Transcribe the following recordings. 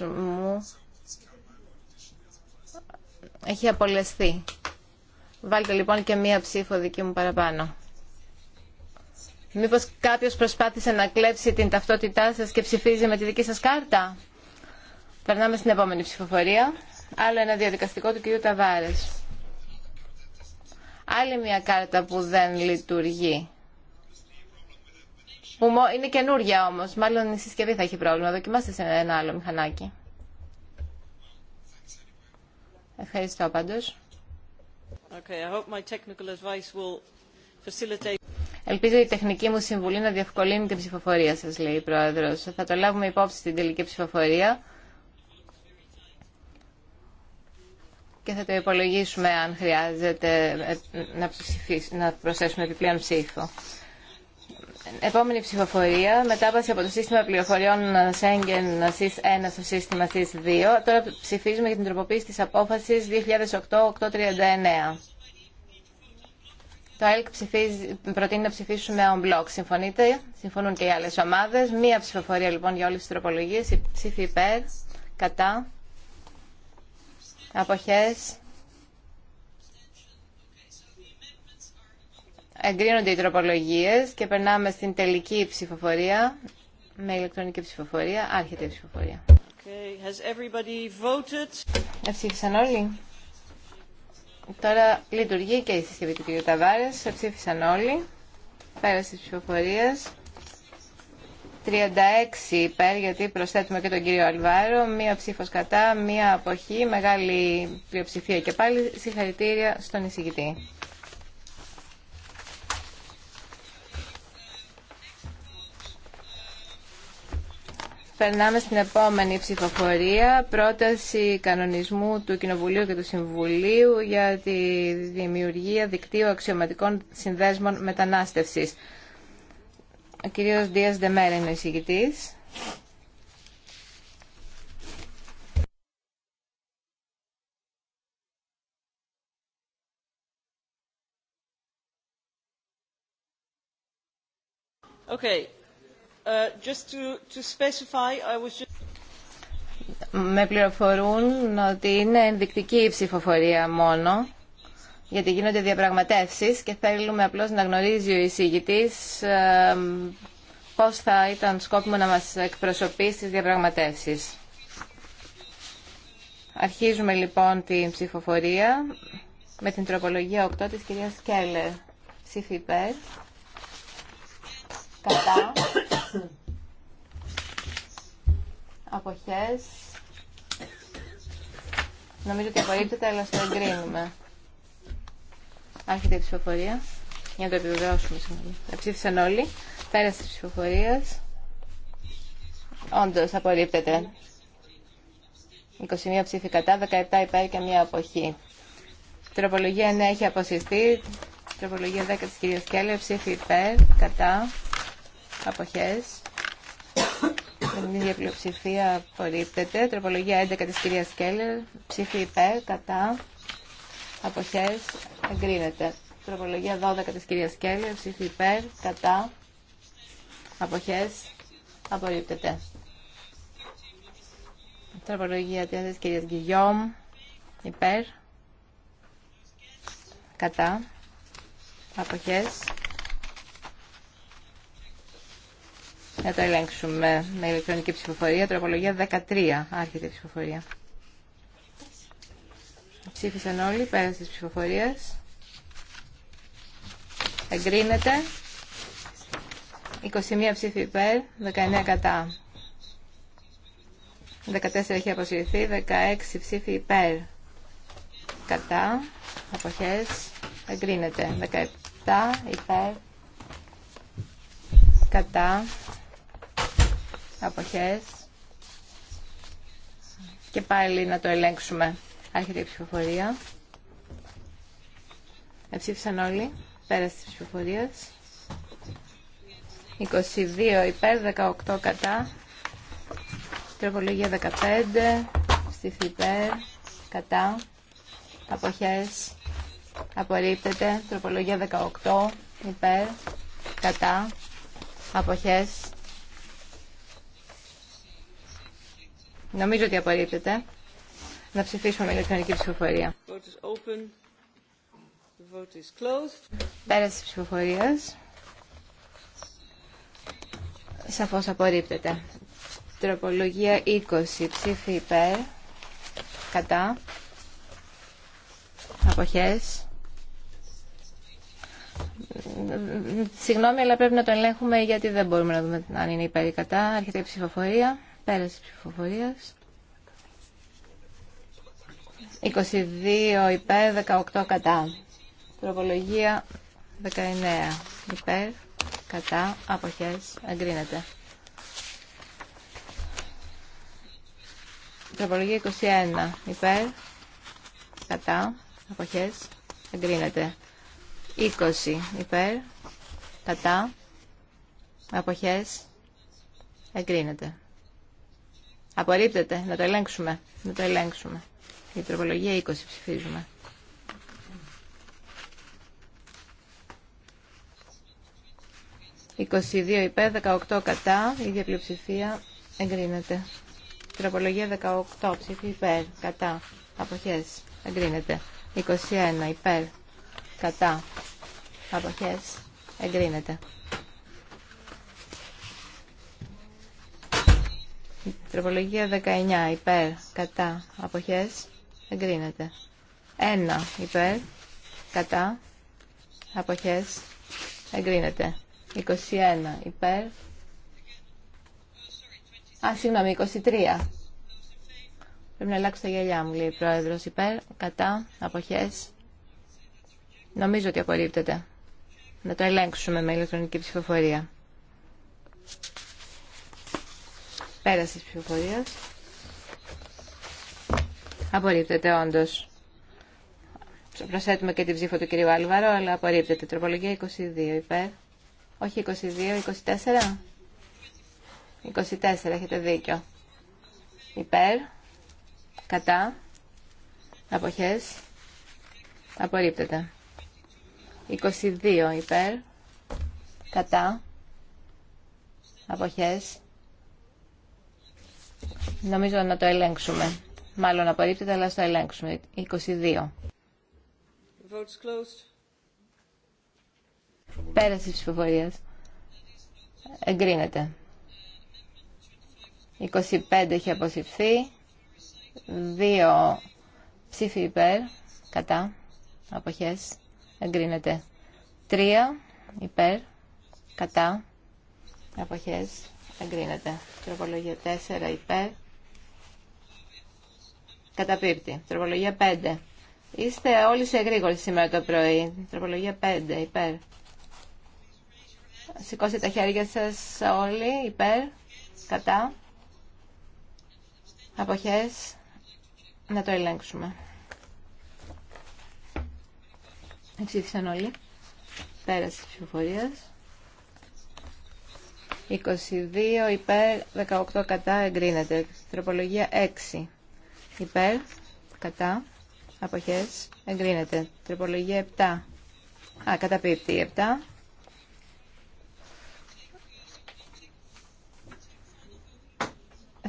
μου έχει απολεστεί. Βάλτε λοιπόν και μία ψήφο δική μου παραπάνω. Μήπως κάποιος προσπάθησε να κλέψει την ταυτότητά σας και ψηφίζει με τη δική σας κάρτα. Περνάμε στην επόμενη ψηφοφορία. Άλλο ένα διαδικαστικό του κυρίου Ταβάρες. Άλλη μία κάρτα που δεν λειτουργεί. Είναι καινούργια όμως, μάλλον η συσκευή θα έχει πρόβλημα. Δοκιμάστε σε ένα άλλο μηχανάκι. Ευχαριστώ πάντω. Okay, Ελπίζω η τεχνική μου συμβουλή να διευκολύνει την ψηφοφορία σας, λέει η πρόεδρο. Θα το λάβουμε υπόψη στην τελική ψηφοφορία και θα το υπολογίσουμε αν χρειάζεται ε, να, να προσθέσουμε επιπλέον ψήφο. Επόμενη ψηφοφορία, μετάβαση από το σύστημα πληροφοριών Schengen ΣΥΣ 1 στο σύστημα ΣΥΣ 2. Τώρα ψηφίζουμε για την τροποποίηση της απόφασης 2008-839. Το ΕΛΚ προτείνει να ψηφίσουμε on block. Συμφωνείτε, συμφωνούν και οι άλλες ομάδες. Μία ψηφοφορία λοιπόν για όλες τις τροπολογίες. Η υπέρ, κατά, αποχές, Εγκρίνονται οι τροπολογίες και περνάμε στην τελική ψηφοφορία με ηλεκτρονική ψηφοφορία. Άρχεται η ψηφοφορία. Okay. Εψήφισαν όλοι. Τώρα λειτουργεί και η συσκευή του κ. Ταβάρες. Εψήφισαν όλοι. Πέρασε τη ψηφοφορία. 36 υπέρ, γιατί προσθέτουμε και τον κύριο Αλβάρο. Μία ψηφο, κατά, μία αποχή, μεγάλη πλειοψηφία και πάλι. Συγχαρητήρια στον εισηγητή. Περνάμε στην επόμενη ψηφοφορία, πρόταση κανονισμού του Κοινοβουλίου και του Συμβουλίου για τη δημιουργία δικτύου αξιωματικών συνδέσμων μετανάστευσης. Ο κύριος Δίας Δεμέρα είναι ο εισηγητής. Okay. Με πληροφορούν ότι είναι ενδεικτική η ψηφοφορία μόνο, γιατί γίνονται διαπραγματεύσεις και θέλουμε απλώς να γνωρίζει ο εισηγητής ε, πώς θα ήταν σκόπιμο να μας εκπροσωπεί στις διαπραγματεύσεις. Αρχίζουμε λοιπόν την ψηφοφορία με την τροπολογία 8 της κυρίας Κέλλερ. Ψήφι υπέρ. Κατά. Αποχές. Νομίζω ότι απορρίπτεται, αλλά στο εγκρίνουμε. Άρχεται η ψηφοφορία. Για να το επιβεβαιώσουμε, συγγνώμη. ψήφισαν όλοι. Πέρασε τη ψηφοφορία. Όντω, απορρίπτεται. 21 ψήφοι κατά, 17 υπέρ και μία αποχή. Τροπολογία 9 ναι, έχει αποσυστεί. Τροπολογία 10 της κυρίας Κέλλερ, ψήφι υπέρ, κατά αποχές με την ίδια πλειοψηφία απορρίπτεται. Τροπολογία 11 της κυρίας Κέλλερ. Ψήφι υπέρ, κατά, αποχές, εγκρίνεται. Τροπολογία 12 της κυρίας Κέλλερ. Ψήφι υπέρ, κατά, αποχές, απορρίπτεται. Τροπολογία 3 της κυρίας Γκυγιόμ. Υπέρ, κατά, αποχές, Να το ελέγξουμε με ηλεκτρονική ψηφοφορία. Τροπολογία 13. Άρχεται η ψηφοφορία. Ψήφισαν όλοι πέρα τη ψηφοφορία. Εγκρίνεται. 21 ψήφοι υπέρ, 19 κατά. 14 έχει αποσυρθεί, 16 ψήφοι υπέρ. Κατά, αποχές, εγκρίνεται. 17 υπέρ, κατά, αποχές και πάλι να το ελέγξουμε. Άρχεται η ψηφοφορία. Εψήφισαν όλοι. Πέρασε της ψηφοφορία. 22 υπέρ, 18 κατά. Τροπολογία 15. στη υπέρ, κατά. Αποχές. Απορρίπτεται. Τροπολογία 18. Υπέρ, κατά. Αποχές. Νομίζω ότι απορρίπτεται. Να ψηφίσουμε με ηλεκτρονική ψηφοφορία. Πέραση τη ψηφοφορίας. Σαφώς απορρίπτεται. Τροπολογία 20. Ψήφι υπέρ. Κατά. Αποχές. Συγγνώμη, αλλά πρέπει να το ελέγχουμε γιατί δεν μπορούμε να δούμε αν είναι υπέρ ή κατά. Έρχεται η ψηφοφορία. Πέραση ψηφοφορία. 22 υπέρ, 18 κατά. Τροπολογία 19 υπέρ, κατά, αποχές, εγκρίνεται. Τροπολογία 21 υπέρ, κατά, αποχές, εγκρίνεται. 20 υπέρ, κατά, αποχές, εγκρίνεται. Απορρίπτεται. Να το ελέγξουμε. Να το ελέγξουμε. Η τροπολογία 20 ψηφίζουμε. «22 υπέρ, 18 κατά, η ίδια πλειοψηφία εγκρίνεται». Τροπολογία 18, ψήφι υπέρ, κατά, αποχές, εγκρίνεται. 21 υπέρ, κατά, αποχές, εγκρίνεται. Τροπολογία 19 υπέρ κατά αποχές εγκρίνεται. 1 υπέρ κατά αποχές εγκρίνεται. 21 υπέρ. Α, συγγνώμη, 23. Πρέπει να αλλάξω τα γυαλιά μου, λέει η πρόεδρος. Υπέρ, κατά, αποχές. Νομίζω ότι απορρίπτεται. Να το ελέγξουμε με ηλεκτρονική ψηφοφορία. Πέραση τη ψηφοφορία. Απορρίπτεται όντως. Προσθέτουμε και την ψήφο του κυρίου Άλβαρο, αλλά απορρίπτεται. Τροπολογία 22 υπέρ. Όχι 22, 24. 24, έχετε δίκιο. Υπέρ. Κατά. Αποχές. Απορρίπτεται. 22 υπέρ. Κατά. Αποχές. Νομίζω να το ελέγξουμε. Μάλλον απορρίπτεται, αλλά το ελέγξουμε. 22. Πέραση ψηφοφορία. Εγκρίνεται. 25 έχει αποσυρθεί. 2 ψήφοι υπέρ. Κατά. Αποχές. Εγκρίνεται. 3 υπέρ. Κατά. Αποχές. Εγκρίνεται. Τροπολογία 4 υπέρ. Καταπίπτει. Τροπολογία 5. Είστε όλοι σε γρήγορη σήμερα το πρωί. Τροπολογία 5 υπέρ. Σηκώστε τα χέρια σας όλοι υπέρ. Κατά. Αποχές. Να το ελέγξουμε. Εξήθησαν όλοι. Πέραση της ψηφοφορία. 22 υπέρ, 18 κατά εγκρίνεται. Τροπολογία 6 υπέρ, κατά, αποχές, εγκρίνεται. Τροπολογία 7, α, καταπίπτει 7.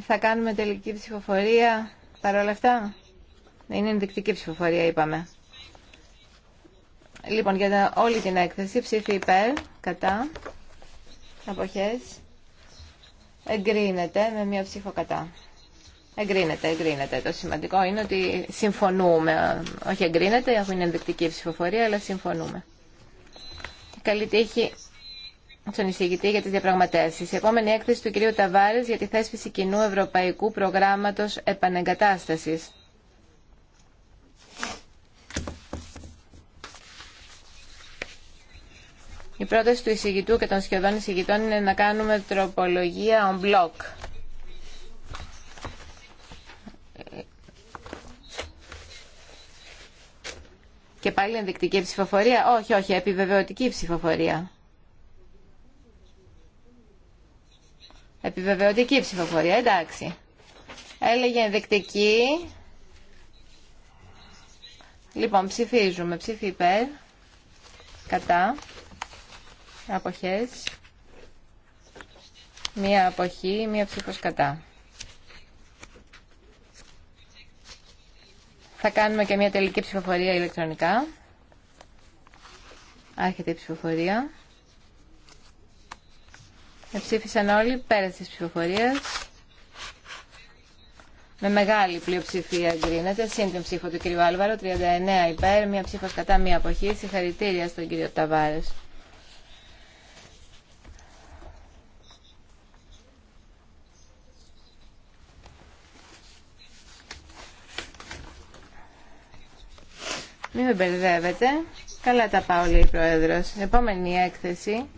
Θα κάνουμε τελική ψηφοφορία παρόλα αυτά. Είναι ενδεικτική ψηφοφορία είπαμε. Λοιπόν, για όλη την έκθεση ψήφι υπέρ, κατά, αποχές εγκρίνεται με μία ψήφο κατά. Εγκρίνεται, εγκρίνεται. Το σημαντικό είναι ότι συμφωνούμε. Όχι εγκρίνεται, αφού είναι ενδεικτική ψηφοφορία, αλλά συμφωνούμε. Καλή τύχη στον εισηγητή για τι διαπραγματεύσει. Η επόμενη έκθεση του κυρίου Ταβάρη για τη θέσπιση κοινού ευρωπαϊκού προγράμματος επανεγκατάστασης. Η πρόταση του εισηγητού και των σχεδόν εισηγητών είναι να κάνουμε τροπολογία on block. Και πάλι ενδεικτική ψηφοφορία. Όχι, όχι, επιβεβαιωτική ψηφοφορία. Επιβεβαιωτική ψηφοφορία, εντάξει. Έλεγε ενδεικτική. Λοιπόν, ψηφίζουμε. Ψήφι υπέρ. Κατά αποχές, μία αποχή, μία ψήφος κατά. Θα κάνουμε και μία τελική ψηφοφορία ηλεκτρονικά. Άρχεται η ψηφοφορία. Εψήφισαν όλοι πέρα της ψηφοφορίας. Με μεγάλη πλειοψηφία εγκρίνεται. Σύντομη ψήφο του κ. Άλβαρο, 39 υπέρ, μία ψήφος κατά, μία αποχή. Συγχαρητήρια στον κ. Ταβάρες. Μην με μπερδεύετε. Καλά τα πάω, λέει η Πρόεδρος. Επόμενη έκθεση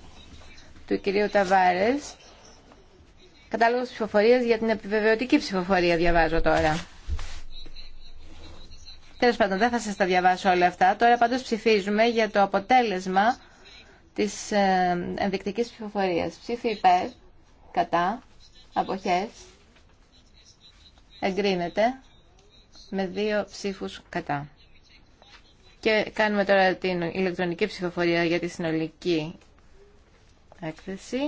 του κυρίου Ταβάρες. Κατάλογος ψηφοφορίας για την επιβεβαιωτική ψηφοφορία διαβάζω τώρα. Τέλος πάντων, δεν θα σας τα διαβάσω όλα αυτά. Τώρα πάντως ψηφίζουμε για το αποτέλεσμα της ε, ενδεικτικής ψηφοφορίας. Ψήφι υπέρ, κατά, αποχές, εγκρίνεται με δύο ψήφους κατά. Και κάνουμε τώρα την ηλεκτρονική ψηφοφορία για τη συνολική έκθεση.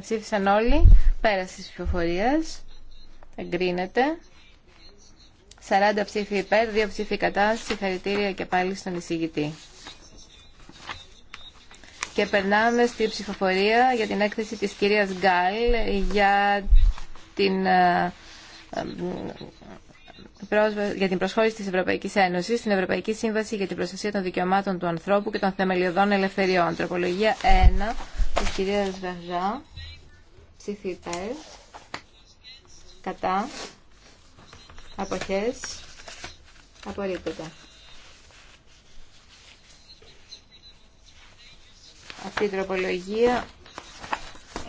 Ψήφισαν όλοι. Πέραση της ψηφοφορίας. Εγκρίνεται. 40 ψήφοι υπέρ, 2 ψήφοι κατά. Συγχαρητήρια και πάλι στον εισηγητή. Και περνάμε στη ψηφοφορία για την έκθεση της κυρίας Γκάλ για την ε, ε, για την προσχώρηση της Ευρωπαϊκής Ένωσης στην Ευρωπαϊκή Σύμβαση για την Προστασία των Δικαιωμάτων του Ανθρώπου και των Θεμελιωδών Ελευθεριών. Τροπολογία 1 της κυρίας Βαζά Ψήφι Κατά. Αποχές. Απορρίπτεται. Αυτή η τροπολογία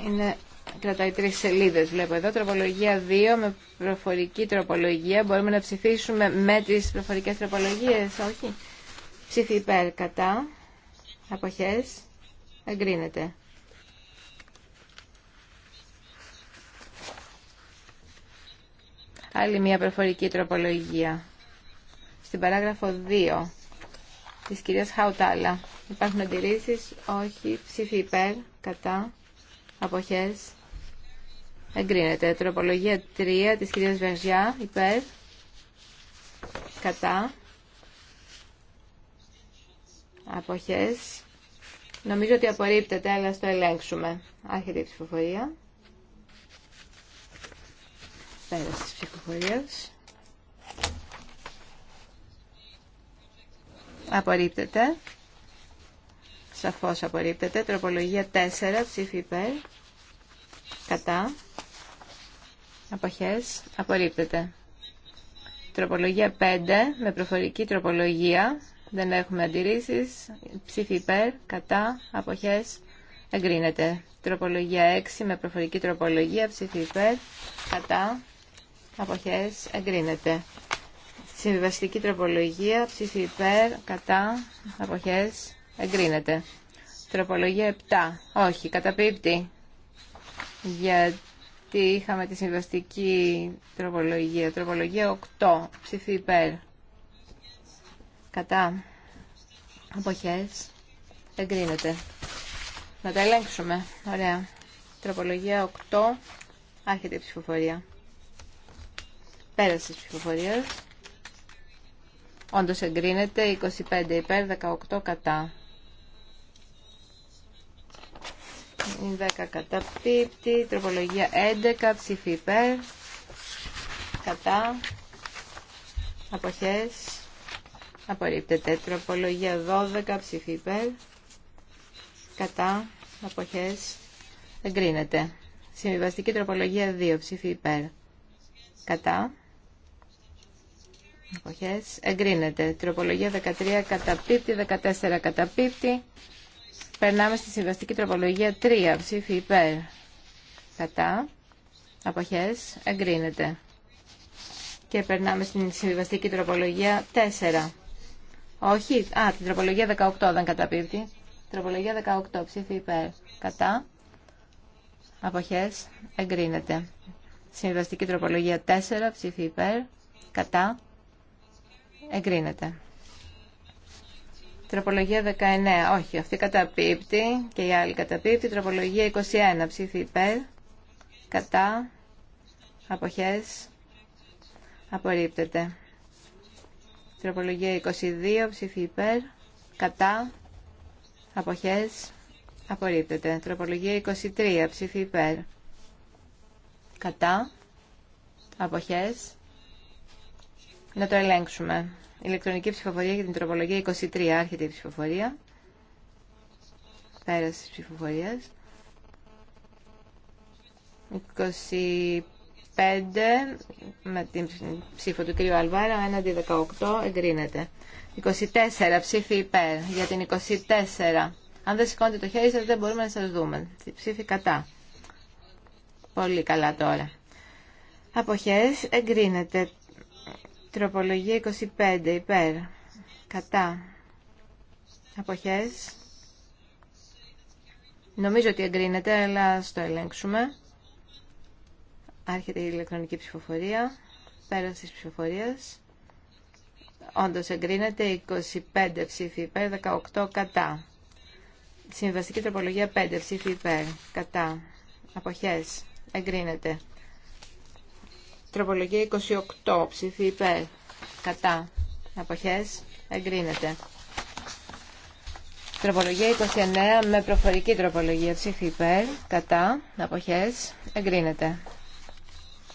είναι κρατάει τρεις σελίδες βλέπω εδώ τροπολογία 2 με προφορική τροπολογία μπορούμε να ψηφίσουμε με τις προφορικές τροπολογίες όχι ψήφι υπέρ κατά αποχές εγκρίνεται άλλη μια προφορική τροπολογία στην παράγραφο 2 της κυρίας Χαουτάλα υπάρχουν αντιρρήσεις όχι ψήφι υπέρ κατά αποχές Εγκρίνεται. Τροπολογία 3 της κυρίας Βεργιά, υπέρ, κατά, αποχές. Νομίζω ότι απορρίπτεται, αλλά στο ελέγξουμε. Άρχεται η ψηφοφορία. Πέρας της ψηφοφορίας. Απορρίπτεται. Σαφώς απορρίπτεται. Τροπολογία 4, ψήφι υπέρ. Κατά. Αποχές. Απορρίπτεται. Τροπολογία 5 με προφορική τροπολογία. Δεν έχουμε αντιρρήσεις. Ψήφι υπέρ, κατά, αποχές. Εγκρίνεται. Τροπολογία 6 με προφορική τροπολογία. Ψήφι υπέρ, κατά, αποχές. Εγκρίνεται. Συμβιβαστική τροπολογία. Ψήφι υπέρ, κατά, αποχές. Εγκρίνεται. Τροπολογία 7. Όχι, καταπίπτει. Γιατί τι είχαμε τη συμβαστική τροπολογία. Τροπολογία 8, ψηφί υπέρ. Κατά. Αποχές. Εγκρίνεται. Να τα ελέγξουμε. Ωραία. Τροπολογία 8. Άρχεται η ψηφοφορία. Πέρασε τη ψηφοφορία. Όντως εγκρίνεται. 25 υπέρ, 18 κατά. 10 κατά πίπτη, Τροπολογία 11. Ψήφι υπέρ. Κατά. Αποχές. Απορρίπτεται. Τροπολογία 12. Ψήφι υπέρ. Κατά. Αποχές. Εγκρίνεται. Συμβιβαστική τροπολογία 2. Ψήφι υπέρ. Κατά. Αποχές. Εγκρίνεται. Τροπολογία 13. Καταπίπτει. 14. Καταπίπτει. Περνάμε στη συμβαστική τροπολογία 3. Ψήφι υπέρ. Κατά. Αποχές. Εγκρίνεται. Και περνάμε στην συμβαστική τροπολογία 4. Όχι. Α, την τροπολογία 18 δεν καταπίπτει. Τροπολογία 18. Ψήφι υπέρ. Κατά. Αποχές. Εγκρίνεται. Συμβαστική τροπολογία 4. Ψήφι υπέρ. Κατά. Εγκρίνεται. Τροπολογία 19. Όχι, αυτή καταπίπτει και η άλλη καταπίπτει. Τροπολογία 21. Ψήφι υπέρ. Κατά. Αποχές. Απορρίπτεται. Τροπολογία 22. Ψήφι υπέρ. Κατά. Αποχές. Απορρίπτεται. Τροπολογία 23. Ψήφι υπέρ. Κατά. Αποχές. Να το ελέγξουμε ηλεκτρονική ψηφοφορία για την τροπολογία 23. Άρχεται η ψηφοφορία. Πέραση τη ψηφοφορίας. 25 με την ψήφο του κ. Αλβάρα, έναντι 18 εγκρίνεται. 24 ψήφοι υπέρ. Για την 24. Αν δεν σηκώνετε το χέρι σας δεν μπορούμε να σας δούμε. ψήφι κατά. Πολύ καλά τώρα. Αποχές εγκρίνεται. Τροπολογία 25 υπέρ. Κατά. Αποχές. Νομίζω ότι εγκρίνεται, αλλά το ελέγξουμε. Άρχεται η ηλεκτρονική ψηφοφορία. Πέρας της ψηφοφορίας. Όντως εγκρίνεται 25 ψήφοι υπέρ, 18 κατά. Συμβαστική τροπολογία 5 ψήφι υπέρ, κατά. Αποχές. Εγκρίνεται. Τροπολογία 28. Ψήφι υπέρ. Κατά. Αποχές. Εγκρίνεται. Τροπολογία 29 με προφορική τροπολογία. Ψήφι υπέρ. Κατά. Αποχές. Εγκρίνεται.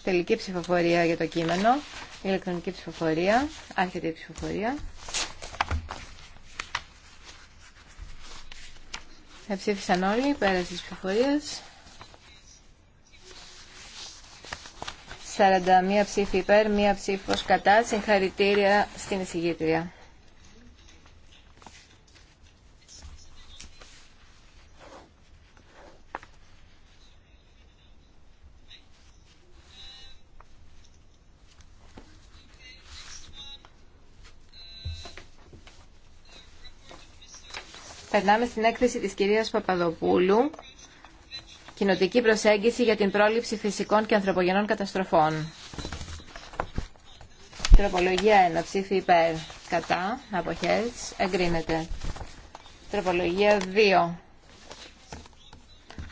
Τελική ψηφοφορία για το κείμενο. Ηλεκτρονική ψηφοφορία. Άρχεται η ψηφοφορία. Εψήφισαν όλοι πέρα στις ψηφοφορία. 41 ψήφοι υπέρ, μία ψήφος κατά. Συγχαρητήρια στην εισηγήτρια. Περνάμε στην έκθεση της κυρίας Παπαδοπούλου κοινοτική προσέγγιση για την πρόληψη φυσικών και ανθρωπογενών καταστροφών. Τροπολογία 1. Ψήφι υπέρ. Κατά. Αποχές. Εγκρίνεται. Τροπολογία 2.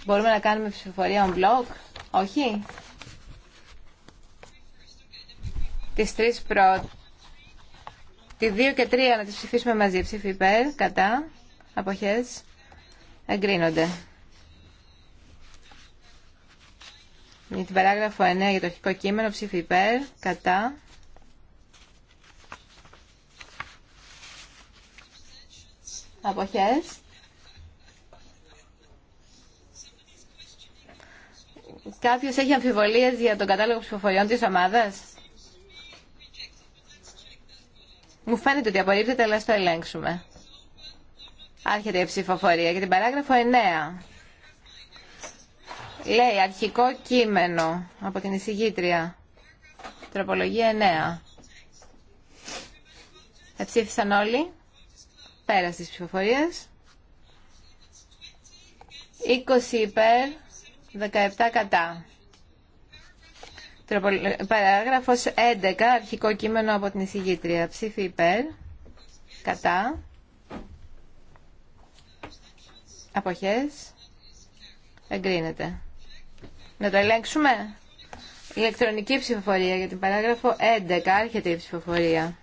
Μπορούμε να κάνουμε ψηφοφορία on block. Όχι. Τις τρεις πρώτες. Τη 2 και 3 να τις ψηφίσουμε μαζί. Ψήφι υπέρ. Κατά. Αποχές. Εγκρίνονται. Για την παράγραφο 9 για το αρχικό κείμενο ψήφι υπέρ, κατά. Αποχές. Κάποιος έχει αμφιβολίες για τον κατάλογο ψηφοφοριών της ομάδας. Μου φαίνεται ότι απορρίπτεται, αλλά ας το ελέγξουμε. Άρχεται η ψηφοφορία για την παράγραφο 9. Λέει αρχικό κείμενο από την εισηγήτρια. Τροπολογία 9. Εψήφισαν όλοι. Πέρα στις ψηφοφορίες. 20 υπέρ, 17 κατά. Παράγραφος 11, αρχικό κείμενο από την εισηγήτρια. Ψήφι υπέρ, κατά, αποχές, εγκρίνεται. Να το ελέγξουμε. Ηλεκτρονική ψηφοφορία για την παράγραφο 11. Άρχεται η ψηφοφορία.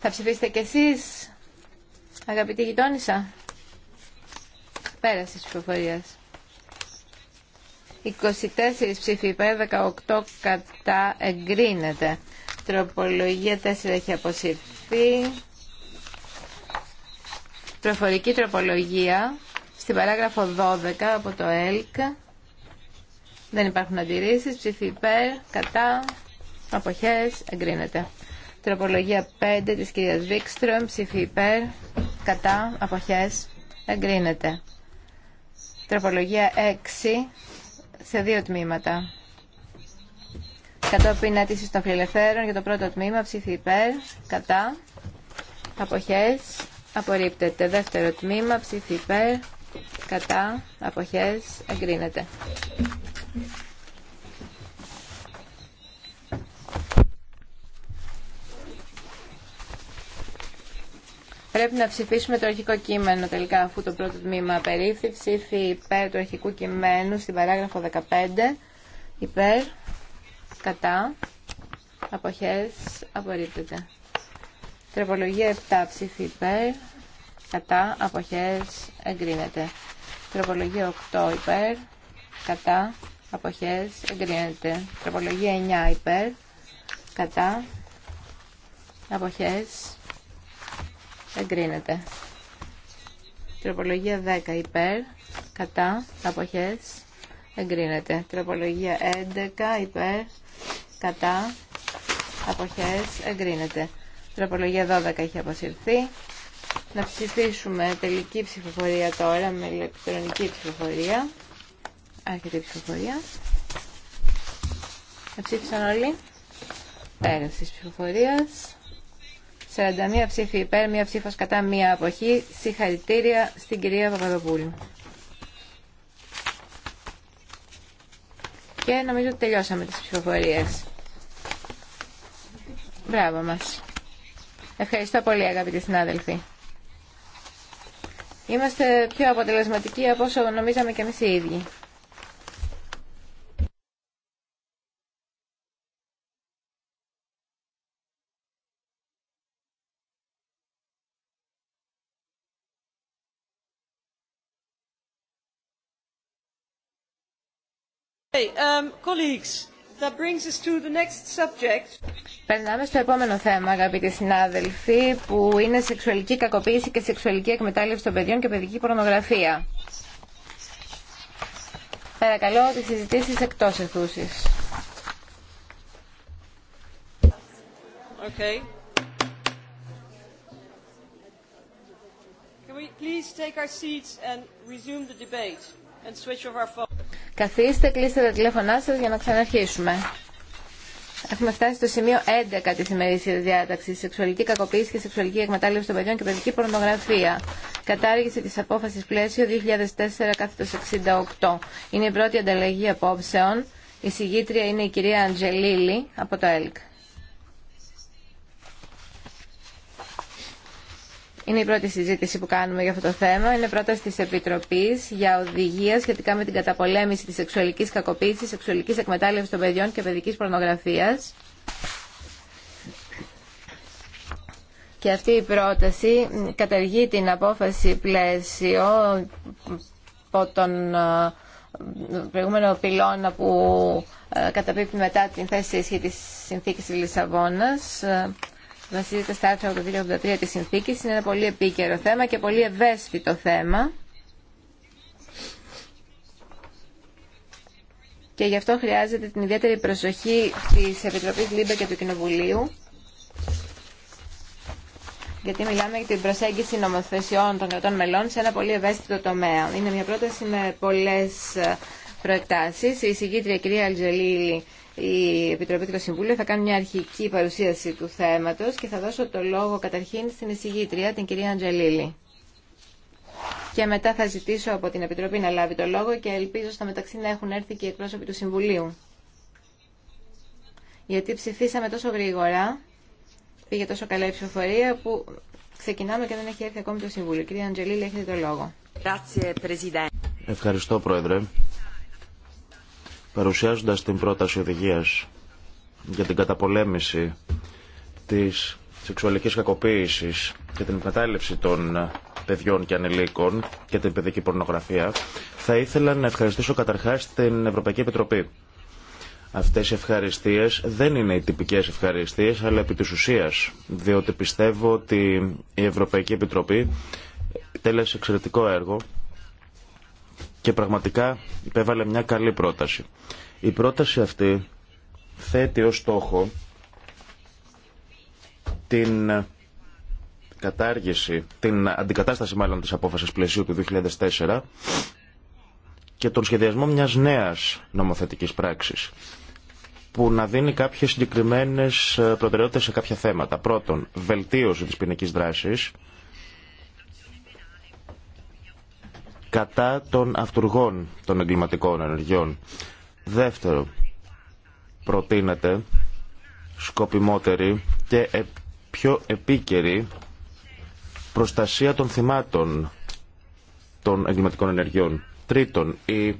Θα ψηφίσετε κι εσείς, αγαπητή γειτόνισσα. Πέρασε της ψηφοφορίας. 24 ψήφοι υπέρ, 18 κατά εγκρίνεται. Τροπολογία 4 έχει αποσυρθεί. Προφορική τροπολογία στην παράγραφο 12 από το ΕΛΚ. Δεν υπάρχουν αντιρρήσεις. Ψήφι υπέρ, κατά, αποχές, εγκρίνεται. Τροπολογία 5 της κυρίας Βίκστρομ, ψήφι υπέρ, κατά, αποχές, εγκρίνεται. Τροπολογία 6 σε δύο τμήματα. Κατόπιν αίτηση των φιλελευθέρων για το πρώτο τμήμα, ψήφι υπέρ, κατά, αποχές, απορρίπτεται. Δεύτερο τμήμα, ψήφι υπέρ, κατά, αποχές, εγκρίνεται. Πρέπει να ψηφίσουμε το αρχικό κείμενο τελικά αφού το πρώτο τμήμα περίφθη. Ψήφι υπέρ του αρχικού κειμένου στην παράγραφο 15. Υπέρ, κατά, αποχές, απορρίπτεται. Τροπολογία 7 ψήφι υπέρ, κατά, αποχές, εγκρίνεται. Τροπολογία 8 υπέρ, κατά, αποχές, εγκρίνεται. Τροπολογία 9 υπέρ, κατά, αποχές, Εγκρίνεται. Τροπολογία 10 υπέρ, κατά, αποχές, εγκρίνεται. Τροπολογία 11 υπέρ, κατά, αποχές, εγκρίνεται. Τροπολογία 12 έχει αποσυρθεί. Να ψηφίσουμε τελική ψηφοφορία τώρα με ηλεκτρονική ψηφοφορία. Άρχεται η ψηφοφορία. Να ψήφισαν όλοι. Πέρασης τη ψηφοφορίας. 41 ψήφοι υπέρ, μία ψήφος κατά, μία αποχή. Συγχαρητήρια στην κυρία Παπαδοπούλου. Και νομίζω ότι τελειώσαμε τις ψηφοφορίες. Μπράβο μας. Ευχαριστώ πολύ αγαπητοί συνάδελφοι. Είμαστε πιο αποτελεσματικοί από όσο νομίζαμε και εμείς οι ίδιοι. Hey, um, colleagues, that brings us to the next subject. Περνάμε στο επόμενο θέμα, αγαπητοί συνάδελφοι, που είναι σεξουαλική κακοποίηση και σεξουαλική εκμετάλλευση των παιδιών και παιδική πορνογραφία. Παρακαλώ τις συζητήσεις εκτός αιθούσης. Okay. Can we please take our seats and resume the debate and switch off our phones? Καθίστε, κλείστε τα τηλέφωνά σα για να ξαναρχίσουμε. Έχουμε φτάσει στο σημείο 11 τη ημερησία διάταξη. σεξουαλική κακοποίηση και σεξουαλική εκμετάλλευση των παιδιών και παιδική πορνογραφία. Κατάργηση της απόφασης πλαίσιο 2004-68. Είναι η πρώτη ανταλλαγή απόψεων. Η συγγήτρια είναι η κυρία Αντζελίλη από το ΕΛΚ. Είναι η πρώτη συζήτηση που κάνουμε για αυτό το θέμα. Είναι πρόταση τη Επιτροπή για οδηγία σχετικά με την καταπολέμηση τη σεξουαλική κακοποίηση, σεξουαλική εκμετάλλευση των παιδιών και παιδική πορνογραφία. Και αυτή η πρόταση καταργεί την απόφαση πλαίσιο από τον ε, προηγούμενο πυλώνα που ε, καταπίπτει μετά την θέση ισχύ της συνθήκης της Λισαβόνας βασίζεται στα αρθρα 82-83 της συνθήκης. Είναι ένα πολύ επίκαιρο θέμα και πολύ ευαίσθητο θέμα. Και γι' αυτό χρειάζεται την ιδιαίτερη προσοχή της Επιτροπής Λίμπε και του Κοινοβουλίου γιατί μιλάμε για την προσέγγιση νομοθεσιών των κρατών μελών σε ένα πολύ ευαίσθητο τομέα. Είναι μια πρόταση με πολλές ε, προεκτάσεις. Η συγκήτρια κυρία Αλτζελίλη η Επιτροπή και το Συμβούλιο θα κάνουν μια αρχική παρουσίαση του θέματος και θα δώσω το λόγο καταρχήν στην εισηγήτρια, την κυρία Αντζελίλη. Και μετά θα ζητήσω από την Επιτροπή να λάβει το λόγο και ελπίζω στα μεταξύ να έχουν έρθει και οι εκπρόσωποι του Συμβουλίου. Γιατί ψηφίσαμε τόσο γρήγορα, πήγε τόσο καλά η ψηφοφορία που ξεκινάμε και δεν έχει έρθει ακόμη το Συμβούλιο. Κυρία Αντζελίλη, έχετε το λόγο. Ευχαριστώ, Πρόεδρε παρουσιάζοντας την πρόταση οδηγίας για την καταπολέμηση της σεξουαλικής κακοποίησης και την εκμετάλλευση των παιδιών και ανηλίκων και την παιδική πορνογραφία, θα ήθελα να ευχαριστήσω καταρχάς την Ευρωπαϊκή Επιτροπή. Αυτές οι ευχαριστίες δεν είναι οι τυπικές ευχαριστίες, αλλά επί της ουσίας, διότι πιστεύω ότι η Ευρωπαϊκή Επιτροπή τέλεσε εξαιρετικό έργο και πραγματικά υπέβαλε μια καλή πρόταση. Η πρόταση αυτή θέτει ως στόχο την κατάργηση, την αντικατάσταση μάλλον της απόφασης πλαισίου του 2004 και τον σχεδιασμό μιας νέας νομοθετικής πράξης που να δίνει κάποιες συγκεκριμένες προτεραιότητες σε κάποια θέματα. Πρώτον, βελτίωση της ποινική δράσης κατά των αυτούργων των εγκληματικών ενεργειών. Δεύτερο, προτείνεται σκοπιμότερη και ε, πιο επίκαιρη προστασία των θυμάτων των εγκληματικών ενεργειών. Τρίτον, η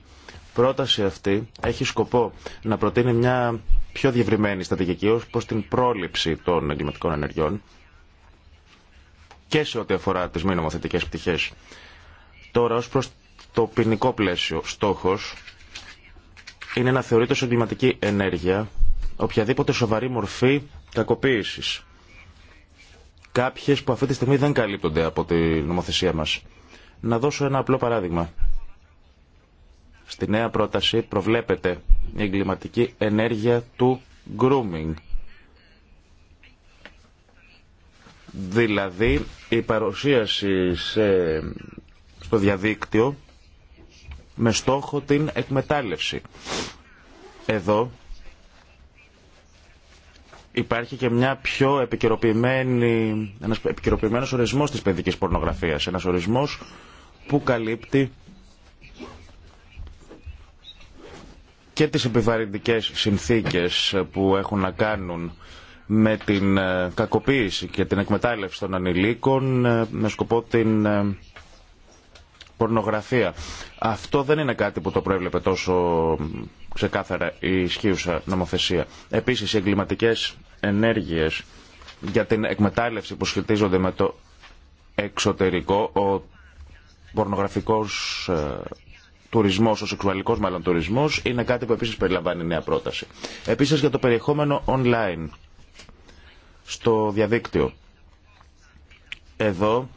πρόταση αυτή έχει σκοπό να προτείνει μια πιο διευρυμένη στρατηγική ως προς την πρόληψη των εγκληματικών ενεργειών και σε ό,τι αφορά τις μη νομοθετικές πτυχές. Τώρα ως προς το ποινικό πλαίσιο στόχος είναι να θεωρείται ως εγκληματική ενέργεια οποιαδήποτε σοβαρή μορφή κακοποίησης. Κάποιες που αυτή τη στιγμή δεν καλύπτονται από τη νομοθεσία μας. Να δώσω ένα απλό παράδειγμα. Στη νέα πρόταση προβλέπεται η εγκληματική ενέργεια του grooming. Δηλαδή η παρουσίαση σε στο διαδίκτυο με στόχο την εκμετάλλευση. Εδώ υπάρχει και μια πιο επικαιροποιημένη, ένας επικαιροποιημένος ορισμός της παιδικής πορνογραφίας. Ένας ορισμός που καλύπτει και τις επιβαρυντικές συνθήκες που έχουν να κάνουν με την κακοποίηση και την εκμετάλλευση των ανηλίκων ε, με σκοπό την ε, πορνογραφία. Αυτό δεν είναι κάτι που το προέβλεπε τόσο ξεκάθαρα η ισχύουσα νομοθεσία. Επίσης, οι εγκληματικές ενέργειες για την εκμετάλλευση που σχετίζονται με το εξωτερικό, ο πορνογραφικός ε, τουρισμό, ο σεξουαλικό μάλλον τουρισμό, είναι κάτι που επίση περιλαμβάνει η νέα πρόταση. Επίση για το περιεχόμενο online, στο διαδίκτυο. Εδώ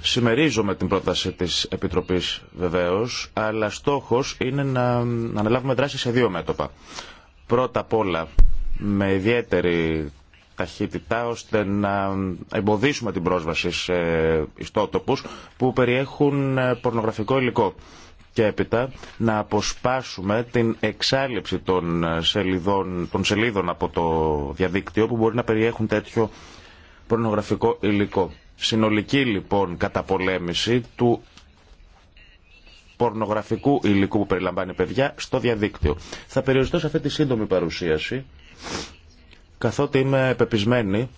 Συμμερίζομαι την πρόταση της Επιτροπής βεβαίως, αλλά στόχος είναι να, να αναλάβουμε δράση σε δύο μέτωπα. Πρώτα απ' όλα, με ιδιαίτερη ταχύτητα ώστε να εμποδίσουμε την πρόσβαση σε ιστότοπους που περιέχουν ε, πορνογραφικό υλικό και έπειτα να αποσπάσουμε την εξάλληψη των ε, σελίδων, των σελίδων από το διαδίκτυο που μπορεί να περιέχουν τέτοιο πορνογραφικό υλικό. Συνολική λοιπόν καταπολέμηση του πορνογραφικού υλικού που περιλαμβάνει παιδιά στο διαδίκτυο. Θα περιοριστώ σε αυτή τη σύντομη παρουσίαση, καθότι είμαι πεπισμένη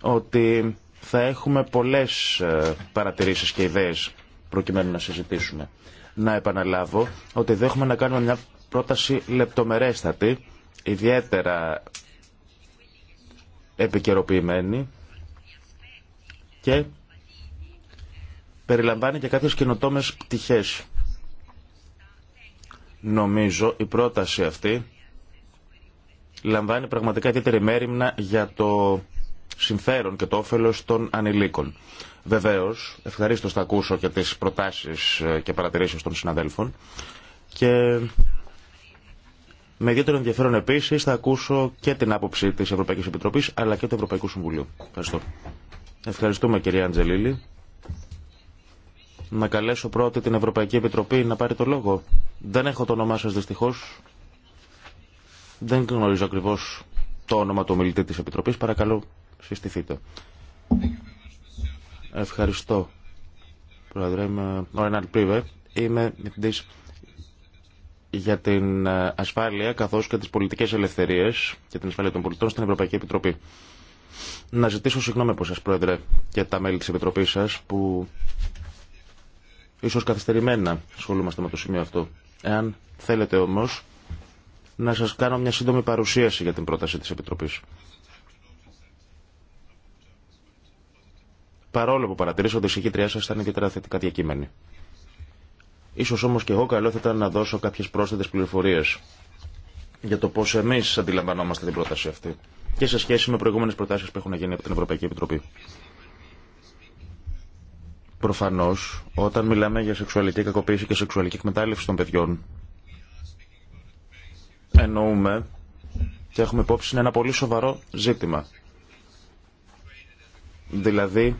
ότι θα έχουμε πολλές ε, παρατηρήσεις και ιδέες προκειμένου να συζητήσουμε. Να επαναλάβω ότι δεν έχουμε να κάνουμε μια πρόταση λεπτομερέστατη, ιδιαίτερα επικαιροποιημένη, και περιλαμβάνει και κάποιες καινοτόμες πτυχές. Νομίζω η πρόταση αυτή λαμβάνει πραγματικά ιδιαίτερη μέρημνα για το συμφέρον και το όφελος των ανηλίκων. Βεβαίως, ευχαρίστω θα ακούσω και τις προτάσεις και παρατηρήσεις των συναδέλφων και με ιδιαίτερο ενδιαφέρον επίσης θα ακούσω και την άποψη της Ευρωπαϊκής Επιτροπής αλλά και του Ευρωπαϊκού Συμβουλίου. Ευχαριστώ. Ευχαριστούμε κυρία Αντζελίλη. Να καλέσω πρώτη την Ευρωπαϊκή Επιτροπή να πάρει το λόγο. Δεν έχω το όνομά σας δυστυχώς. Δεν γνωρίζω ακριβώς το όνομα του ομιλητή της Επιτροπής. Παρακαλώ συστηθείτε. Ευχαριστώ. Πρόεδρε, είμαι ο Ρενάλ Πρίβε. Είμαι διευθυντής για την ασφάλεια καθώς και τις πολιτικές ελευθερίες και την ασφάλεια των πολιτών στην Ευρωπαϊκή Επιτροπή. Να ζητήσω συγγνώμη από σας, Πρόεδρε, και τα μέλη της Επιτροπής σας, που ίσως καθυστερημένα ασχολούμαστε με το σημείο αυτό. Εάν θέλετε όμως, να σας κάνω μια σύντομη παρουσίαση για την πρόταση της Επιτροπής. Παρόλο που παρατηρήσω ότι η συγκήτριά σας ήταν ιδιαίτερα θετικά διακείμενη. Ίσως όμως και εγώ καλό θα ήταν να δώσω κάποιες πρόσθετες πληροφορίες για το πώς εμείς αντιλαμβανόμαστε την πρόταση αυτή και σε σχέση με προηγούμενες προτάσεις που έχουν γίνει από την Ευρωπαϊκή Επιτροπή. Προφανώς, όταν μιλάμε για σεξουαλική κακοποίηση και σεξουαλική εκμετάλλευση των παιδιών, εννοούμε και έχουμε υπόψη είναι ένα πολύ σοβαρό ζήτημα. Δηλαδή,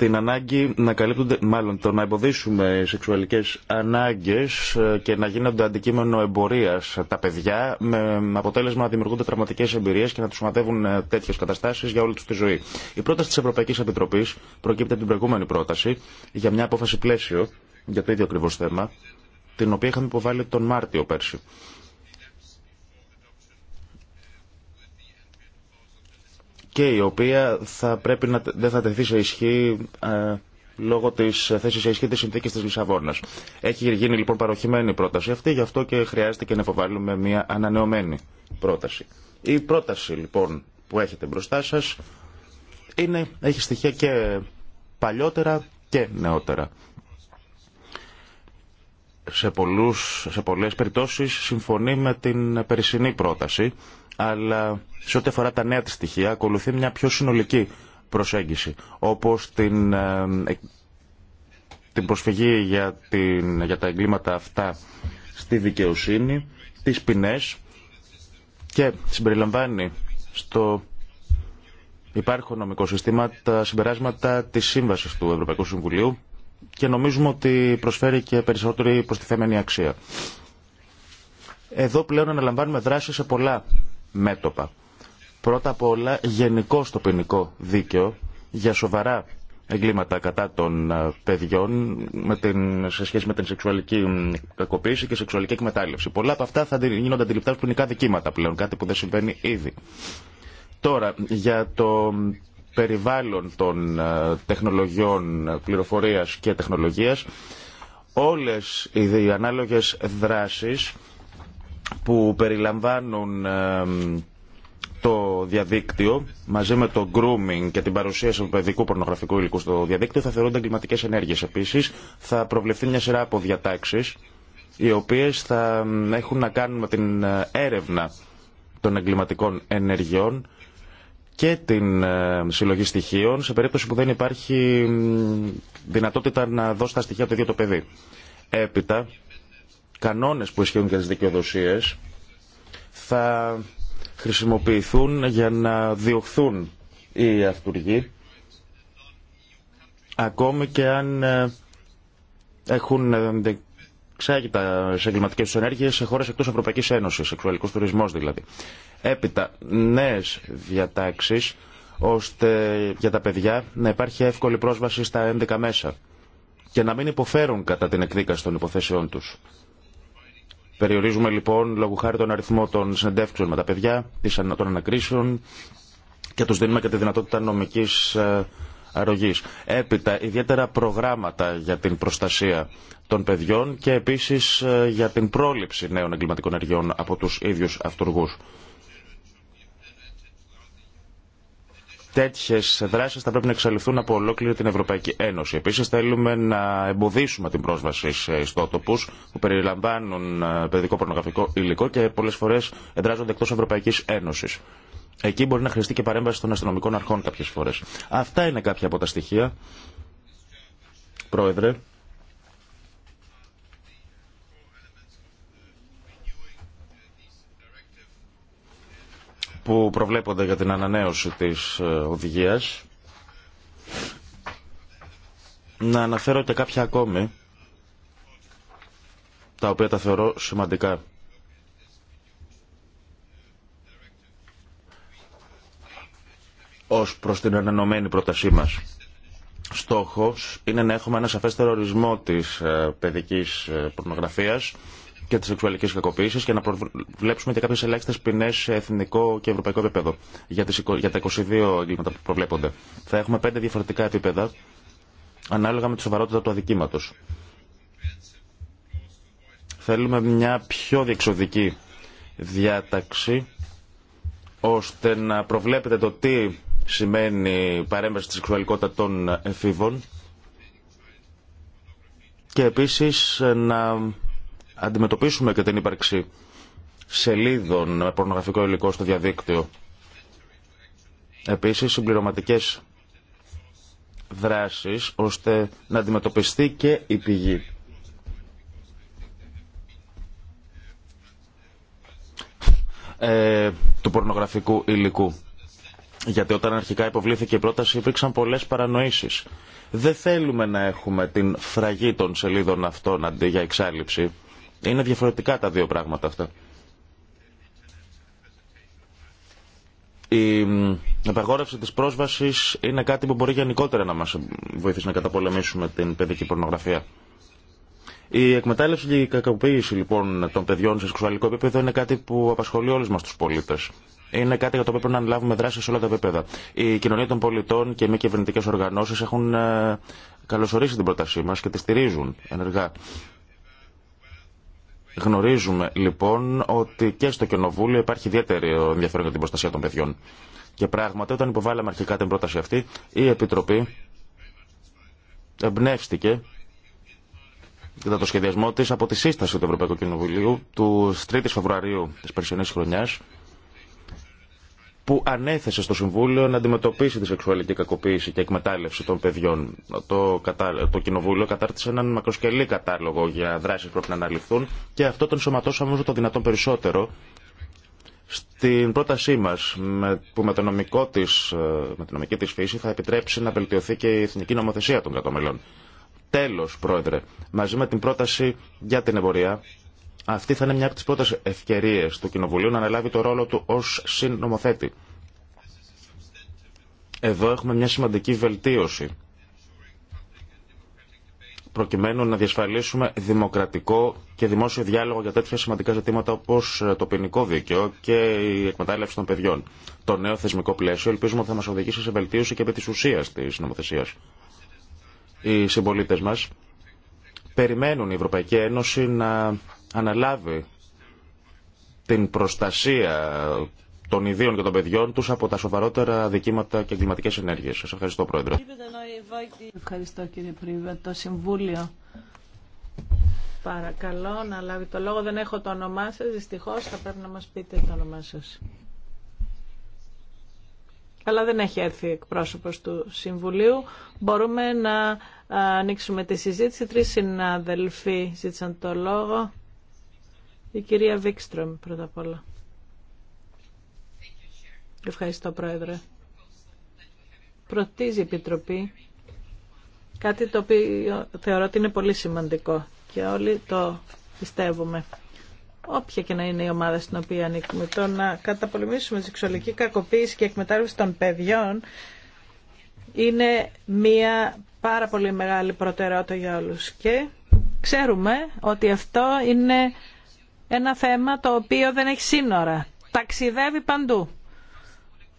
την ανάγκη να καλύπτονται, μάλλον το να εμποδίσουμε σεξουαλικές ανάγκες ε, και να γίνονται αντικείμενο εμπορίας τα παιδιά με αποτέλεσμα να δημιουργούνται τραυματικές εμπειρίες και να τους σωματεύουν ε, τέτοιες καταστάσεις για όλη τους τη ζωή. Η πρόταση της Ευρωπαϊκής Επιτροπής προκύπτει από την προηγούμενη πρόταση για μια απόφαση πλαίσιο για το ίδιο ακριβώ θέμα, την οποία είχαμε υποβάλει τον Μάρτιο πέρσι. και η οποία θα πρέπει να, δεν θα τεθεί σε ισχύ ε, λόγω τη θέση σε ισχύ τη συνθήκη τη Λισαβόνα. Έχει γίνει λοιπόν παροχημένη η πρόταση αυτή, γι' αυτό και χρειάζεται και να υποβάλουμε μια ανανεωμένη πρόταση. Η πρόταση λοιπόν που έχετε μπροστά σα έχει στοιχεία και παλιότερα και νεότερα. Σε, πολλούς, σε πολλές περιπτώσεις συμφωνεί με την περσινή πρόταση αλλά σε ό,τι αφορά τα νέα της στοιχεία ακολουθεί μια πιο συνολική προσέγγιση, όπως την, ε, ε, την προσφυγή για, την, για τα εγκλήματα αυτά στη δικαιοσύνη, τις ποινές και συμπεριλαμβάνει στο υπάρχον νομικό σύστημα, τα συμπεράσματα της σύμβασης του Ευρωπαϊκού Συμβουλίου και νομίζουμε ότι προσφέρει και περισσότερη προστιθέμενη αξία. Εδώ πλέον αναλαμβάνουμε δράση σε πολλά μέτωπα. Πρώτα απ' όλα, γενικό στο ποινικό δίκαιο για σοβαρά εγκλήματα κατά των ε, παιδιών με την, σε σχέση με την σεξουαλική κακοποίηση και σεξουαλική εκμετάλλευση. Πολλά από αυτά θα γίνονται αντιληπτά ως ποινικά δικήματα πλέον, κάτι που δεν συμβαίνει ήδη. Τώρα, για το περιβάλλον των ε, τεχνολογιών ε, πληροφορίας και τεχνολογίας, όλες οι ανάλογες δράσεις που περιλαμβάνουν το διαδίκτυο μαζί με το grooming και την παρουσίαση του παιδικού πορνογραφικού υλικού στο διαδίκτυο θα θεωρούνται εγκληματικέ ενέργειε. Επίση, θα προβλεφθεί μια σειρά από διατάξει οι οποίε θα έχουν να κάνουν με την ε, έρευνα των εγκληματικών ενεργειών και την ε, συλλογή στοιχείων σε περίπτωση που δεν υπάρχει δυνατότητα να δώσει τα στοιχεία του το το παιδί. Έπειτα, κανόνες που ισχύουν για τις δικαιοδοσίες θα χρησιμοποιηθούν για να διωχθούν οι αυτούργοι ακόμη και αν ε, έχουν εξάγει τα εγκληματικέ του ενέργειε σε χώρε εκτό Ευρωπαϊκή Ένωση, σεξουαλικό τουρισμό δηλαδή. Έπειτα, νέε διατάξει ώστε για τα παιδιά να υπάρχει εύκολη πρόσβαση στα 11 μέσα και να μην υποφέρουν κατά την εκδίκαση των υποθέσεών τους. Περιορίζουμε λοιπόν λόγω χάρη τον αριθμό των συνεντεύξεων με τα παιδιά, των ανακρίσεων και τους δίνουμε και τη δυνατότητα νομικής ε, αρρωγής. Έπειτα ιδιαίτερα προγράμματα για την προστασία των παιδιών και επίσης ε, για την πρόληψη νέων εγκληματικών εργειών από τους ίδιους αυτούργους. Τέτοιε δράσει θα πρέπει να εξαλειφθούν από ολόκληρη την Ευρωπαϊκή Ένωση. Επίση, θέλουμε να εμποδίσουμε την πρόσβαση σε ιστότοπου που περιλαμβάνουν ε, παιδικό πορνογραφικό υλικό και πολλέ φορέ εντράζονται εκτό Ευρωπαϊκή Ένωση. Εκεί μπορεί να χρειαστεί και παρέμβαση των αστυνομικών αρχών κάποιε φορέ. Αυτά είναι κάποια από τα στοιχεία. Πρόεδρε, που προβλέπονται για την ανανέωση της ε, οδηγίας. Να αναφέρω και κάποια ακόμη, τα οποία τα θεωρώ σημαντικά. Ως προς την ανανομένη πρότασή μας. Στόχος είναι να έχουμε ένα σαφέστερο ορισμό της ε, παιδικής ε, πορνογραφίας, και τι σεξουαλικέ κακοποίησει και να προβλέψουμε και κάποιε ελάχιστε ποινέ σε εθνικό και ευρωπαϊκό επίπεδο για, τις, για τα 22 εγκλήματα που προβλέπονται. Θα έχουμε πέντε διαφορετικά επίπεδα ανάλογα με τη σοβαρότητα του αδικήματο. Θέλουμε μια πιο διεξοδική διάταξη ώστε να προβλέπετε το τι σημαίνει παρέμβαση στη σεξουαλικότητα των εφήβων και επίσης να αντιμετωπίσουμε και την ύπαρξη σελίδων με πορνογραφικό υλικό στο διαδίκτυο. Επίσης, συμπληρωματικές δράσεις ώστε να αντιμετωπιστεί και η πηγή. Ε, του πορνογραφικού υλικού. Γιατί όταν αρχικά υποβλήθηκε η πρόταση υπήρξαν πολλές παρανοήσεις. Δεν θέλουμε να έχουμε την φραγή των σελίδων αυτών αντί για εξάλληψη. Είναι διαφορετικά τα δύο πράγματα αυτά. Η απαγόρευση της πρόσβασης είναι κάτι που μπορεί γενικότερα να μας βοηθήσει να καταπολεμήσουμε την παιδική πορνογραφία. Η εκμετάλλευση και η κακοποίηση λοιπόν των παιδιών σε σεξουαλικό επίπεδο είναι κάτι που απασχολεί όλους μας τους πολίτε. Είναι κάτι για το οποίο πρέπει να αναλάβουμε δράση σε όλα τα επίπεδα. Η κοινωνία των πολιτών και οι μη κυβερνητικέ οργανώσει έχουν ε, καλωσορίσει την πρότασή μα και τη στηρίζουν ενεργά. Γνωρίζουμε λοιπόν ότι και στο Κοινοβούλιο υπάρχει ιδιαίτερη ενδιαφέρον για την προστασία των παιδιών. Και πράγματι, όταν υποβάλαμε αρχικά την πρόταση αυτή, η Επιτροπή εμπνεύστηκε κατά το σχεδιασμό τη από τη σύσταση του Ευρωπαϊκού Κοινοβουλίου του 3 Φεβρουαρίου τη περσινή χρονιά που ανέθεσε στο Συμβούλιο να αντιμετωπίσει τη σεξουαλική κακοποίηση και εκμετάλλευση των παιδιών. Το, το Κοινοβούλιο κατάρτισε έναν μακροσκελή κατάλογο για δράσει που πρέπει να αναλυθούν και αυτό τον σωματώσαμε όσο το δυνατόν περισσότερο στην πρότασή μας που με, το νομικό ε, με την νομική τη φύση θα επιτρέψει να βελτιωθεί και η εθνική νομοθεσία των κατομελών. Τέλο, Πρόεδρε, μαζί με την πρόταση για την εμπορία αυτή θα είναι μια από τις πρώτες ευκαιρίε του Κοινοβουλίου να αναλάβει το ρόλο του ως συνομοθέτη. Εδώ έχουμε μια σημαντική βελτίωση προκειμένου να διασφαλίσουμε δημοκρατικό και δημόσιο διάλογο για τέτοια σημαντικά ζητήματα όπω το ποινικό δίκαιο και η εκμετάλλευση των παιδιών. Το νέο θεσμικό πλαίσιο ελπίζουμε θα μα οδηγήσει σε βελτίωση και επί τη ουσία τη νομοθεσία. Οι συμπολίτε μα περιμένουν η Ευρωπαϊκή Ένωση να αναλάβει την προστασία των ιδίων και των παιδιών τους από τα σοβαρότερα δικήματα και εγκληματικές ενέργειες. Σας ευχαριστώ, Πρόεδρε. Ευχαριστώ, κύριε Πρίβε. Το Συμβούλιο. Παρακαλώ να λάβει το λόγο. Δεν έχω το όνομά σας. Δυστυχώς θα πρέπει να μας πείτε το όνομά σας. Αλλά δεν έχει έρθει εκπρόσωπο του Συμβουλίου. Μπορούμε να ανοίξουμε τη συζήτηση. Τρεις συναδελφοί ζήτησαν το λόγο. Η κυρία Βίξτρομ πρώτα απ' όλα. Ευχαριστώ Πρόεδρε. Προτίζει η Επιτροπή κάτι το οποίο θεωρώ ότι είναι πολύ σημαντικό και όλοι το πιστεύουμε. Όποια και να είναι η ομάδα στην οποία ανήκουμε, το να καταπολεμήσουμε σεξουαλική κακοποίηση και εκμετάλλευση των παιδιών είναι μία πάρα πολύ μεγάλη προτεραιότητα για όλους. Και ξέρουμε ότι αυτό είναι ένα θέμα το οποίο δεν έχει σύνορα. Ταξιδεύει παντού.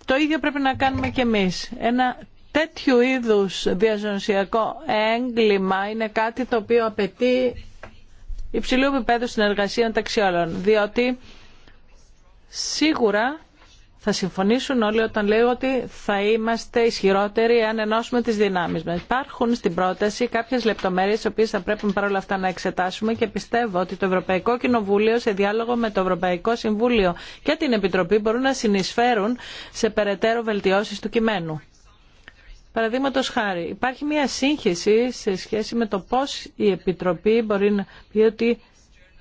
Το ίδιο πρέπει να κάνουμε κι εμείς. Ένα τέτοιου είδους διαζωνσιακό έγκλημα είναι κάτι το οποίο απαιτεί υψηλού επίπεδου συνεργασία μεταξύ Διότι σίγουρα θα συμφωνήσουν όλοι όταν λέω ότι θα είμαστε ισχυρότεροι αν ενώσουμε τις δυνάμεις μας. Υπάρχουν στην πρόταση κάποιες λεπτομέρειες τις οποίες θα πρέπει παρόλα αυτά να εξετάσουμε και πιστεύω ότι το Ευρωπαϊκό Κοινοβούλιο σε διάλογο με το Ευρωπαϊκό Συμβούλιο και την Επιτροπή μπορούν να συνεισφέρουν σε περαιτέρω βελτιώσεις του κειμένου. Παραδείγματο χάρη, υπάρχει μια σύγχυση σε σχέση με το πώ η Επιτροπή μπορεί να πει ότι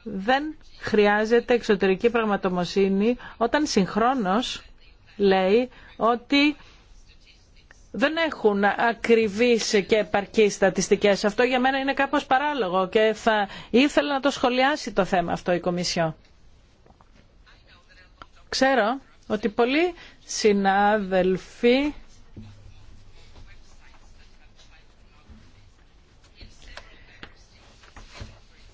δεν χρειάζεται εξωτερική πραγματομοσύνη όταν συγχρόνως λέει ότι δεν έχουν ακριβείς και επαρκείς στατιστικές. Αυτό για μένα είναι κάπως παράλογο και θα ήθελα να το σχολιάσει το θέμα αυτό η Κομισιό. Ξέρω ότι πολλοί συνάδελφοι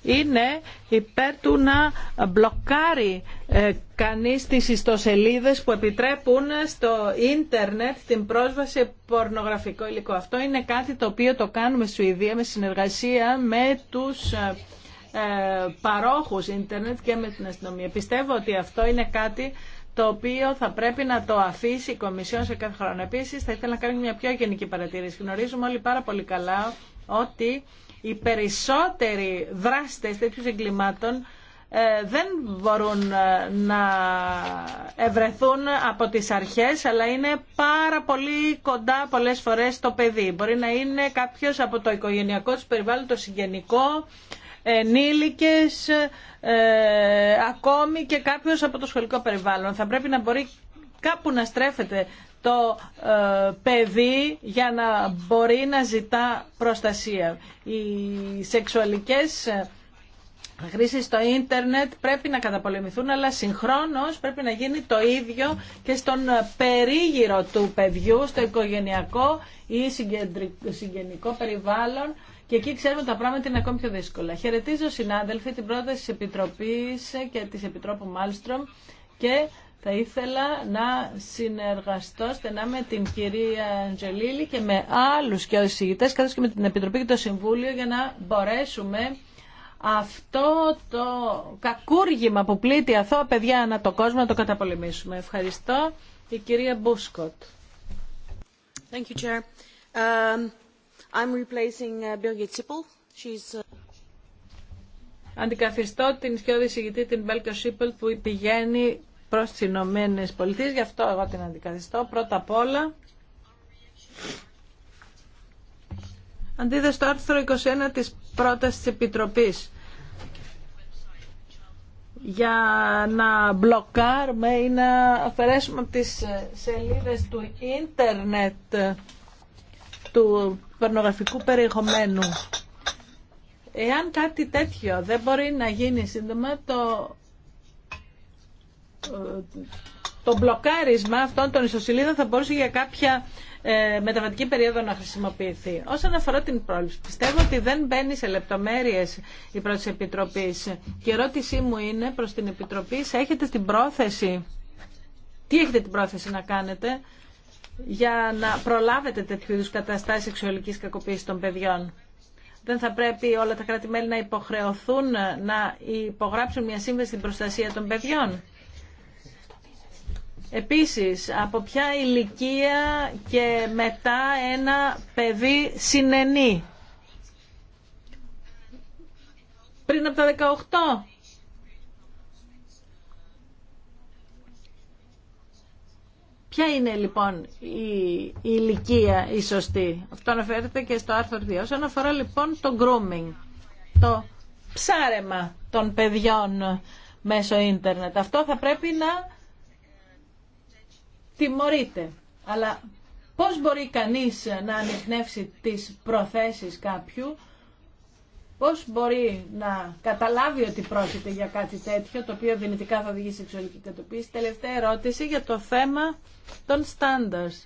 είναι υπέρ του να μπλοκάρει ε, κανείς τις ιστοσελίδες που επιτρέπουν στο ίντερνετ την πρόσβαση πορνογραφικό υλικό. Αυτό είναι κάτι το οποίο το κάνουμε στη Σουηδία με συνεργασία με τους ε, ε, παρόχους ίντερνετ και με την αστυνομία. Πιστεύω ότι αυτό είναι κάτι το οποίο θα πρέπει να το αφήσει η Κομισιόν σε κάθε χρόνο. Επίσης, θα ήθελα να κάνω μια πιο γενική παρατήρηση. Γνωρίζουμε όλοι πάρα πολύ καλά ότι οι περισσότεροι δράστες τέτοιου εγκλημάτων ε, δεν μπορούν ε, να ευρεθούν από τις αρχές αλλά είναι πάρα πολύ κοντά πολλές φορές το παιδί. Μπορεί να είναι κάποιος από το οικογενειακό του περιβάλλον, το συγγενικό, ενήλικες, ε, ακόμη και κάποιος από το σχολικό περιβάλλον. Θα πρέπει να μπορεί κάπου να στρέφεται το παιδί για να μπορεί να ζητά προστασία. Οι σεξουαλικές χρήση στο ίντερνετ πρέπει να καταπολεμηθούν, αλλά συγχρόνως πρέπει να γίνει το ίδιο και στον περίγυρο του παιδιού, στο οικογενειακό ή συγγενικό περιβάλλον. Και εκεί ξέρουμε ότι τα πράγματα είναι ακόμη πιο δύσκολα. Χαιρετίζω, συνάδελφοι, την πρόταση της Επιτροπής και της Επιτρόπου Μάλστρομ και θα ήθελα να συνεργαστώ στενά με την κυρία Αντζελίλη και με άλλους και όλους καθώς και με την Επιτροπή και το Συμβούλιο για να μπορέσουμε αυτό το κακούργημα που πλήττει αθώα παιδιά ανά το κόσμο να το καταπολεμήσουμε. Ευχαριστώ. Η κυρία Μπούσκοτ. Thank Αντικαθιστώ την σκιώδη συγητή την Μπέλκα Σίπελ που πηγαίνει προς τις Ηνωμένε Πολιτείες. Γι' αυτό εγώ την αντικαθιστώ. Πρώτα απ' όλα Αντίδεστο άρθρο 21 της πρότασης της Επιτροπής για να μπλοκάρουμε ή να αφαιρέσουμε τις ε, σελίδες του ίντερνετ του πορνογραφικού περιεχομένου. Εάν κάτι τέτοιο δεν μπορεί να γίνει σύντομα, το ε, το μπλοκάρισμα αυτών των ιστοσελίδων θα μπορούσε για κάποια ε, μεταβατική περίοδο να χρησιμοποιηθεί. Όσον αφορά την πρόληψη, πιστεύω ότι δεν μπαίνει σε λεπτομέρειε η πρόταση Επιτροπή. Και η ερώτησή μου είναι προ την Επιτροπή, έχετε την πρόθεση, τι έχετε την πρόθεση να κάνετε για να προλάβετε τέτοιου είδου καταστάσει σεξουαλική κακοποίηση των παιδιών. Δεν θα πρέπει όλα τα κράτη-μέλη να υποχρεωθούν να υπογράψουν μια σύμβαση στην προστασία των παιδιών. Επίσης, από ποια ηλικία και μετά ένα παιδί συνενεί. Πριν από τα 18. Ποια είναι λοιπόν η ηλικία η σωστή. Αυτό αναφέρεται και στο άρθρο 2. Όσον αφορά λοιπόν το grooming, το ψάρεμα των παιδιών μέσω ίντερνετ. Αυτό θα πρέπει να τιμωρείται. Αλλά πώς μπορεί κανείς να ανοιχνεύσει τις προθέσεις κάποιου, πώς μπορεί να καταλάβει ότι πρόκειται για κάτι τέτοιο, το οποίο δυνητικά θα οδηγήσει σε σεξουαλική κατοποίηση. Τελευταία ερώτηση για το θέμα των standards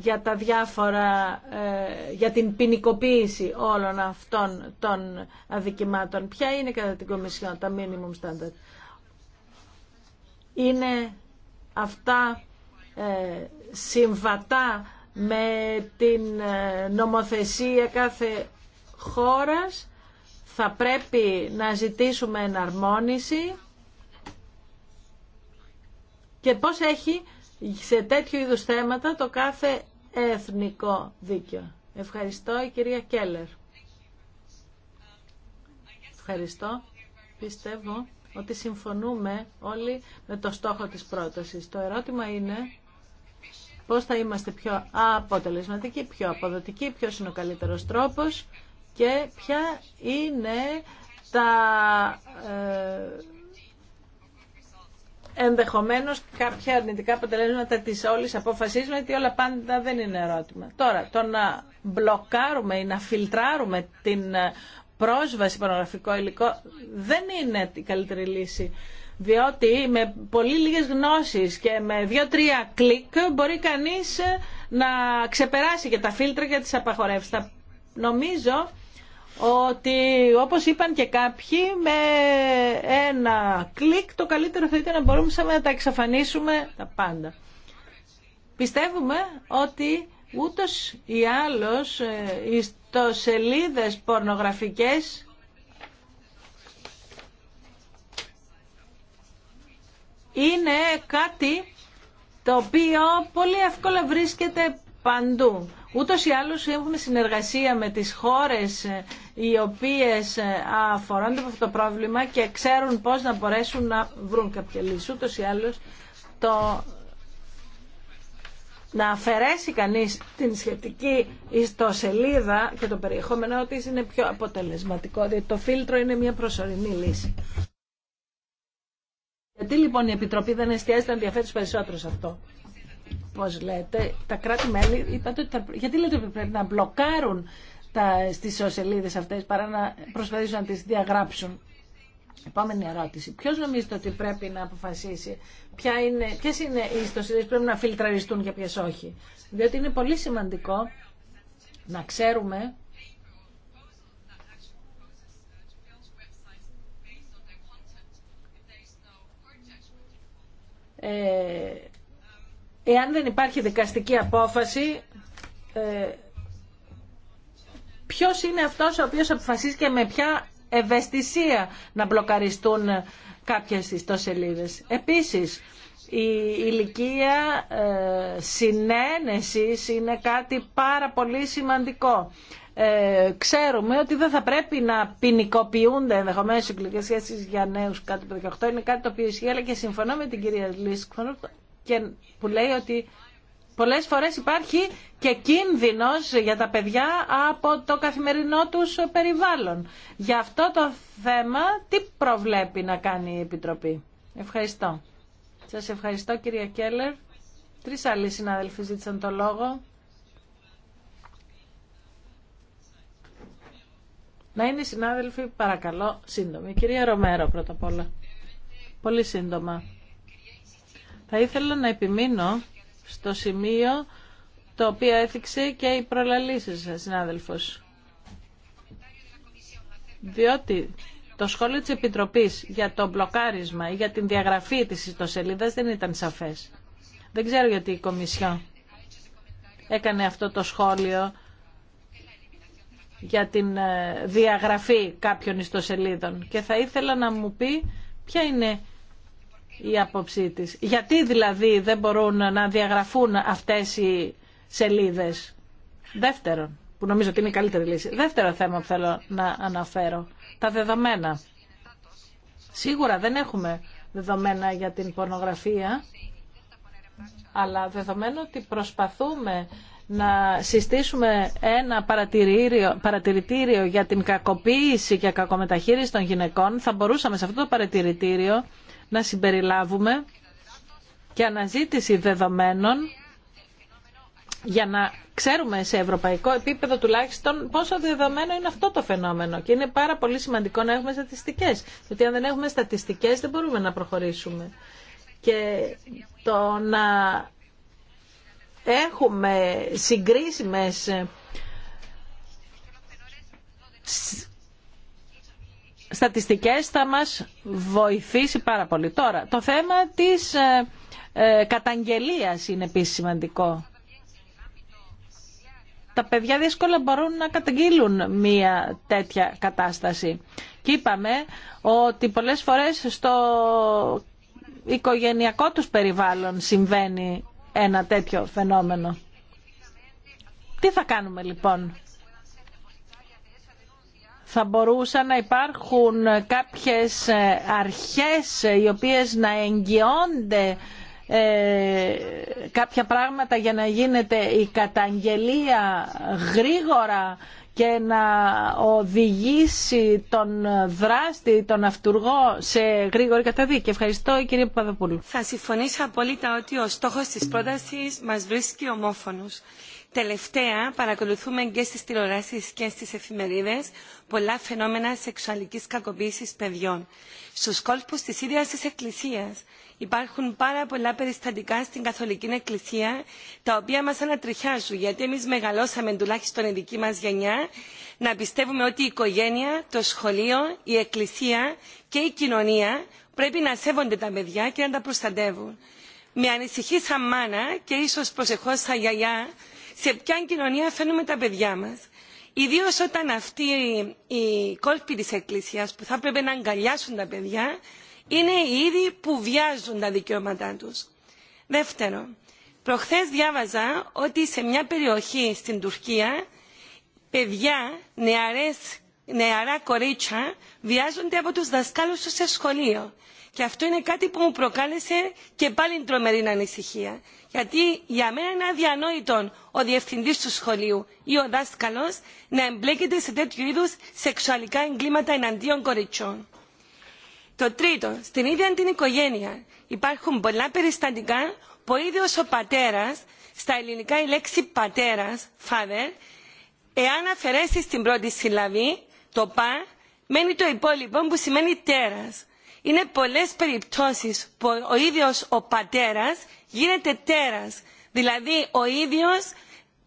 για τα διάφορα, ε, για την ποινικοποίηση όλων αυτών των αδικημάτων. Ποια είναι κατά την Κομισιόν τα minimum standard. Είναι αυτά ε, συμβατά με την ε, νομοθεσία κάθε χώρας. Θα πρέπει να ζητήσουμε εναρμόνιση και πώς έχει σε τέτοιου είδους θέματα το κάθε εθνικό δίκαιο. Ευχαριστώ η κυρία Κέλλερ. Ευχαριστώ. Πιστεύω ότι συμφωνούμε όλοι με το στόχο της πρότασης. Το ερώτημα είναι πώς θα είμαστε πιο αποτελεσματικοί, πιο αποδοτικοί, ποιος είναι ο καλύτερος τρόπος και ποια είναι τα ε, ενδεχομένως κάποια αρνητικά αποτελέσματα της όλης απόφασής γιατί όλα πάντα δεν είναι ερώτημα. Τώρα, το να μπλοκάρουμε ή να φιλτράρουμε την ε, πρόσβαση πορνογραφικό υλικό δεν είναι η καλύτερη λύση διότι με πολύ λίγες γνώσεις και με δύο-τρία κλικ μπορεί κανείς να ξεπεράσει και τα φίλτρα και τις απαγορεύσεις. Νομίζω ότι όπως είπαν και κάποιοι με ένα κλικ το καλύτερο θα ήταν να μπορούμε να τα εξαφανίσουμε τα πάντα. Πιστεύουμε ότι ούτως ή άλλως οι ε, ιστοσελίδες πορνογραφικές είναι κάτι το οποίο πολύ εύκολα βρίσκεται παντού. Ούτως ή άλλως έχουμε συνεργασία με τις χώρες ε, οι οποίες ε, αφορώνται από αυτό το πρόβλημα και ξέρουν πώς να μπορέσουν να βρουν κάποια λύση. Ούτως ή άλλως το να αφαιρέσει κανείς την σχετική ιστοσελίδα και το περιεχόμενό ότι είναι πιο αποτελεσματικό, διότι το φίλτρο είναι μια προσωρινή λύση. Γιατί λοιπόν η Επιτροπή δεν εστιάζει να ενδιαφέρει του περισσότερου αυτό. Πώ λέτε, τα κράτη-μέλη, είπατε ότι γιατί λέτε ότι πρέπει να μπλοκάρουν τα... στι ισοσελίδε αυτέ παρά να προσπαθήσουν να τι διαγράψουν. Επόμενη ερώτηση. Ποιο νομίζετε ότι πρέπει να αποφασίσει ποιε είναι, είναι οι ιστοσελίδε που πρέπει να φιλτραριστούν και ποιε όχι. Διότι είναι πολύ σημαντικό να ξέρουμε Ε, εάν δεν υπάρχει δικαστική απόφαση, ε, ποιος είναι αυτός ο οποίος αποφασίζει και με ποια ευαισθησία να μπλοκαριστούν κάποιες ιστοσελίδες. Επίσης, η ηλικία ε, συνένεσης είναι κάτι πάρα πολύ σημαντικό ε, ξέρουμε ότι δεν θα πρέπει να ποινικοποιούνται ενδεχομένω οι κλινικέ σχέσει για νέου κάτω από 18. Είναι κάτι το οποίο ισχύει, αλλά και συμφωνώ με την κυρία Λίσκφορντ και που λέει ότι πολλέ φορέ υπάρχει και κίνδυνο για τα παιδιά από το καθημερινό του περιβάλλον. Για αυτό το θέμα, τι προβλέπει να κάνει η Επιτροπή. Ευχαριστώ. Σα ευχαριστώ κυρία Κέλλερ. Τρει άλλοι συνάδελφοι ζήτησαν το λόγο. Να είναι οι συνάδελφοι, παρακαλώ, σύντομοι. Κυρία Ρομέρο, πρώτα απ' όλα. Πολύ σύντομα. Θα ήθελα να επιμείνω στο σημείο το οποίο έθιξε και η προλαλήση σας, συνάδελφος. Διότι το σχόλιο της Επιτροπής για το μπλοκάρισμα ή για την διαγραφή της ιστοσελίδας δεν ήταν σαφές. Δεν ξέρω γιατί η Κομισιόν έκανε αυτό το σχόλιο για την ε, διαγραφή κάποιων ιστοσελίδων και θα ήθελα να μου πει ποια είναι η άποψή της. Γιατί δηλαδή δεν μπορούν να διαγραφούν αυτές οι σελίδες. Δεύτερον, που νομίζω ότι είναι η καλύτερη λύση. Δεύτερο θέμα που θέλω να αναφέρω. Τα δεδομένα. Σίγουρα δεν έχουμε δεδομένα για την πορνογραφία, αλλά δεδομένου ότι προσπαθούμε να συστήσουμε ένα παρατηρητήριο για την κακοποίηση και κακομεταχείριση των γυναικών, θα μπορούσαμε σε αυτό το παρατηρητήριο να συμπεριλάβουμε και αναζήτηση δεδομένων για να ξέρουμε σε ευρωπαϊκό επίπεδο τουλάχιστον πόσο δεδομένο είναι αυτό το φαινόμενο. Και είναι πάρα πολύ σημαντικό να έχουμε στατιστικές. Γιατί αν δεν έχουμε στατιστικές δεν μπορούμε να προχωρήσουμε. Και το να έχουμε συγκρίσιμες ε, στατιστικές θα μας βοηθήσει πάρα πολύ. Τώρα, το θέμα της ε, ε, καταγγελίας είναι επίσης σημαντικό. Τα παιδιά δύσκολα μπορούν να καταγγείλουν μία τέτοια κατάσταση. Και είπαμε ότι πολλές φορές στο οικογενειακό τους περιβάλλον συμβαίνει ένα τέτοιο φαινόμενο. Τι θα κάνουμε λοιπόν. Θα μπορούσαν να υπάρχουν κάποιες ε, αρχές ε, οι οποίες να εγγυώνται ε, κάποια πράγματα για να γίνεται η καταγγελία γρήγορα και να οδηγήσει τον δράστη, τον αυτούργο σε γρήγορη καταδίκη. Ευχαριστώ κύριε Παπαδοπούλου. Θα συμφωνήσω απόλυτα ότι ο στόχος της πρότασης μας βρίσκει ομόφωνους. Τελευταία παρακολουθούμε και στις τηλεοράσεις και στις εφημερίδες πολλά φαινόμενα σεξουαλικής κακοποίησης παιδιών. Στους κόλπους της ίδιας της Εκκλησίας υπάρχουν πάρα πολλά περιστατικά στην καθολική εκκλησία τα οποία μας ανατριχιάζουν γιατί εμείς μεγαλώσαμε τουλάχιστον η δική μας γενιά να πιστεύουμε ότι η οικογένεια, το σχολείο, η εκκλησία και η κοινωνία πρέπει να σέβονται τα παιδιά και να τα προστατεύουν. Με ανησυχεί σαν μάνα και ίσως προσεχώς σαν γιαγιά σε ποια κοινωνία φαίνουμε τα παιδιά μας. Ιδίω όταν αυτοί οι κόλποι της Εκκλησίας που θα πρέπει να αγκαλιάσουν τα παιδιά είναι οι ίδιοι που βιάζουν τα δικαιώματά τους. Δεύτερο, προχθές διάβαζα ότι σε μια περιοχή στην Τουρκία παιδιά, νεαρές, νεαρά κορίτσια βιάζονται από τους δασκάλους τους σε σχολείο. Και αυτό είναι κάτι που μου προκάλεσε και πάλι τρομερή ανησυχία. Γιατί για μένα είναι αδιανόητο ο διευθυντής του σχολείου ή ο δάσκαλος να εμπλέκεται σε τέτοιου είδους σεξουαλικά εγκλήματα εναντίον κοριτσιών. Το τρίτο, στην ίδια την οικογένεια υπάρχουν πολλά περιστατικά που ο ίδιος ο πατέρας, στα ελληνικά η λέξη πατέρας, father, εάν αφαιρέσει την πρώτη συλλαβή, το πα, μένει το υπόλοιπο που σημαίνει τέρας. Είναι πολλές περιπτώσεις που ο ίδιος ο πατέρας γίνεται τέρας, δηλαδή ο ίδιος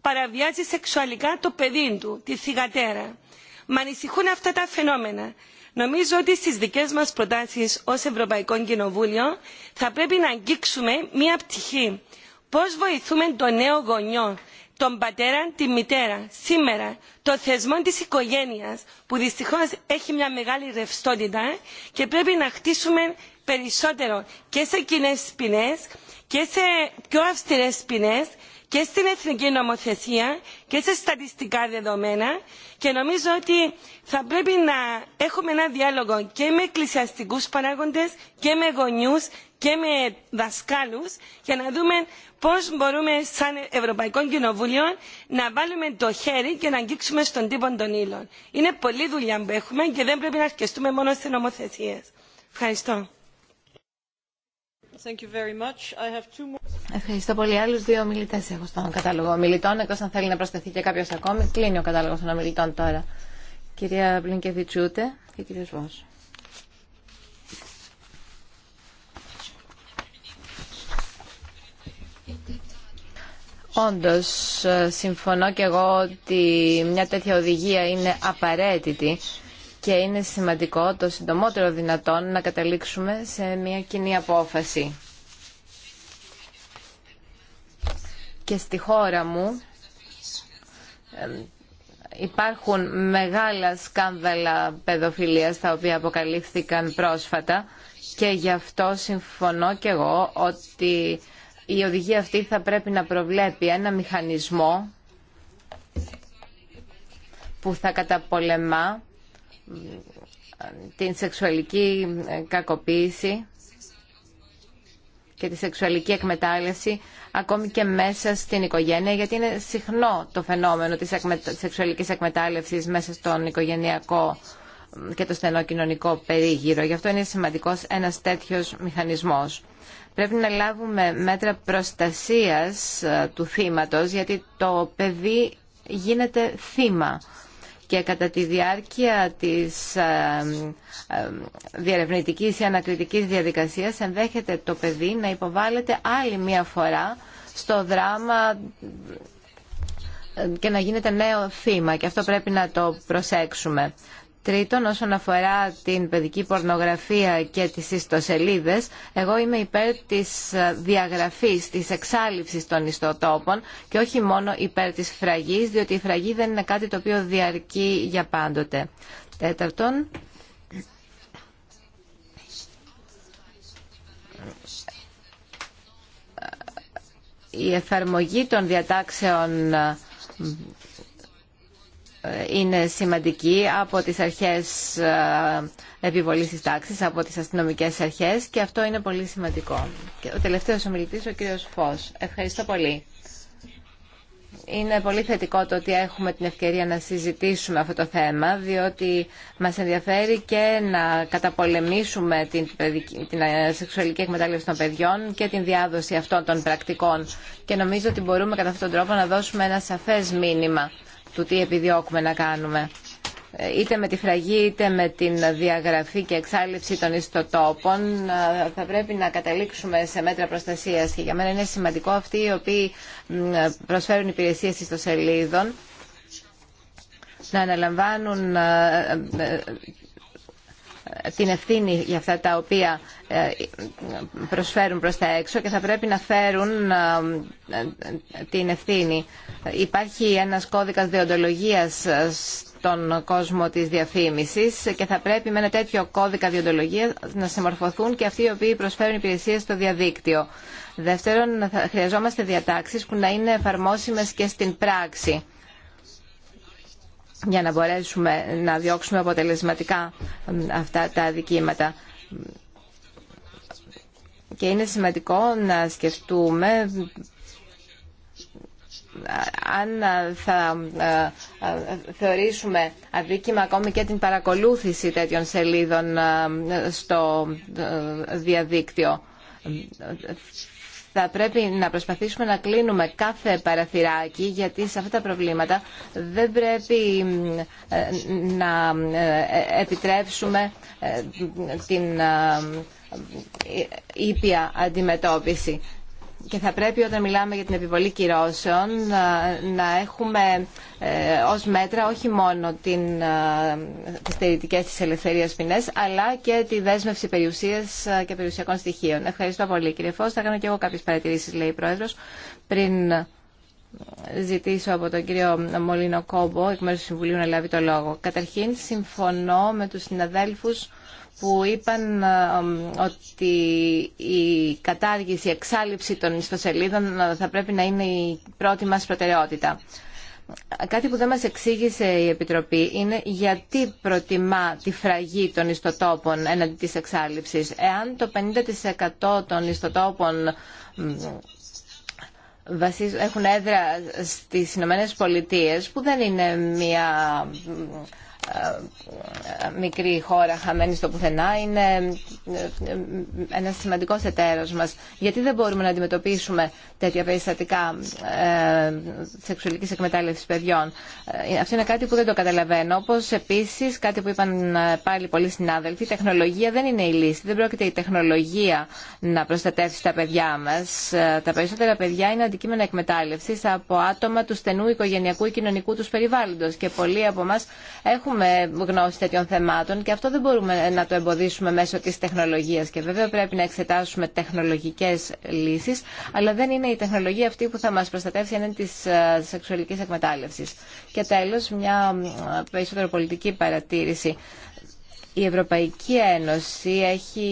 παραβιάζει σεξουαλικά το παιδί του, τη θυγατέρα. Μα ανησυχούν αυτά τα φαινόμενα Νομίζω ότι στι δικέ μα προτάσει ω Ευρωπαϊκό Κοινοβούλιο θα πρέπει να αγγίξουμε μία πτυχή. Πώς βοηθούμε τον νέο γονιό, τον πατέρα, τη μητέρα, σήμερα, το θεσμό της οικογένειας που δυστυχώς έχει μια πτυχη πω βοηθουμε τον νεο γονιο τον πατερα τη μητερα σημερα το θεσμο της οικογενεια που δυστυχω εχει μια μεγαλη ρευστοτητα και πρέπει να χτίσουμε περισσότερο και σε κοινέ ποινέ και σε πιο αυστηρέ ποινέ, και στην εθνική νομοθεσία και σε στατιστικά δεδομένα και νομίζω ότι θα πρέπει να έχουμε ένα διάλογο και με εκκλησιαστικούς παράγοντες και με γονιούς και με δασκάλους για να δούμε πώς μπορούμε σαν Ευρωπαϊκό Κοινοβούλιο να βάλουμε το χέρι και να αγγίξουμε στον τύπο των ύλων. Είναι πολλή δουλειά που έχουμε και δεν πρέπει να αρκεστούμε μόνο σε νομοθεσίες. Ευχαριστώ. Ευχαριστώ πολύ. Άλλους δύο ομιλητές έχω στον κατάλογο ομιλητών. Εκτός αν θέλει να προσθεθεί και κάποιος ακόμη, κλείνει ο κατάλογος των ομιλητών τώρα. Κυρία Μπλινκεβιτσούτε και κύριος Βόσο. Όντως, συμφωνώ και εγώ ότι μια τέτοια οδηγία είναι απαραίτητη και είναι σημαντικό το συντομότερο δυνατόν να καταλήξουμε σε μια κοινή απόφαση. Και στη χώρα μου υπάρχουν μεγάλα σκάνδαλα παιδοφιλίας τα οποία αποκαλύφθηκαν πρόσφατα και γι' αυτό συμφωνώ και εγώ ότι η οδηγία αυτή θα πρέπει να προβλέπει ένα μηχανισμό που θα καταπολεμά την σεξουαλική ε, κακοποίηση και τη σεξουαλική εκμετάλλευση ακόμη και μέσα στην οικογένεια γιατί είναι συχνό το φαινόμενο της σεξουαλικής εκμετάλλευσης μέσα στον οικογενειακό και το στενό κοινωνικό περίγυρο. Γι' αυτό είναι σημαντικός ένας τέτοιος μηχανισμός. Πρέπει να λάβουμε μέτρα προστασίας ε, του θύματος γιατί το παιδί γίνεται θύμα και κατά τη διάρκεια της ε, ε, διερευνητικής ή ανακριτικής διαδικασίας ενδέχεται το παιδί να υποβάλλεται άλλη μία φορά στο δράμα ε, και να γίνεται νέο θύμα και αυτό πρέπει να το προσέξουμε. Τρίτον, όσον αφορά την παιδική πορνογραφία και τις ιστοσελίδες, εγώ είμαι υπέρ της διαγραφής, της εξάλληψης των ιστοτόπων και όχι μόνο υπέρ της φραγής, διότι η φραγή δεν είναι κάτι το οποίο διαρκεί για πάντοτε. Τέταρτον, η εφαρμογή των διατάξεων είναι σημαντική από τις αρχές ε, επιβολής της τάξης, από τις αστυνομικές αρχές και αυτό είναι πολύ σημαντικό. Και ο τελευταίος ομιλητής, ο κύριος Φως. Ευχαριστώ πολύ. Είναι πολύ θετικό το ότι έχουμε την ευκαιρία να συζητήσουμε αυτό το θέμα, διότι μας ενδιαφέρει και να καταπολεμήσουμε την, την ε, σεξουαλική εκμετάλλευση των παιδιών και την διάδοση αυτών των πρακτικών. Και νομίζω ότι μπορούμε κατά αυτόν τον τρόπο να δώσουμε ένα σαφές μήνυμα του τι επιδιώκουμε να κάνουμε ε, είτε με τη φραγή είτε με την διαγραφή και εξάλληψη των ιστοτόπων ε, θα πρέπει να καταλήξουμε σε μέτρα προστασίας και για μένα είναι σημαντικό αυτοί οι οποίοι προσφέρουν υπηρεσίες ιστοσελίδων να αναλαμβάνουν ε, την ευθύνη για αυτά τα οποία ε, προσφέρουν προς τα έξω και θα πρέπει να φέρουν ε, την ευθύνη. Υπάρχει ένας κώδικας διοντολογίας ε, στον κόσμο της διαφήμισης και θα πρέπει με ένα τέτοιο κώδικα διοντολογίας να συμμορφωθούν και αυτοί οι οποίοι προσφέρουν υπηρεσίες στο διαδίκτυο. Δεύτερον, χρειαζόμαστε διατάξεις που να είναι εφαρμόσιμες και στην πράξη για να μπορέσουμε να διώξουμε αποτελεσματικά αυτά τα αδικήματα. Και είναι σημαντικό να σκεφτούμε αν θα θεωρήσουμε αδίκημα ακόμη και την παρακολούθηση τέτοιων σελίδων στο ε, διαδίκτυο θα πρέπει να προσπαθήσουμε να κλείνουμε κάθε παραθυράκι γιατί σε αυτά τα προβλήματα δεν πρέπει ε, να ε, επιτρέψουμε ε, την ήπια αντιμετώπιση και θα πρέπει όταν μιλάμε για την επιβολή κυρώσεων να έχουμε ε, ως μέτρα όχι μόνο την, ε, τις τη της ελευθερίας ποινές αλλά και τη δέσμευση περιουσίας ε, και περιουσιακών στοιχείων. Ευχαριστώ πολύ κύριε Φώστα. Θα κάνω και εγώ κάποιες παρατηρήσεις λέει η Πρόεδρος πριν ζητήσω από τον κύριο Μολίνο Κόμπο εκ μέρους του Συμβουλίου να λάβει το λόγο. Καταρχήν συμφωνώ με τους συναδέλφους που είπαν ε, ε, ότι η κατάργηση, η εξάλληψη των ιστοσελίδων ε, θα πρέπει να είναι η πρώτη μας προτεραιότητα. Κάτι που δεν μας εξήγησε η Επιτροπή είναι γιατί προτιμά τη φραγή των ιστοτόπων έναντι της εξάλληψης. Εάν το 50% των ιστοτόπων έχουν έδρα στις Ηνωμένες Πολιτείες, που δεν είναι μια μικρή χώρα χαμένη στο πουθενά είναι ε, ε, ένα σημαντικός εταίρος μας. Γιατί δεν μπορούμε να αντιμετωπίσουμε τέτοια περιστατικά ε, σεξουαλικής εκμετάλλευσης παιδιών. Αυτό είναι κάτι που δεν το καταλαβαίνω. Όπως επίσης κάτι που είπαν πάλι πολλοί συνάδελφοι, η τεχνολογία δεν είναι η λύση. Δεν πρόκειται η τεχνολογία να προστατεύσει τα παιδιά μας. Τα περισσότερα παιδιά είναι αντικείμενα εκμετάλλευσης από άτομα του στενού οικογενειακού ή κοινωνικού τους περιβάλλοντος και πολλοί από εμά έχουμε έχουμε γνώση τέτοιων θεμάτων και αυτό δεν μπορούμε να το εμποδίσουμε μέσω της τεχνολογίας. Και βέβαια πρέπει να εξετάσουμε τεχνολογικές λύσεις, αλλά δεν είναι η τεχνολογία αυτή που θα μας προστατεύσει έναντι της ε, σεξουαλικής εκμετάλλευσης. Και τέλος, μια ε, περισσότερο πολιτική παρατήρηση. Η Ευρωπαϊκή Ένωση έχει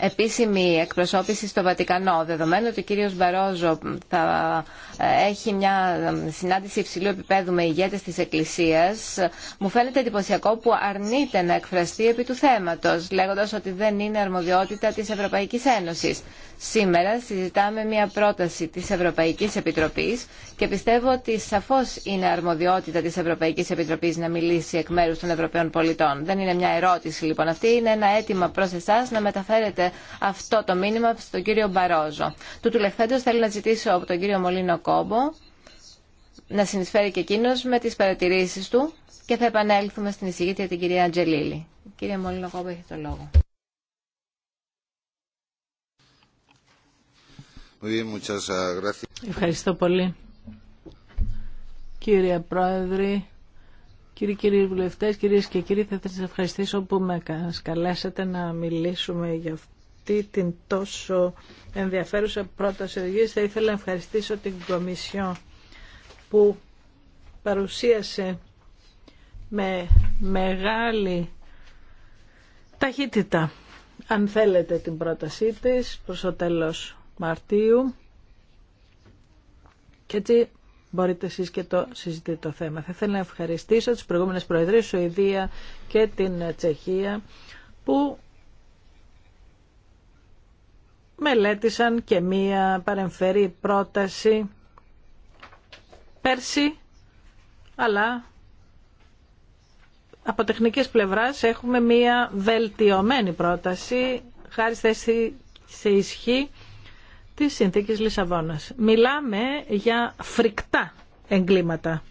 επίσημη εκπροσώπηση στο Βατικανό. Δεδομένου ότι ο κύριο Μπαρόζο θα ε, έχει μια ε, συνάντηση υψηλού επίπεδου με ηγέτε τη Εκκλησία. μου φαίνεται εντυπωσιακό που αρνείται να εκφραστεί επί του θέματο, λέγοντα ότι δεν είναι αρμοδιότητα τη Ευρωπαϊκή Ένωση. Σήμερα συζητάμε μια πρόταση της Ευρωπαϊκής Επιτροπής και πιστεύω ότι σαφώς είναι αρμοδιότητα της Ευρωπαϊκής Επιτροπής να μιλήσει εκ μέρους των Ευρωπαίων πολιτών. Δεν είναι μια ερώτηση λοιπόν αυτή, είναι ένα αίτημα προς να μεταφέρετε αυτό το μήνυμα στον κύριο Μπαρόζο. Του τουλεχθέντως θέλω να ζητήσω από τον κύριο Μολίνο Κόμπο να συνεισφέρει και εκείνο με τις παρατηρήσεις του και θα επανέλθουμε στην εισηγήτρια την κυρία Αντζελίλη. Κύριε Μολίνο Κόμπο, έχει το λόγο. Ah, Ευχαριστώ πολύ. Κύριε Πρόεδρε, κύριοι κύριοι βουλευτές, κυρίες και κύριοι, θα σας ευχαριστήσω που με καλέσατε να μιλήσουμε για αυτό την τόσο ενδιαφέρουσα πρόταση οδηγίας. Θα ήθελα να ευχαριστήσω την Κομισιό που παρουσίασε με μεγάλη ταχύτητα, αν θέλετε, την πρότασή της προς το τέλος Μαρτίου. Και έτσι μπορείτε εσείς και το συζητείτε το θέμα. Θα ήθελα να ευχαριστήσω τις προηγούμενες Προεδρίες, Σουηδία και την Τσεχία, που μελέτησαν και μία παρεμφερή πρόταση πέρσι, αλλά από τεχνικής πλευράς έχουμε μία βελτιωμένη πρόταση χάρη σε ισχύ της συνθήκης Λισαβόνας. Μιλάμε για φρικτά εγκλήματα.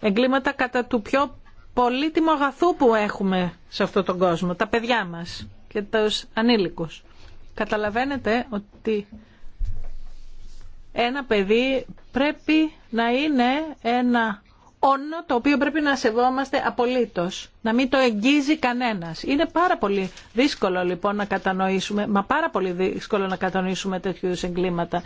Εγκλήματα κατά του πιο πολύτιμου αγαθού που έχουμε σε αυτόν τον κόσμο, τα παιδιά μας και τους ανήλικους. Καταλαβαίνετε ότι ένα παιδί πρέπει να είναι ένα όνο το οποίο πρέπει να σεβόμαστε απολύτως, να μην το εγγίζει κανένας. Είναι πάρα πολύ δύσκολο λοιπόν να κατανοήσουμε, μα πάρα πολύ δύσκολο να κατανοήσουμε τέτοιου εγκλήματα.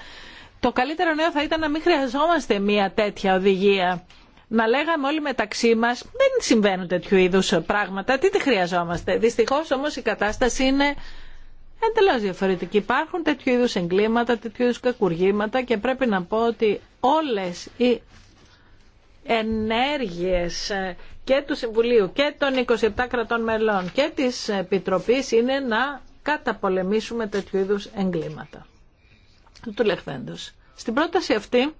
Το καλύτερο νέο θα ήταν να μην χρειαζόμαστε μια τέτοια οδηγία. Να λέγαμε όλοι μεταξύ μα, δεν συμβαίνουν τέτοιου είδου πράγματα, τι τη χρειαζόμαστε. Δυστυχώ όμω η κατάσταση είναι εντελώ διαφορετική. Υπάρχουν τέτοιου είδου εγκλήματα, τέτοιου είδου κακουργήματα και πρέπει να πω ότι όλε οι ενέργειες ε, και του Συμβουλίου και των 27 κρατών μελών και τη επιτροπή είναι να καταπολεμήσουμε τέτοιου είδου εγκλήματα. Του λεχθέντος. Στην πρόταση αυτή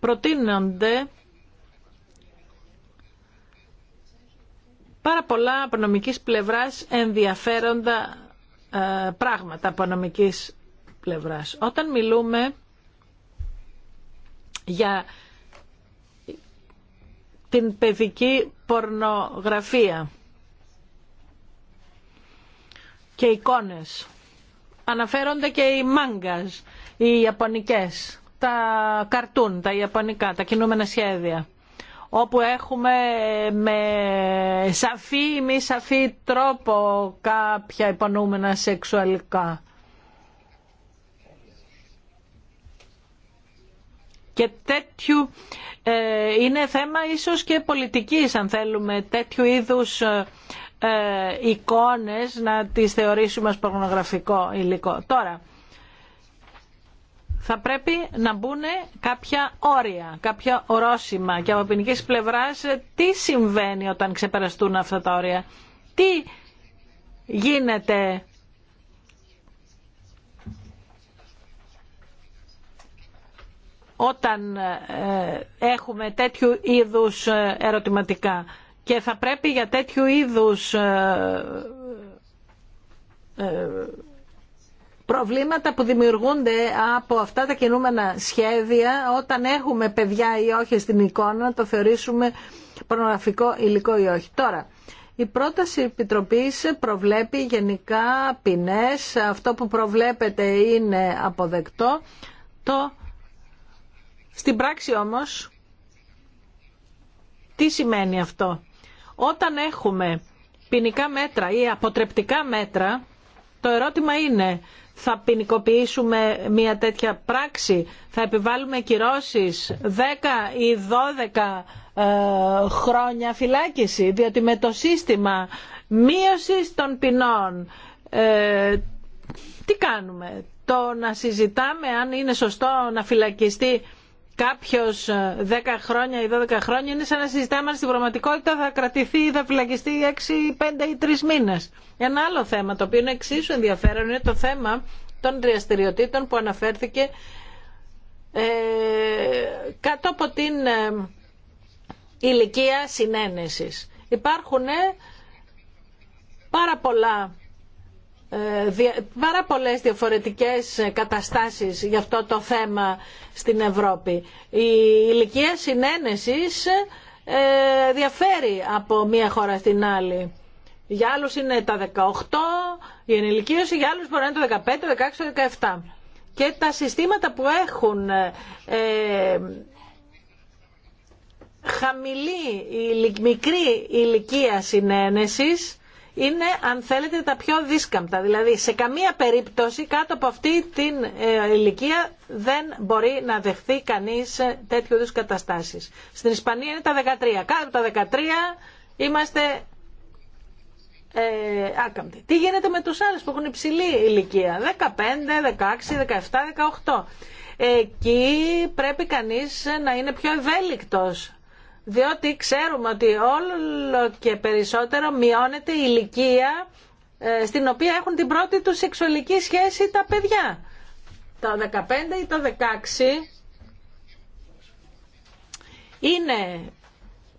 προτείνονται πάρα πολλά από νομικής πλευράς ενδιαφέροντα ε, πράγματα από νομικής πλευράς. Όταν μιλούμε για την παιδική πορνογραφία και εικόνες. Αναφέρονται και οι μάγκας, οι ιαπωνικές, τα καρτούν, τα ιαπωνικά, τα κινούμενα σχέδια όπου έχουμε με σαφή ή μη σαφή τρόπο κάποια υπονοούμενα σεξουαλικά. Και τέτοιου ε, είναι θέμα ίσως και πολιτικής αν θέλουμε τέτοιου είδους ε, ε, εικόνες να τις θεωρήσουμε ως πορνογραφικό υλικό. Τώρα, θα πρέπει να μπουν κάποια όρια, κάποια ορόσημα και από ποινική πλευρά τι συμβαίνει όταν ξεπεραστούν αυτά τα όρια. Τι γίνεται όταν ε, έχουμε τέτοιου είδους ε, ερωτηματικά και θα πρέπει για τέτοιου είδους ε, προβλήματα που δημιουργούνται από αυτά τα κινούμενα σχέδια όταν έχουμε παιδιά ή όχι στην εικόνα να το θεωρήσουμε πορνογραφικό υλικό ή όχι. Τώρα, η πρόταση επιτροπής προβλέπει γενικά ποινές, αυτό που προβλέπεται είναι αποδεκτό. Το... Στην πράξη όμως, τι σημαίνει αυτό. Όταν έχουμε ποινικά μέτρα ή αποτρεπτικά μέτρα, το ερώτημα είναι θα ποινικοποιήσουμε μια τέτοια πράξη, θα επιβάλλουμε κυρώσεις 10 ή 12 ε, χρόνια φυλάκιση, διότι με το σύστημα μείωσης των ποινών, ε, τι κάνουμε, το να συζητάμε αν είναι σωστό να φυλακιστεί Κάποιο 10 ε, χρόνια ή 12 χρόνια είναι σαν να συζητάμε αν στην πραγματικότητα θα κρατηθεί ή θα φυλακιστεί 6, 5 ή 3 μήνε. Ένα άλλο θέμα το οποίο είναι εξίσου ενδιαφέρον είναι το θέμα των δραστηριοτήτων που αναφέρθηκε ε, κάτω από την ε, ηλικία συνένεσης. Υπάρχουν πάρα πολλά ε, πάρα πολλές διαφορετικές καταστάσεις για αυτό το θέμα στην Ευρώπη. Η ηλικία συνένεσης ε, διαφέρει από μία χώρα στην άλλη. Για άλλους είναι τα 18, η ενηλικίωση, για άλλους μπορεί να είναι το 15, 16, το 17. Και τα συστήματα που έχουν ε, ε χαμηλή, μικρή ηλικία συνένεσης είναι αν θέλετε τα πιο δίσκαμπτα. Δηλαδή σε καμία περίπτωση κάτω από αυτή την ε, ηλικία δεν μπορεί να δεχθεί κανείς ε, τέτοιου είδους καταστάσεις. Στην Ισπανία είναι τα 13. Κάτω από τα 13 είμαστε ε, άκαμπτοι. Τι γίνεται με τους άλλους που έχουν υψηλή ηλικία. 15, 16, 17, 18. Εκεί πρέπει κανείς ε, να είναι πιο ευέλικτος διότι ξέρουμε ότι όλο και περισσότερο μειώνεται η ηλικία ε, στην οποία έχουν την πρώτη του σεξουαλική σχέση τα παιδιά. Το 15 ή το 16 είναι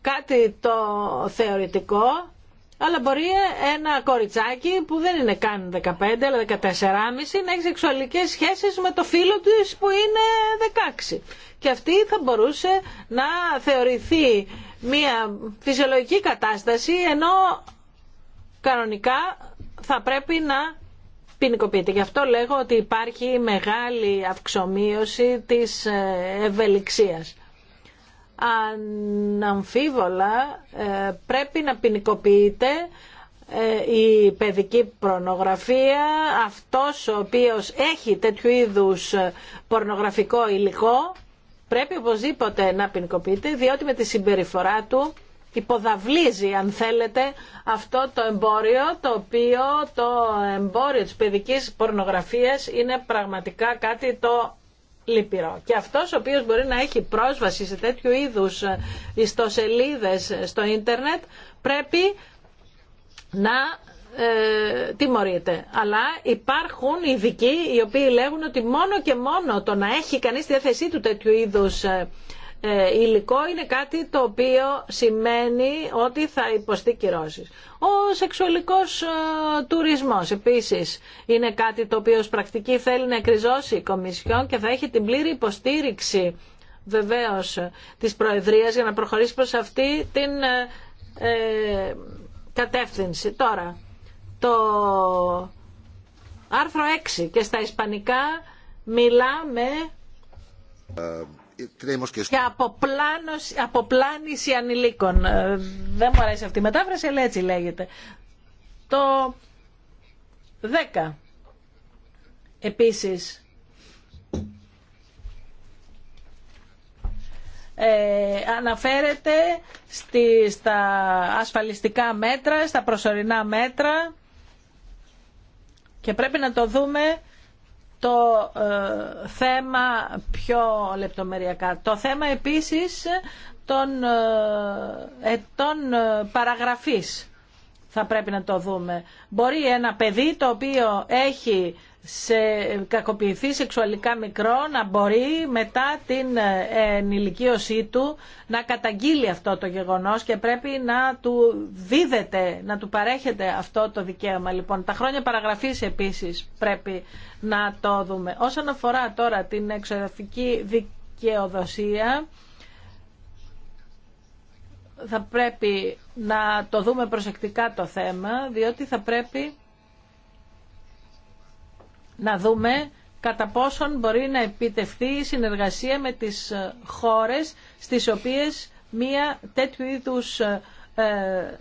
κάτι το θεωρητικό αλλά μπορεί ένα κοριτσάκι που δεν είναι καν 15 αλλά 14,5 να έχει σεξουαλικέ σχέσει με το φίλο τη που είναι 16. Και αυτή θα μπορούσε να θεωρηθεί μια φυσιολογική κατάσταση ενώ κανονικά θα πρέπει να ποινικοποιείται. Γι' αυτό λέγω ότι υπάρχει μεγάλη αυξομοίωση της ε, ευελιξίας αναμφίβολα ε, πρέπει να ποινικοποιείται ε, η παιδική πορνογραφία, αυτός ο οποίος έχει τέτοιου είδους πορνογραφικό υλικό πρέπει οπωσδήποτε να ποινικοποιείται διότι με τη συμπεριφορά του υποδαβλίζει αν θέλετε αυτό το εμπόριο το οποίο το εμπόριο της παιδικής πορνογραφίας είναι πραγματικά κάτι το λυπηρό. Και αυτός ο οποίος μπορεί να έχει πρόσβαση σε τέτοιου είδους ε, ιστοσελίδες ε, στο ίντερνετ πρέπει να ε, τιμωρείται. Αλλά υπάρχουν ειδικοί οι οποίοι λέγουν ότι μόνο και μόνο το να έχει κανείς τη διάθεσή του τέτοιου είδους ε, ε, υλικό είναι κάτι το οποίο σημαίνει ότι θα υποστεί κυρώσεις. Ο σεξουαλικός ε, τουρισμός επίσης είναι κάτι το οποίο ως πρακτική θέλει να εκριζώσει η Κομισιόν και θα έχει την πλήρη υποστήριξη βεβαίως της Προεδρίας για να προχωρήσει προς αυτή την ε, ε κατεύθυνση. Τώρα, το άρθρο 6 και στα ισπανικά μιλάμε... Και αποπλάνωση, αποπλάνηση ανηλίκων. Ε, δεν μου αρέσει αυτή η μετάφραση, αλλά έτσι λέγεται. Το 10. Επίσης, ε, αναφέρεται στη, στα ασφαλιστικά μέτρα, στα προσωρινά μέτρα και πρέπει να το δούμε το ε, θέμα πιο λεπτομεριακά. Το θέμα επίσης ε, ε, των ε, παραγραφής θα πρέπει να το δούμε. Μπορεί ένα παιδί το οποίο έχει σε κακοποιηθεί σεξουαλικά μικρό να μπορεί μετά την ε, ενηλικίωσή του να καταγγείλει αυτό το γεγονός και πρέπει να του δίδεται, να του παρέχεται αυτό το δικαίωμα. Λοιπόν, τα χρόνια παραγραφής επίσης πρέπει να το δούμε. Όσον αφορά τώρα την εξωτερική δικαιοδοσία, θα πρέπει να το δούμε προσεκτικά το θέμα, διότι θα πρέπει να δούμε κατά πόσον μπορεί να επιτευχθεί η συνεργασία με τις ε, χώρες στις οποίες μία τέτοιου είδους ε, ε,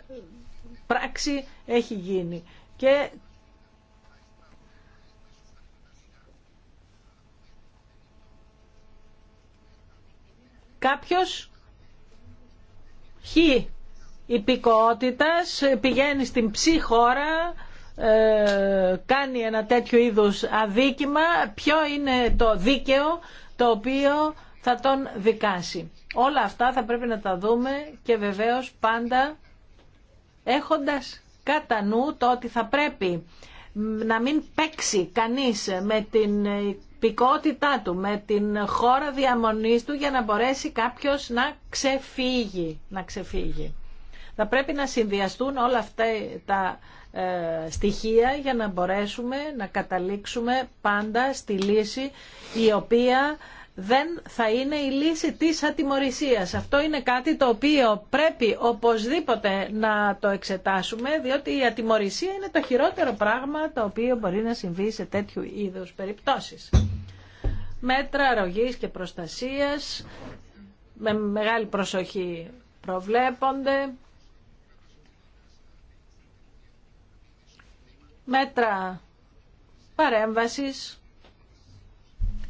πράξη έχει γίνει. Και κάποιος χ υπηκότητας πηγαίνει στην ψή χώρα ε, κάνει ένα τέτοιο είδους αδίκημα, ποιο είναι το δίκαιο το οποίο θα τον δικάσει. Όλα αυτά θα πρέπει να τα δούμε και βεβαίως πάντα έχοντας κατά νου το ότι θα πρέπει να μην παίξει κανείς με την υπηκότητά του, με την χώρα διαμονής του για να μπορέσει κάποιος να ξεφύγει. Να ξεφύγει. Θα πρέπει να συνδυαστούν όλα αυτά τα ε, στοιχεία για να μπορέσουμε να καταλήξουμε πάντα στη λύση η οποία δεν θα είναι η λύση της ατιμορρησίας. Αυτό είναι κάτι το οποίο πρέπει οπωσδήποτε να το εξετάσουμε, διότι η ατιμορρησία είναι το χειρότερο πράγμα το οποίο μπορεί να συμβεί σε τέτοιου είδους περιπτώσεις. Μέτρα αρρωγής και προστασίας με μεγάλη προσοχή προβλέπονται μέτρα παρέμβασης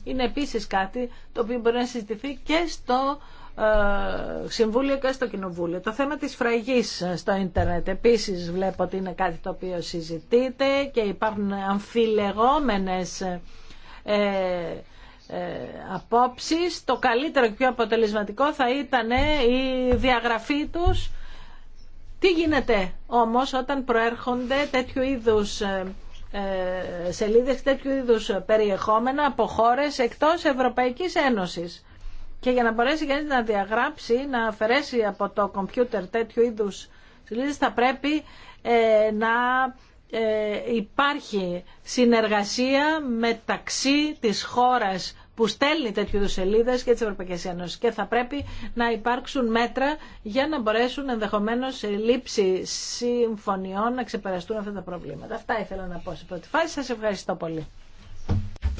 είναι επίσης κάτι το οποίο μπορεί να συζητηθεί και στο ε, Συμβούλιο και στο Κοινοβούλιο. Το θέμα της φραγής στο ίντερνετ επίσης βλέπω ότι είναι κάτι το οποίο συζητείται και υπάρχουν αμφιλεγόμενες ε, ε απόψεις. Το καλύτερο και πιο αποτελεσματικό θα ήταν η διαγραφή τους τι γίνεται όμως όταν προέρχονται τέτοιου είδους ε, ε, σελίδες, τέτοιου είδους περιεχόμενα από χώρε εκτός Ευρωπαϊκής Ένωσης. Και για να μπορέσει κανείς να διαγράψει, να αφαιρέσει από το κομπιούτερ τέτοιου είδους σελίδες θα πρέπει ε, να υπάρχει συνεργασία μεταξύ της χώρας που στέλνει τέτοιου είδου σελίδε και τη Ευρωπαϊκή Ένωση. Και θα πρέπει να υπάρξουν μέτρα για να μπορέσουν ενδεχομένω σε λήψη συμφωνιών να ξεπεραστούν αυτά τα προβλήματα. Αυτά ήθελα να πω σε πρώτη φάση. Σα ευχαριστώ πολύ.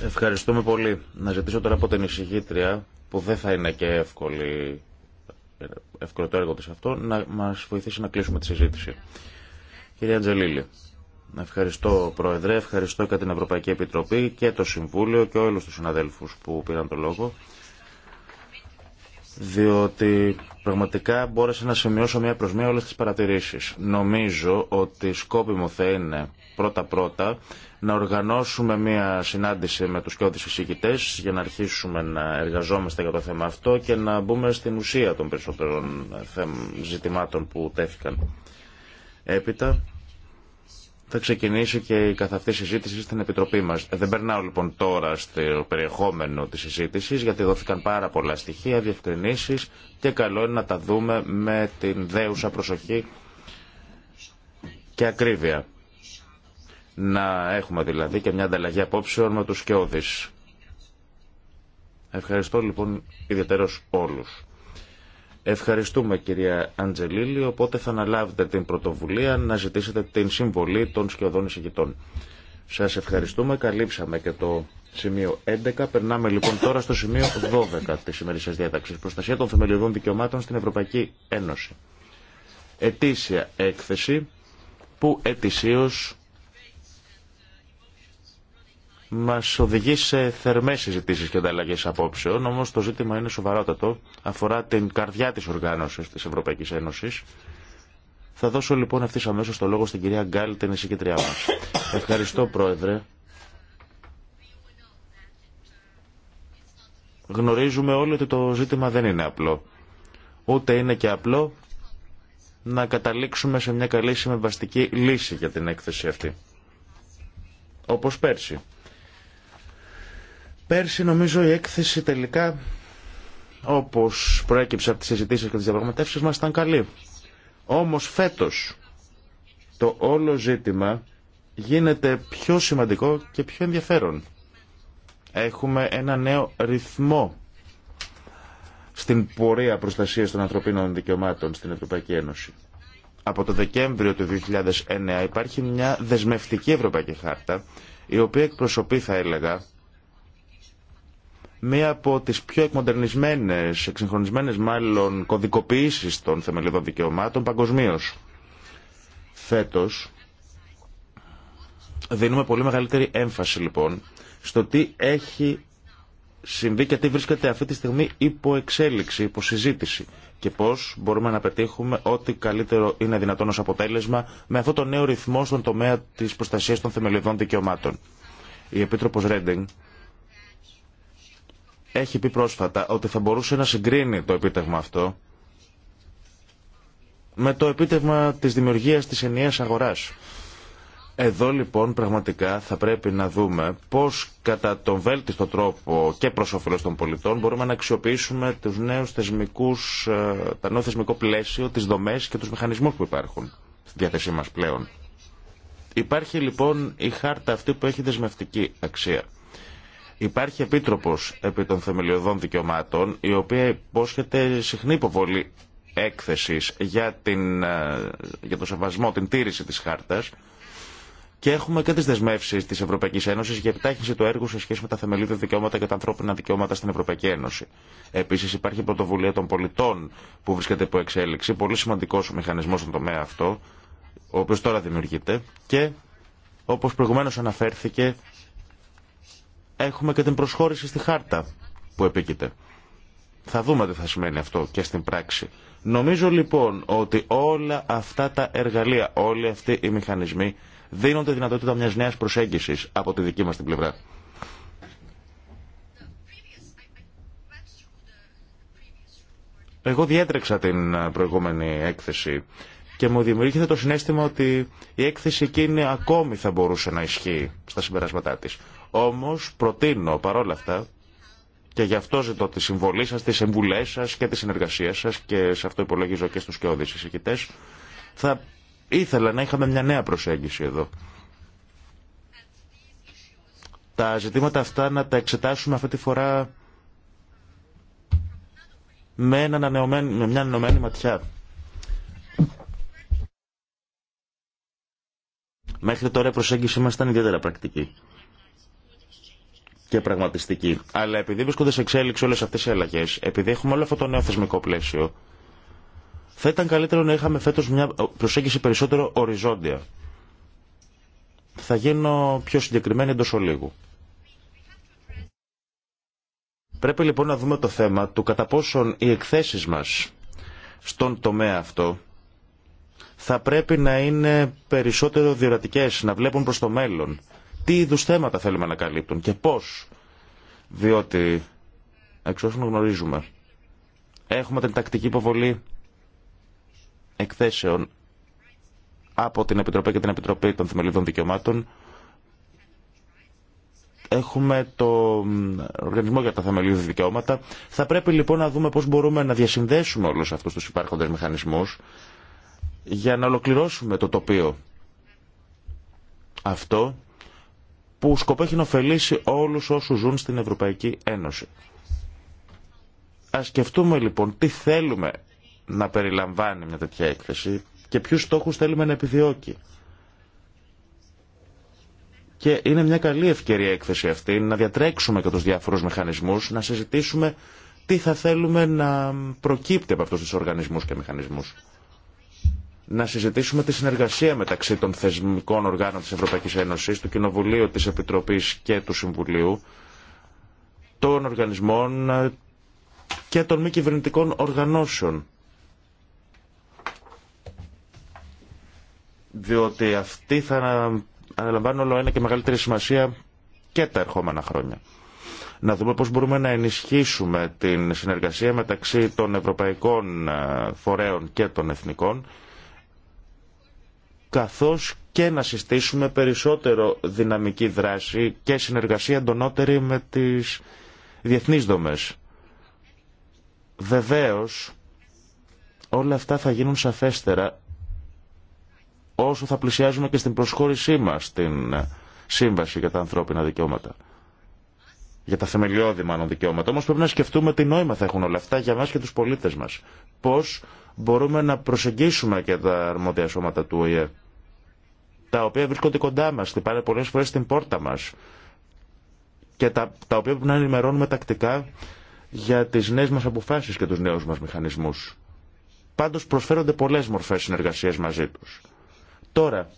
Ευχαριστούμε πολύ. Να ζητήσω τώρα από την εισηγήτρια, που δεν θα είναι και εύκολη, εύκολο το έργο της αυτό, να μας βοηθήσει να κλείσουμε τη συζήτηση. Κυρία Τζελίλη. Ευχαριστώ Πρόεδρε, ευχαριστώ και την Ευρωπαϊκή Επιτροπή και το Συμβούλιο και όλους τους συναδέλφους που πήραν το λόγο διότι πραγματικά μπόρεσα να σημειώσω μία προς μία όλες τις παρατηρήσεις. Νομίζω ότι σκόπιμο θα είναι πρώτα-πρώτα να οργανώσουμε μία συνάντηση με τους κοιόδης εισηγητές για να αρχίσουμε να εργαζόμαστε για το θέμα αυτό και να μπούμε στην ουσία των περισσότερων ε, ζητημάτων που τέθηκαν. Έπειτα, θα ξεκινήσει και η καθ' συζήτηση στην Επιτροπή μας. Ε, δεν περνάω λοιπόν τώρα στο περιεχόμενο της συζήτηση, γιατί δόθηκαν πάρα πολλά στοιχεία, διευκρινήσεις και καλό είναι να τα δούμε με την δέουσα προσοχή και ακρίβεια. Να έχουμε δηλαδή και μια ανταλλαγή απόψεων με τους Σκιώδης. Ευχαριστώ λοιπόν ιδιαίτερω όλου. Ευχαριστούμε κυρία Αντζελίλη, οπότε θα αναλάβετε την πρωτοβουλία να ζητήσετε την συμβολή των σχεδόν εισηγητών. Σας ευχαριστούμε, καλύψαμε και το σημείο 11. Περνάμε λοιπόν τώρα στο σημείο 12 της σημερινής διάταξης. Προστασία των θεμελιωδών δικαιωμάτων στην Ευρωπαϊκή Ένωση. Ετήσια έκθεση που ετησίως μας οδηγεί σε θερμές συζητήσει και ανταλλαγέ απόψεων, όμως το ζήτημα είναι σοβαρότατο, αφορά την καρδιά τη οργάνωση τη Ευρωπαϊκή Ένωση. Θα δώσω λοιπόν ευθύ αμέσω το λόγο στην κυρία Γκάλ, την εισηγητριά μα. Ευχαριστώ Πρόεδρε. Γνωρίζουμε όλοι ότι το ζήτημα δεν είναι απλό. Ούτε είναι και απλό να καταλήξουμε σε μια καλή συμβαστική λύση για την έκθεση αυτή. Όπως πέρσι. Πέρσι νομίζω η έκθεση τελικά, όπως προέκυψε από τις συζητήσεις και τις διαπραγματεύσεις μας, ήταν καλή. Όμως φέτος το όλο ζήτημα γίνεται πιο σημαντικό και πιο ενδιαφέρον. Έχουμε ένα νέο ρυθμό στην πορεία προστασίας των ανθρωπίνων δικαιωμάτων στην Ευρωπαϊκή Ένωση. Από το Δεκέμβριο του 2009 υπάρχει μια δεσμευτική Ευρωπαϊκή Χάρτα, η οποία εκπροσωπεί, θα έλεγα, Μία από τις πιο εκμοντερνισμένε, εξυγχρονισμένε μάλλον κωδικοποιήσει των θεμελιωδών δικαιωμάτων παγκοσμίω. Φέτο, δίνουμε πολύ μεγαλύτερη έμφαση λοιπόν στο τι έχει συμβεί και τι βρίσκεται αυτή τη στιγμή υπό εξέλιξη, υπό συζήτηση και πώς μπορούμε να πετύχουμε ό,τι καλύτερο είναι δυνατόν ως αποτέλεσμα με αυτό το νέο ρυθμό στον τομέα της προστασίας των θεμελιωδών δικαιωμάτων. Η Επίτροπος Ρέντινγκ έχει πει πρόσφατα ότι θα μπορούσε να συγκρίνει το επίτευγμα αυτό με το επίτευγμα της δημιουργίας της ενιαίας αγοράς. Εδώ λοιπόν πραγματικά θα πρέπει να δούμε πώς κατά τον βέλτιστο τρόπο και προς όφελος των πολιτών μπορούμε να αξιοποιήσουμε τους νέους θεσμικούς, ε, τα νέο θεσμικό πλαίσιο, τις δομές και τους μηχανισμούς που υπάρχουν στη διάθεσή μας πλέον. Υπάρχει λοιπόν η χάρτα αυτή που έχει δεσμευτική αξία. Υπάρχει επίτροπο επί των θεμελιωδών δικαιωμάτων, η οποία υπόσχεται συχνή υποβολή έκθεση για, ε, για το σεβασμό, την τήρηση τη χάρτα. και έχουμε και τι δεσμεύσει τη Ευρωπαϊκή Ένωση για επιτάχυνση του έργου σε σχέση με τα θεμελιώδη δικαιώματα και τα ανθρώπινα δικαιώματα στην Ευρωπαϊκή Ένωση. Επίση, υπάρχει η πρωτοβουλία των πολιτών που βρίσκεται υπό εξέλιξη, πολύ σημαντικό ο μηχανισμό στον τομέα αυτό, ο οποίο τώρα δημιουργείται και όπω προηγουμένω αναφέρθηκε, έχουμε και την προσχώρηση στη χάρτα που επίκειται. Θα δούμε τι θα σημαίνει αυτό και στην πράξη. Νομίζω λοιπόν ότι όλα αυτά τα εργαλεία, όλοι αυτοί οι μηχανισμοί δίνουν τη δυνατότητα μιας νέας προσέγγισης από τη δική μας την πλευρά. Εγώ διέτρεξα την προηγούμενη έκθεση και μου δημιουργήθηκε το συνέστημα ότι η έκθεση εκείνη ακόμη θα μπορούσε να ισχύει στα συμπεράσματά της. Όμως προτείνω παρόλα αυτά και γι' αυτό ζητώ τη συμβολή σας, τις εμβουλές σας και τη συνεργασία σας και σε αυτό υπολογίζω και στους και εισηγητές. Θα ήθελα να είχαμε μια νέα προσέγγιση εδώ. Τα ζητήματα αυτά να τα εξετάσουμε αυτή τη φορά με, με μια ανανεωμένη ματιά. Μέχρι τώρα η προσέγγιση μας ήταν ιδιαίτερα πρακτική και πραγματιστική. Αλλά επειδή βρίσκονται σε εξέλιξη όλε αυτέ οι αλλαγέ, επειδή έχουμε όλο αυτό το νέο θεσμικό πλαίσιο, θα ήταν καλύτερο να είχαμε φέτο μια προσέγγιση περισσότερο οριζόντια. Θα γίνω πιο συγκεκριμένη εντό ολίγου. Πρέπει λοιπόν να δούμε το θέμα του κατά πόσον οι εκθέσεις μας στον τομέα αυτό θα πρέπει να είναι περισσότερο διορατικές, να βλέπουν προς το μέλλον, τι είδου θέματα θέλουμε να καλύπτουν και πώς. Διότι, εξ όσων γνωρίζουμε, έχουμε την τακτική υποβολή εκθέσεων από την Επιτροπή και την Επιτροπή των Θεμελιωδών Δικαιωμάτων. Έχουμε το Οργανισμό για τα Θεμελιώδη Δικαιώματα. Θα πρέπει λοιπόν να δούμε πώς μπορούμε να διασυνδέσουμε όλους αυτούς τους υπάρχοντες μηχανισμούς για να ολοκληρώσουμε το τοπίο. Αυτό που σκοπό έχει να ωφελήσει όλου όσους ζουν στην Ευρωπαϊκή Ένωση. Α σκεφτούμε λοιπόν τι θέλουμε να περιλαμβάνει μια τέτοια έκθεση και ποιου στόχου θέλουμε να επιδιώκει. Και είναι μια καλή ευκαιρία έκθεση αυτή να διατρέξουμε και του διάφορους μηχανισμούς, να συζητήσουμε τι θα θέλουμε να προκύπτει από αυτού τους οργανισμού και μηχανισμού να συζητήσουμε τη συνεργασία μεταξύ των θεσμικών οργάνων της Ευρωπαϊκής Ένωσης, του Κοινοβουλίου, της Επιτροπής και του Συμβουλίου, των οργανισμών και των μη κυβερνητικών οργανώσεων. Διότι αυτοί θα αναλαμβάνουν όλο ένα και μεγαλύτερη σημασία και τα ερχόμενα χρόνια. Να δούμε πώς μπορούμε να ενισχύσουμε την συνεργασία μεταξύ των ευρωπαϊκών ε, φορέων και των εθνικών καθώς και να συστήσουμε περισσότερο δυναμική δράση και συνεργασία εντονότερη με τις διεθνείς δομές. Βεβαίως, όλα αυτά θα γίνουν σαφέστερα όσο θα πλησιάζουμε και στην προσχώρησή μας στην Σύμβαση για τα Ανθρώπινα Δικαιώματα. Για τα θεμελιώδη μάλλον δικαιώματα. Όμως πρέπει να σκεφτούμε τι νόημα θα έχουν όλα αυτά για μας και τους πολίτες μας. Πώς μπορούμε να προσεγγίσουμε και τα αρμόδια σώματα του ΟΗΕ τα οποία βρίσκονται κοντά μας, χτυπάνε πολλές φορές στην πόρτα μας και τα, τα οποία πρέπει να ενημερώνουμε τακτικά για τις νέες μας αποφάσεις και τους νέους μας μηχανισμούς. Πάντως προσφέρονται πολλές μορφές συνεργασίας μαζί τους. Τώρα,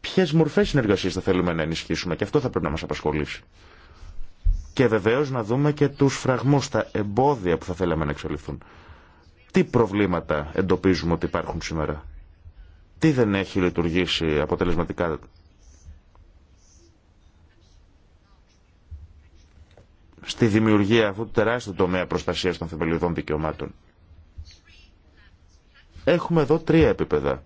ποιες μορφές συνεργασίας θα θέλουμε να ενισχύσουμε και αυτό θα πρέπει να μας απασχολήσει. Και βεβαίως να δούμε και τους φραγμούς, τα εμπόδια που θα θέλαμε να εξελιχθούν. Τι προβλήματα εντοπίζουμε ότι υπάρχουν σήμερα. Τι δεν έχει λειτουργήσει αποτελεσματικά στη δημιουργία αυτού του τεράστιου τομέα προστασίας των θεμελιωδών δικαιωμάτων. Έχουμε εδώ τρία επίπεδα.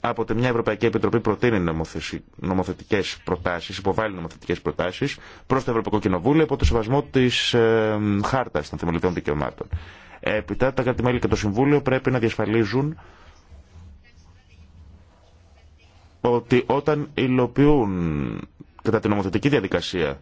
Από τη μια Ευρωπαϊκή Επιτροπή προτείνει νομοθετικέ προτάσει, υποβάλλει νομοθετικέ προτάσει προ το Ευρωπαϊκό Κοινοβούλιο από το σεβασμό τη ε, Χάρτα των Θεμελιωδών Δικαιωμάτων. Έπειτα τα κρατημέλη και το Συμβούλιο πρέπει να διασφαλίζουν ότι όταν υλοποιούν κατά την νομοθετική διαδικασία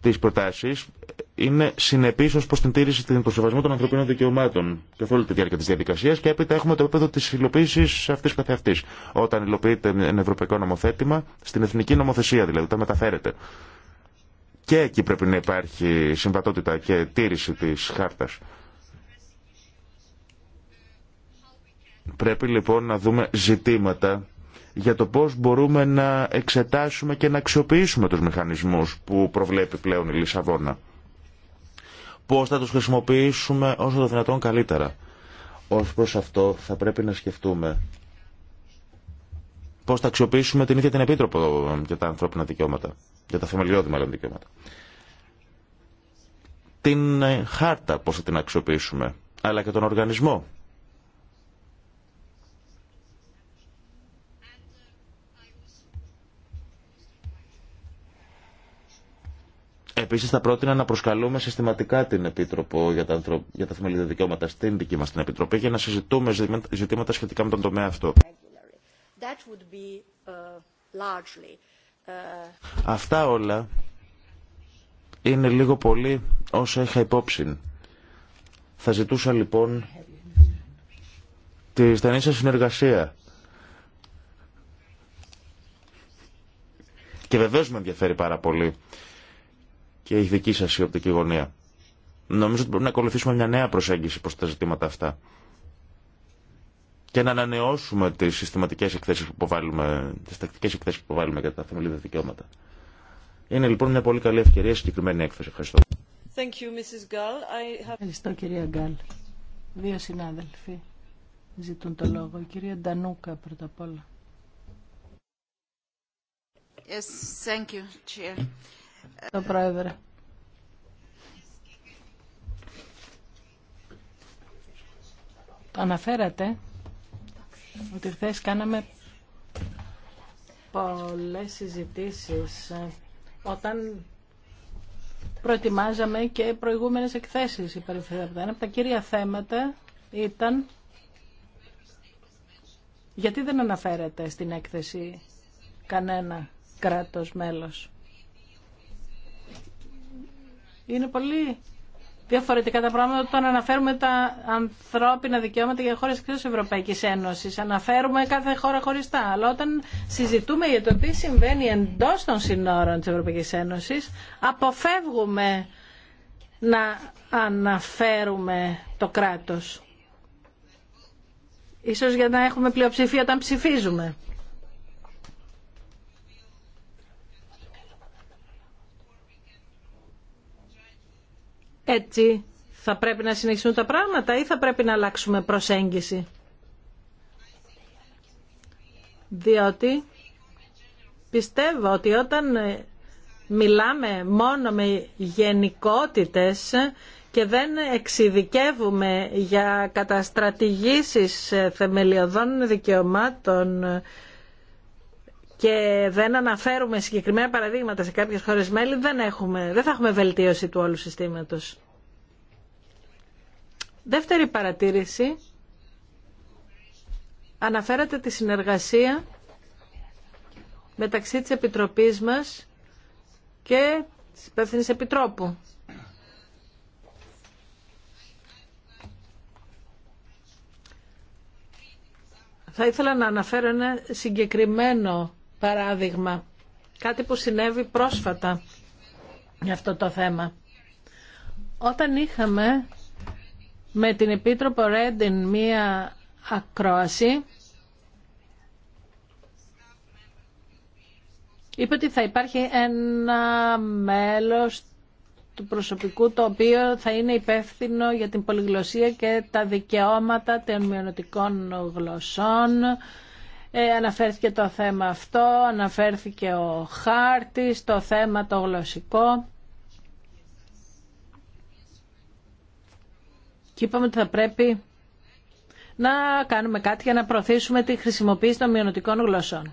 τις προτάσεις είναι συνεπής ως προς την τήρηση του σεβασμού των ανθρωπίνων δικαιωμάτων και όλη τη διάρκεια της διαδικασίας και έπειτα έχουμε το επίπεδο της υλοποίησης αυτής καθεαυτής. Όταν υλοποιείται ένα ευρωπαϊκό νομοθέτημα, στην εθνική νομοθεσία δηλαδή, όταν μεταφέρεται. Και εκεί πρέπει να υπάρχει συμβατότητα και τήρηση της χάρτας. Πρέπει λοιπόν να δούμε ζητήματα για το πώς μπορούμε να εξετάσουμε και να αξιοποιήσουμε τους μηχανισμούς που προβλέπει πλέον η Λισαβόνα. Πώς θα τους χρησιμοποιήσουμε όσο το δυνατόν καλύτερα. Ως προς αυτό θα πρέπει να σκεφτούμε πώς θα αξιοποιήσουμε την ίδια την Επίτροπο για τα ανθρώπινα δικαιώματα για τα θεμελιώδη μάλλον δικαιώματα. Την ε, χάρτα πώς θα την αξιοποιήσουμε, αλλά και τον οργανισμό. Επίσης θα πρότεινα να προσκαλούμε συστηματικά την Επίτροπο για τα, για τα θεμελιώδη δικαιώματα στην δική μας την Επιτροπή για να συζητούμε ζητήματα σχετικά με τον τομέα αυτό. That would be, ε, largely. Αυτά όλα είναι λίγο πολύ όσα είχα υπόψη. Θα ζητούσα λοιπόν τη στενή σας συνεργασία. Και βεβαίω με ενδιαφέρει πάρα πολύ και η δική σας η οπτική γωνία. Νομίζω ότι πρέπει να ακολουθήσουμε μια νέα προσέγγιση προς τα ζητήματα αυτά και να ανανεώσουμε τις συστηματικές εκθέσει που υποβάλλουμε, τις τακτικές εκθέσεις που υποβάλλουμε για τα θεμελιώδη δικαιώματα. Είναι λοιπόν μια πολύ καλή ευκαιρία συγκεκριμένη έκθεση. Ευχαριστώ. Thank you, Mrs. have... Ευχαριστώ κυρία Γκάλ. Δύο συνάδελφοι ζητούν το λόγο. Η κυρία Ντανούκα πρώτα απ' όλα. Yes, thank you, Chair. Το πρόεδρε. Το αναφέρατε ότι χθε κάναμε πολλές συζητήσεις ε, όταν προετοιμάζαμε και προηγούμενες εκθέσεις η Ένα από τα κυρία θέματα ήταν γιατί δεν αναφέρεται στην έκθεση κανένα κράτος μέλος. Είναι πολύ διαφορετικά τα πράγματα όταν αναφέρουμε τα ανθρώπινα δικαιώματα για χώρες εκτό Ευρωπαϊκή Ένωση. Αναφέρουμε κάθε χώρα χωριστά. Αλλά όταν συζητούμε για το τι συμβαίνει εντός των συνόρων της Ευρωπαϊκής Ένωση αποφεύγουμε να αναφέρουμε το κράτος. Ίσως για να έχουμε πλειοψηφία όταν ψηφίζουμε. Έτσι θα πρέπει να συνεχιστούν τα πράγματα ή θα πρέπει να αλλάξουμε προσέγγιση. Διότι πιστεύω ότι όταν ε, μιλάμε μόνο με γενικότητες και δεν εξειδικεύουμε για καταστρατηγήσεις ε, θεμελιωδών δικαιωμάτων και δεν αναφέρουμε συγκεκριμένα παραδείγματα σε κάποιες χώρες μέλη, δεν, έχουμε, δεν θα έχουμε βελτίωση του όλου συστήματος. Δεύτερη παρατήρηση αναφέρατε τη συνεργασία μεταξύ της Επιτροπής μας και της υπεύθυνη Επιτρόπου. Θα ήθελα να αναφέρω ένα συγκεκριμένο παράδειγμα. Κάτι που συνέβη πρόσφατα για αυτό το θέμα. Όταν είχαμε με την Επίτροπο Ρέντιν μία ακρόαση, είπε ότι θα υπάρχει ένα μέλος του προσωπικού το οποίο θα είναι υπεύθυνο για την πολυγλωσία και τα δικαιώματα των μειονοτικών γλωσσών ε, αναφέρθηκε το θέμα αυτό, αναφέρθηκε ο χάρτης, το θέμα το γλωσσικό. Και είπαμε ότι θα πρέπει να κάνουμε κάτι για να προωθήσουμε τη χρησιμοποίηση των μειονοτικών γλωσσών.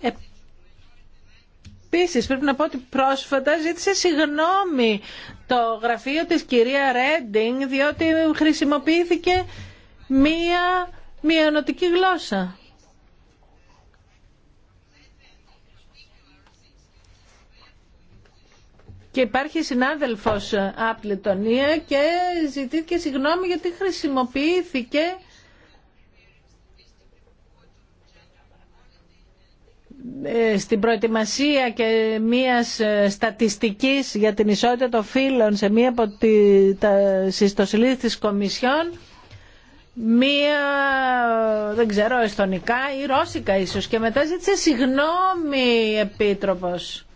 Ε, Επίση, πρέπει να πω ότι πρόσφατα ζήτησε συγγνώμη το γραφείο της κυρία Ρέντινγκ διότι χρησιμοποιήθηκε μία μειονοτική γλώσσα. Και υπάρχει συνάδελφος από Λετωνία και ζητήθηκε συγγνώμη γιατί χρησιμοποιήθηκε Ε, στην προετοιμασία και μιας ε, στατιστικής για την ισότητα των φύλων σε μία από τις ιστοσελίδες της Κομισιόν μία, δεν ξέρω, εστονικά ή ρώσικα ίσως και μετά ζήτησε συγγνώμη επίτροπος.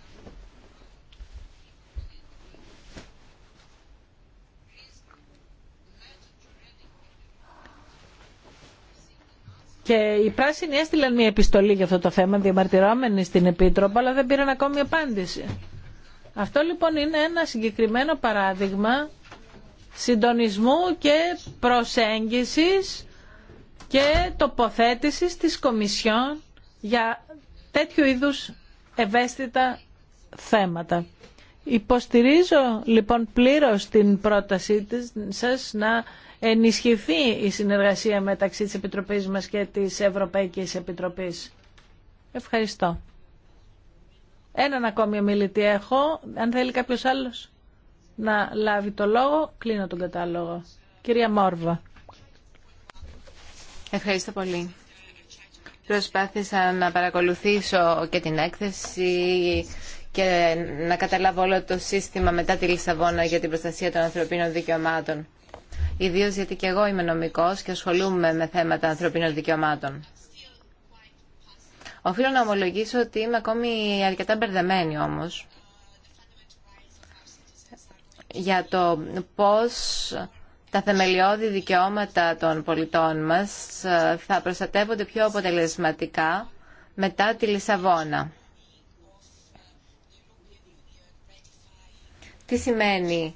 Και οι πράσινοι έστειλαν μια επιστολή για αυτό το θέμα, διαμαρτυρώμενοι στην Επίτροπο, αλλά δεν πήραν ακόμη απάντηση. Αυτό λοιπόν είναι ένα συγκεκριμένο παράδειγμα συντονισμού και προσέγγισης και τοποθέτησης της Κομισιόν για τέτοιου είδους ευαίσθητα θέματα. Υποστηρίζω λοιπόν πλήρως την πρότασή της σας να ενισχυθεί η συνεργασία μεταξύ της Επιτροπής μας και της Ευρωπαϊκής Επιτροπής. Ευχαριστώ. Έναν ακόμη ομιλητή έχω. Αν θέλει κάποιος άλλος να λάβει το λόγο, κλείνω τον κατάλογο. Κυρία Μόρβα. Ευχαριστώ πολύ. Προσπάθησα να παρακολουθήσω και την έκθεση και να καταλάβω όλο το σύστημα μετά τη Λισαβόνα για την προστασία των ανθρωπίνων δικαιωμάτων ιδίω γιατί και εγώ είμαι νομικός και ασχολούμαι με θέματα ανθρωπίνων δικαιωμάτων. Οφείλω να ομολογήσω ότι είμαι ακόμη αρκετά μπερδεμένη όμως για το πώς τα θεμελιώδη δικαιώματα των πολιτών μας ε, θα προστατεύονται πιο αποτελεσματικά μετά τη Λισαβόνα. Τι σημαίνει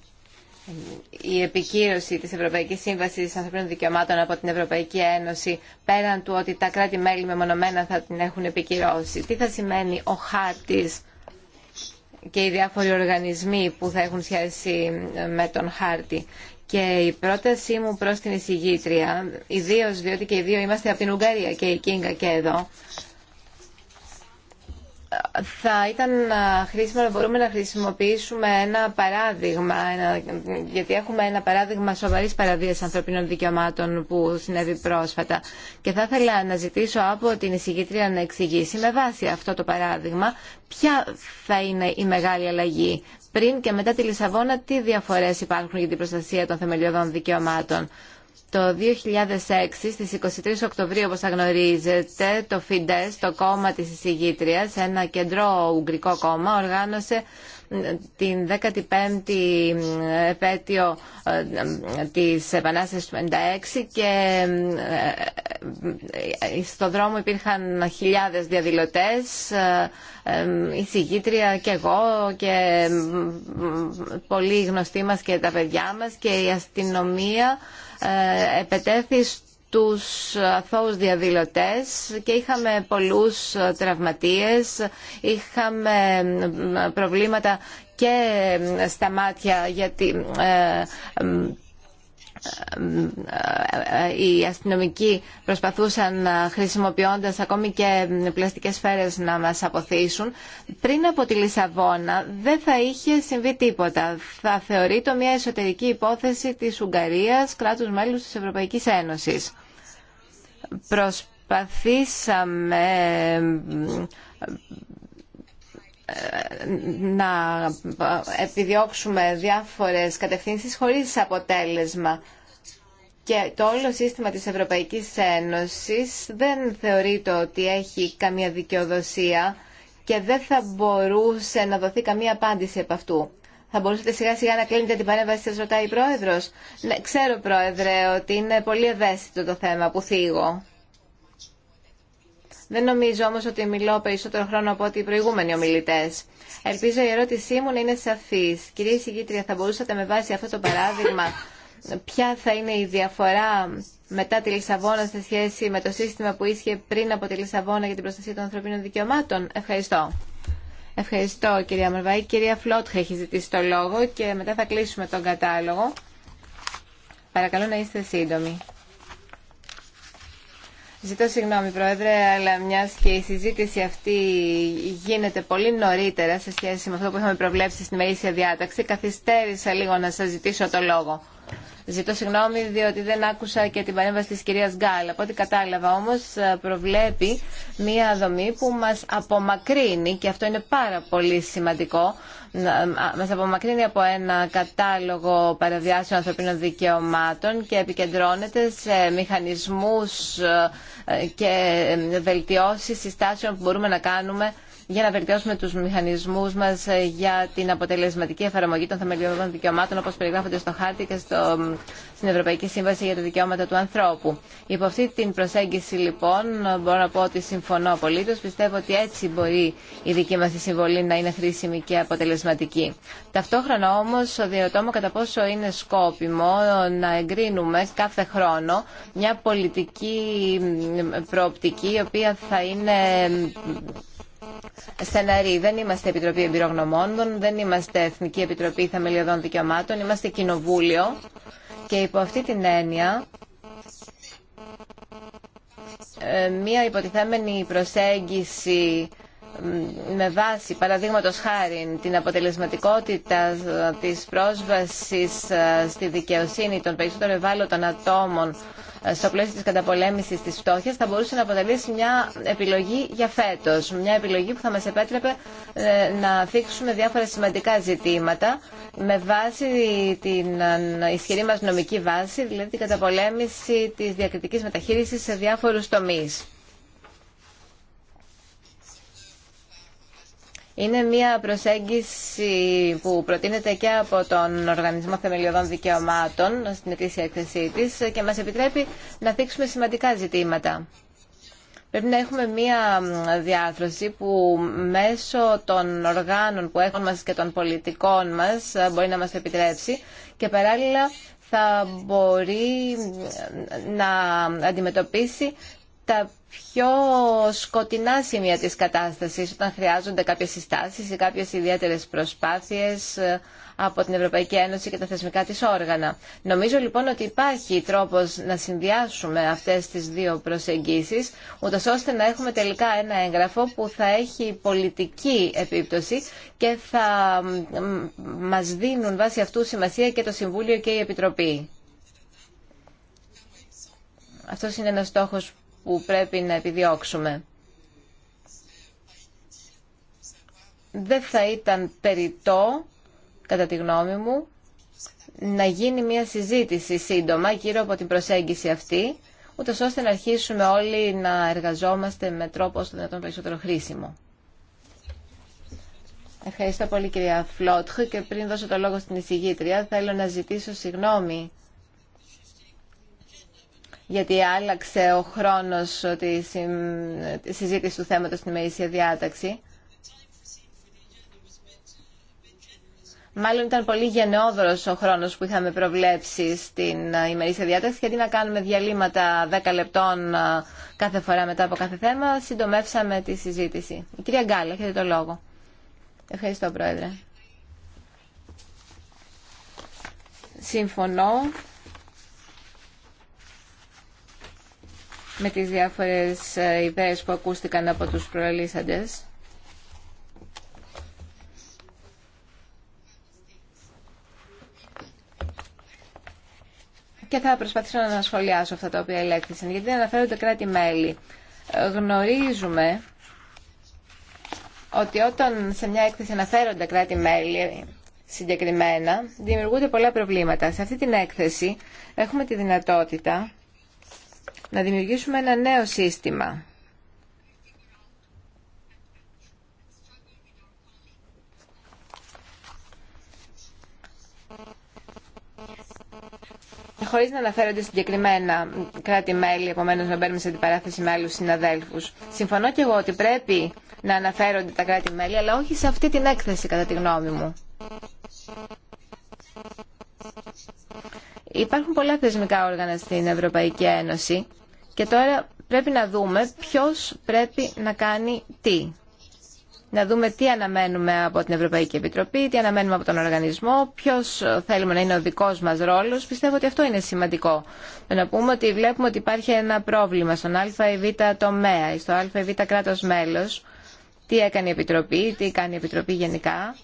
η επικύρωση της Ευρωπαϊκής Σύμβασης Ανθρωπίνων Δικαιωμάτων από την Ευρωπαϊκή Ένωση πέραν του ότι τα κράτη-μέλη μεμονωμένα θα την έχουν επικυρώσει. Τι θα σημαίνει ο χάρτης και οι διάφοροι οργανισμοί που θα έχουν σχέση με τον χάρτη. Και η πρότασή μου προς την εισηγήτρια, ιδίω διότι και οι δύο είμαστε από την Ουγγαρία και η Κίνγκα και εδώ, θα ήταν χρήσιμο να μπορούμε να χρησιμοποιήσουμε ένα παράδειγμα, ένα, γιατί έχουμε ένα παράδειγμα σοβαρής παραβίας ανθρωπίνων δικαιωμάτων που συνέβη πρόσφατα. Και θα ήθελα να ζητήσω από την εισηγήτρια να εξηγήσει με βάση αυτό το παράδειγμα ποια θα είναι η μεγάλη αλλαγή πριν και μετά τη Λισαβόνα, τι διαφορές υπάρχουν για την προστασία των θεμελιωδών δικαιωμάτων. Το 2006, στις 23 Οκτωβρίου, όπως θα γνωρίζετε, το ΦΙΝΤΕΣ, το κόμμα της εισηγήτριας, ένα κεντρό ουγγρικό κόμμα, οργάνωσε την 15η επέτειο ε, της Επανάστασης του 1956 και ε, ε, στο δρόμο υπήρχαν χιλιάδες διαδηλωτές, η συγγήτρια και εγώ και πολλοί γνωστοί μας και τα παιδιά μας και η αστυνομία ε, επετέθη τους αθώους διαδηλωτές και είχαμε πολλούς ε, τραυματίες, είχαμε προβλήματα και στα μάτια γιατί οι αστυνομικοί προσπαθούσαν ε, χρησιμοποιώντας ακόμη και πλαστικές σφαίρες να μας αποθήσουν πριν από τη Λισαβόνα δεν θα είχε συμβεί τίποτα θα θεωρεί το μια εσωτερική υπόθεση της Ουγγαρίας κράτους μέλους της Ευρωπαϊκής Ένωσης προσπαθήσαμε ε, να επιδιώξουμε διάφορες κατευθύνσεις χωρίς αποτέλεσμα. Και το όλο σύστημα της Ευρωπαϊκής Ένωσης δεν θεωρείται ότι έχει καμία δικαιοδοσία και δεν θα μπορούσε να δοθεί καμία απάντηση από αυτού. Θα μπορούσατε σιγά σιγά να κλείνετε την παρέμβαση σας, ρωτάει η Πρόεδρος. Ναι, ξέρω Πρόεδρε ότι είναι πολύ ευαίσθητο το θέμα που θίγω. Δεν νομίζω όμως ότι μιλώ περισσότερο χρόνο από ότι οι προηγούμενοι ομιλητές. Ελπίζω η ερώτησή μου να είναι σαφής. Κυρία Συγκήτρια, θα μπορούσατε με βάση αυτό το παράδειγμα ποια θα είναι η διαφορά μετά τη Λισαβόνα σε σχέση με το σύστημα που ήσχε πριν από τη Λισαβόνα για την προστασία των ανθρωπίνων δικαιωμάτων. Ευχαριστώ. Ευχαριστώ κυρία Μερβάη. Κυρία Φλότχα έχει ζητήσει το λόγο και μετά θα κλείσουμε τον κατάλογο. Παρακαλώ να είστε σύντομοι. Ζητώ συγγνώμη, Πρόεδρε, αλλά μια και η συζήτηση αυτή γίνεται πολύ νωρίτερα σε σχέση με αυτό που είχαμε προβλέψει στη ημερήσια διάταξη, καθυστέρησα λίγο να σα ζητήσω το λόγο. Ζητώ συγγνώμη διότι δεν άκουσα και την παρέμβαση της κυρίας Γκάλ. Από ό,τι κατάλαβα όμως ε, προβλέπει μία δομή που μας απομακρύνει και αυτό είναι πάρα πολύ σημαντικό. Ε, ε, μας απομακρύνει από ένα κατάλογο παραβιάσεων ανθρωπίνων δικαιωμάτων και επικεντρώνεται σε μηχανισμούς και βελτιώσεις συστάσεων που μπορούμε να κάνουμε για να βελτιώσουμε του μηχανισμού μα ε, για την αποτελεσματική εφαρμογή των θεμελιωδών δικαιωμάτων όπω περιγράφονται στο χάρτη και στο, στην Ευρωπαϊκή Σύμβαση για τα Δικαιώματα του Ανθρώπου. Υπό αυτή την προσέγγιση λοιπόν μπορώ να πω ότι συμφωνώ απολύτω. Πιστεύω ότι έτσι μπορεί η δική μα συμβολή να είναι χρήσιμη και αποτελεσματική. Ταυτόχρονα όμω, διαρωτώ μου κατά πόσο είναι σκόπιμο να εγκρίνουμε κάθε χρόνο μια πολιτική προοπτική η οποία θα είναι σενάρι. Δεν είμαστε Επιτροπή Εμπειρογνωμόντων, δεν είμαστε Εθνική Επιτροπή Θεμελιωδών Δικαιωμάτων, είμαστε Κοινοβούλιο και υπό αυτή την έννοια ε, μία υποτιθέμενη προσέγγιση με βάση παραδείγματο χάρη την αποτελεσματικότητα της πρόσβασης ε, στη δικαιοσύνη των περισσότερων ευάλωτων ατόμων ε, στο πλαίσιο της καταπολέμησης της φτώχειας θα μπορούσε να αποτελέσει μια επιλογή για φέτος. Μια επιλογή που θα μας επέτρεπε ε, να θίξουμε διάφορα σημαντικά ζητήματα με βάση την ισχυρή μας νομική βάση, δηλαδή την καταπολέμηση της διακριτικής μεταχείρισης σε διάφορους τομείς. Είναι μια προσέγγιση που προτείνεται και από τον Οργανισμό Θεμελιωδών Δικαιωμάτων στην ετήσια έκθεσή τη και μας επιτρέπει να θίξουμε σημαντικά ζητήματα. Πρέπει να έχουμε μία διάθρωση που μέσω των οργάνων που έχουν μας και των πολιτικών μας μπορεί να μας επιτρέψει και παράλληλα θα μπορεί να αντιμετωπίσει τα πιο σκοτεινά σημεία της κατάστασης όταν χρειάζονται κάποιες συστάσεις ή κάποιες ιδιαίτερες προσπάθειες ε, από την Ευρωπαϊκή Ένωση και τα θεσμικά της όργανα. Νομίζω λοιπόν ότι υπάρχει τρόπος να συνδυάσουμε αυτές τις δύο προσεγγίσεις, ούτως ώστε να έχουμε τελικά ένα έγγραφο που θα έχει πολιτική επίπτωση και θα μας δίνουν βάσει αυτού σημασία και το Συμβούλιο και η Επιτροπή. Αυτός είναι ένας στόχος που πρέπει να επιδιώξουμε. Δεν θα ήταν περιττό, κατά τη γνώμη μου, να γίνει μια συζήτηση σύντομα γύρω από την προσέγγιση αυτή, ούτω ώστε να αρχίσουμε όλοι να εργαζόμαστε με τρόπο στον δυνατόν περισσότερο χρήσιμο. Ευχαριστώ πολύ κυρία Φλότχ και πριν δώσω το λόγο στην εισηγήτρια θέλω να ζητήσω συγγνώμη γιατί άλλαξε ο χρόνος της συζήτησης του θέματος στην ημερήσια διάταξη. Μάλλον ήταν πολύ γενναιόδωρος ο χρόνος που είχαμε προβλέψει στην ε, ημερήσια διάταξη γιατί να κάνουμε διαλύματα 10 λεπτών ε, κάθε φορά μετά από κάθε θέμα συντομεύσαμε τη συζήτηση. Η κυρία Γκάλα, έχετε το λόγο. Ευχαριστώ Πρόεδρε. Συμφωνώ με τις διάφορες ε, ιδέες που ακούστηκαν από τους προελίσσαντες. Και θα προσπαθήσω να ανασχολιάσω αυτά τα οποία ελέγχθησαν, γιατί αναφέρονται κράτη-μέλη. Ε, γνωρίζουμε ότι όταν σε μια έκθεση αναφέρονται κράτη-μέλη συγκεκριμένα, δημιουργούνται πολλά προβλήματα. Σε αυτή την έκθεση έχουμε τη δυνατότητα να δημιουργήσουμε ένα νέο σύστημα. χωρίς να αναφέρονται συγκεκριμένα κράτη-μέλη, επομένω να μπαίνουμε σε αντιπαράθεση με άλλους συναδέλφους. Συμφωνώ και εγώ ότι πρέπει να αναφέρονται τα κράτη-μέλη, αλλά όχι σε αυτή την έκθεση, κατά τη γνώμη μου. Υπάρχουν πολλά θεσμικά όργανα στην Ευρωπαϊκή Ένωση και τώρα πρέπει να δούμε ποιος πρέπει να κάνει τι. Να δούμε τι αναμένουμε από την Ευρωπαϊκή Επιτροπή, τι αναμένουμε από τον οργανισμό, ποιο θέλουμε να είναι ο δικό μα ρόλο. Πιστεύω ότι αυτό είναι σημαντικό. να πούμε ότι βλέπουμε ότι υπάρχει ένα πρόβλημα στον Α ή Β τομέα ή στο Α ή Β κράτο μέλο. Τι έκανε η Επιτροπή, τι κάνει η Επιτροπή γενικά.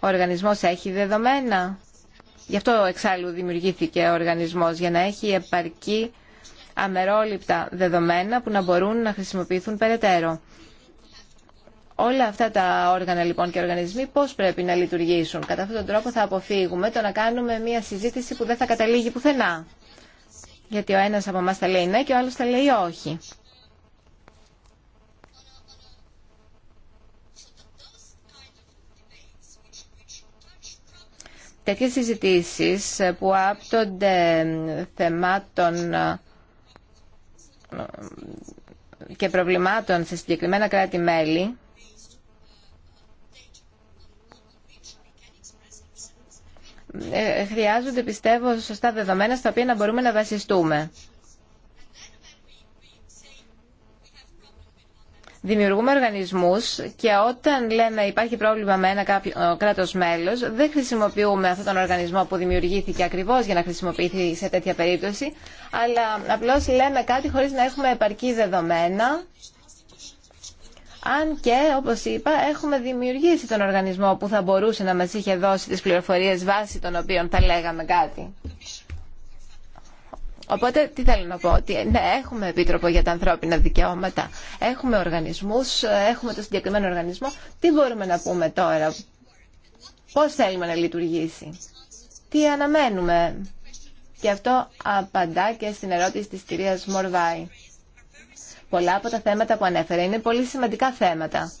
Ο οργανισμό έχει δεδομένα. Γι' αυτό εξάλλου δημιουργήθηκε ο οργανισμός, για να έχει επαρκή αμερόληπτα δεδομένα που να μπορούν να χρησιμοποιηθούν περαιτέρω. Όλα αυτά τα όργανα λοιπόν και οργανισμοί πώς πρέπει να λειτουργήσουν. Κατά αυτόν τον τρόπο θα αποφύγουμε το να κάνουμε μια συζήτηση που δεν θα καταλήγει πουθενά. Γιατί ο ένας από εμάς θα λέει ναι και ο άλλος θα λέει όχι. τέτοιες συζητήσεις ε, που άπτονται θεμάτων ε, και προβλημάτων σε συγκεκριμένα κράτη-μέλη ε, χρειάζονται πιστεύω σωστά δεδομένα στα οποία να μπορούμε να βασιστούμε. Δημιουργούμε οργανισμούς και όταν λέμε υπάρχει πρόβλημα με ένα κράτο κράτος μέλος, δεν χρησιμοποιούμε αυτόν τον οργανισμό που δημιουργήθηκε ακριβώς για να χρησιμοποιηθεί σε τέτοια περίπτωση, αλλά απλώς λέμε κάτι χωρίς να έχουμε επαρκή δεδομένα αν και, όπως είπα, έχουμε δημιουργήσει τον οργανισμό που θα μπορούσε να μα είχε δώσει τι πληροφορίε βάσει των οποίων θα λέγαμε κάτι. Οπότε τι θέλω να πω, ότι ναι, έχουμε επίτροπο για τα ανθρώπινα δικαιώματα, έχουμε οργανισμούς, έχουμε το συγκεκριμένο οργανισμό. Τι μπορούμε να πούμε τώρα, πώς θέλουμε να λειτουργήσει, τι αναμένουμε. Και αυτό απαντά και στην ερώτηση της κυρίας Μορβάη. Πολλά από τα θέματα που ανέφερε είναι πολύ σημαντικά θέματα.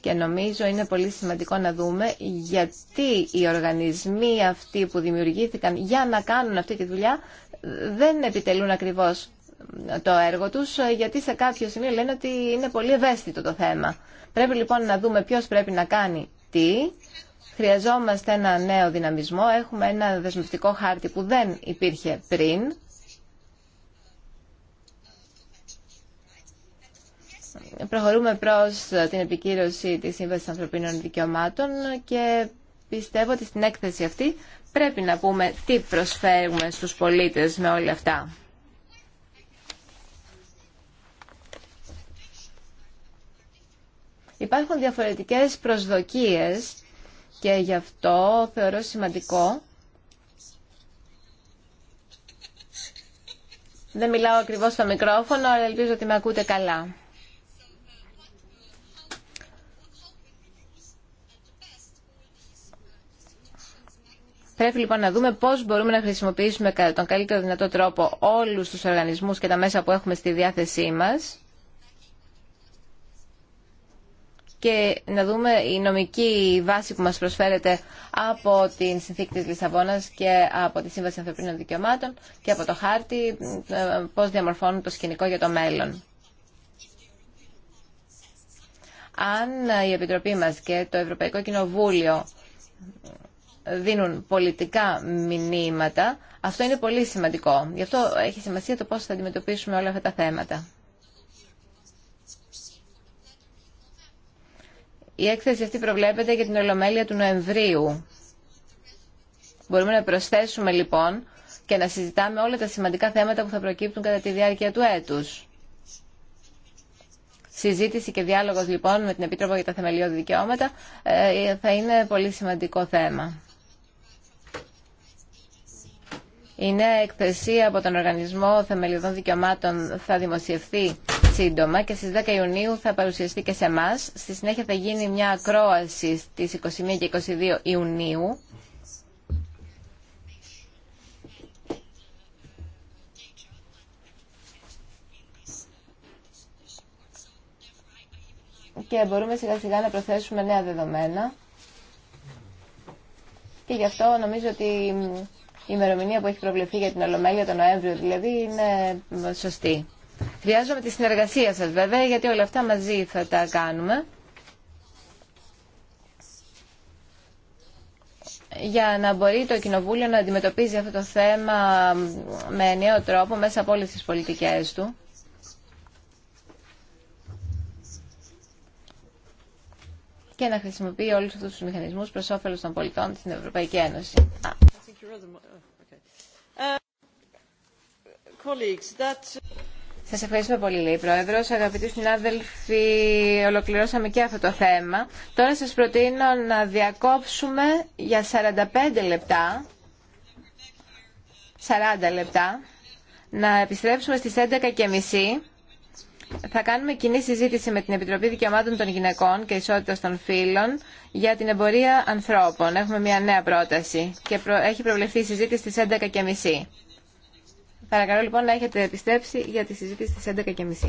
Και νομίζω είναι πολύ σημαντικό να δούμε γιατί οι οργανισμοί αυτοί που δημιουργήθηκαν για να κάνουν αυτή τη δουλειά δεν επιτελούν ακριβώς το έργο τους γιατί σε κάποιο σημείο λένε ότι είναι πολύ ευαίσθητο το θέμα. Πρέπει λοιπόν να δούμε ποιος πρέπει να κάνει τι. Χρειαζόμαστε ένα νέο δυναμισμό. Έχουμε ένα δεσμευτικό χάρτη που δεν υπήρχε πριν. Προχωρούμε προς την επικύρωση της Σύμβασης Ανθρωπίνων Δικαιωμάτων και πιστεύω ότι στην έκθεση αυτή πρέπει να πούμε τι προσφέρουμε στους πολίτες με όλα αυτά. Υπάρχουν διαφορετικές προσδοκίες και γι' αυτό θεωρώ σημαντικό Δεν μιλάω ακριβώς στο μικρόφωνο, αλλά ελπίζω ότι με ακούτε καλά. Πρέπει λοιπόν να δούμε πώς μπορούμε να χρησιμοποιήσουμε κατά τον καλύτερο δυνατό τρόπο όλους τους οργανισμούς και τα μέσα που έχουμε στη διάθεσή μας και να δούμε η νομική βάση που μας προσφέρεται από την Συνθήκη της Λισαβόνας και από τη Σύμβαση Ανθρωπίνων Δικαιωμάτων και από το χάρτη ε, πώς διαμορφώνουν το σκηνικό για το μέλλον. Αν η Επιτροπή μας και το Ευρωπαϊκό Κοινοβούλιο δίνουν πολιτικά μηνύματα, αυτό είναι πολύ σημαντικό. Γι' αυτό έχει σημασία το πώς θα αντιμετωπίσουμε όλα αυτά τα θέματα. Η έκθεση αυτή προβλέπεται για την Ολομέλεια του Νοεμβρίου. Μπορούμε να προσθέσουμε λοιπόν και να συζητάμε όλα τα σημαντικά θέματα που θα προκύπτουν κατά τη διάρκεια του έτους. Συζήτηση και διάλογος λοιπόν με την Επίτροπο για τα Θεμελιώδη Δικαιώματα ε, θα είναι πολύ σημαντικό θέμα. Η νέα εκθεσία από τον Οργανισμό Θεμελιωδών Δικαιωμάτων θα δημοσιευθεί σύντομα και στις 10 Ιουνίου θα παρουσιαστεί και σε εμά. Στη συνέχεια θα γίνει μια ακρόαση στις 21 και 22 Ιουνίου. και μπορούμε σιγά σιγά να προσθέσουμε νέα δεδομένα. Και γι' αυτό νομίζω ότι η ημερομηνία που έχει προβλεφθεί για την Ολομέλεια τον Νοέμβριο δηλαδή είναι σωστή. Χρειάζομαι τη συνεργασία σας βέβαια γιατί όλα αυτά μαζί θα τα κάνουμε. για να μπορεί το Κοινοβούλιο να αντιμετωπίζει αυτό το θέμα με νέο τρόπο μέσα από όλες τις πολιτικές του. και να χρησιμοποιεί όλους αυτούς τους μηχανισμούς προς όφελος των πολιτών στην Ευρωπαϊκή Ένωση. Uh, uh, σας ευχαριστώ πολύ, λέει η Πρόεδρος. Αγαπητοί συνάδελφοι, ολοκληρώσαμε και αυτό το θέμα. Τώρα σας προτείνω να διακόψουμε για 45 λεπτά, 40 λεπτά, να επιστρέψουμε στις 11.30 θα κάνουμε κοινή συζήτηση με την Επιτροπή Δικαιωμάτων των Γυναικών και Ισότητα των Φύλων για την εμπορία ανθρώπων. Έχουμε μια νέα πρόταση και έχει προβλεφθεί η συζήτηση στις 11.30. Παρακαλώ λοιπόν να έχετε επιστρέψει για τη συζήτηση στις 11.30.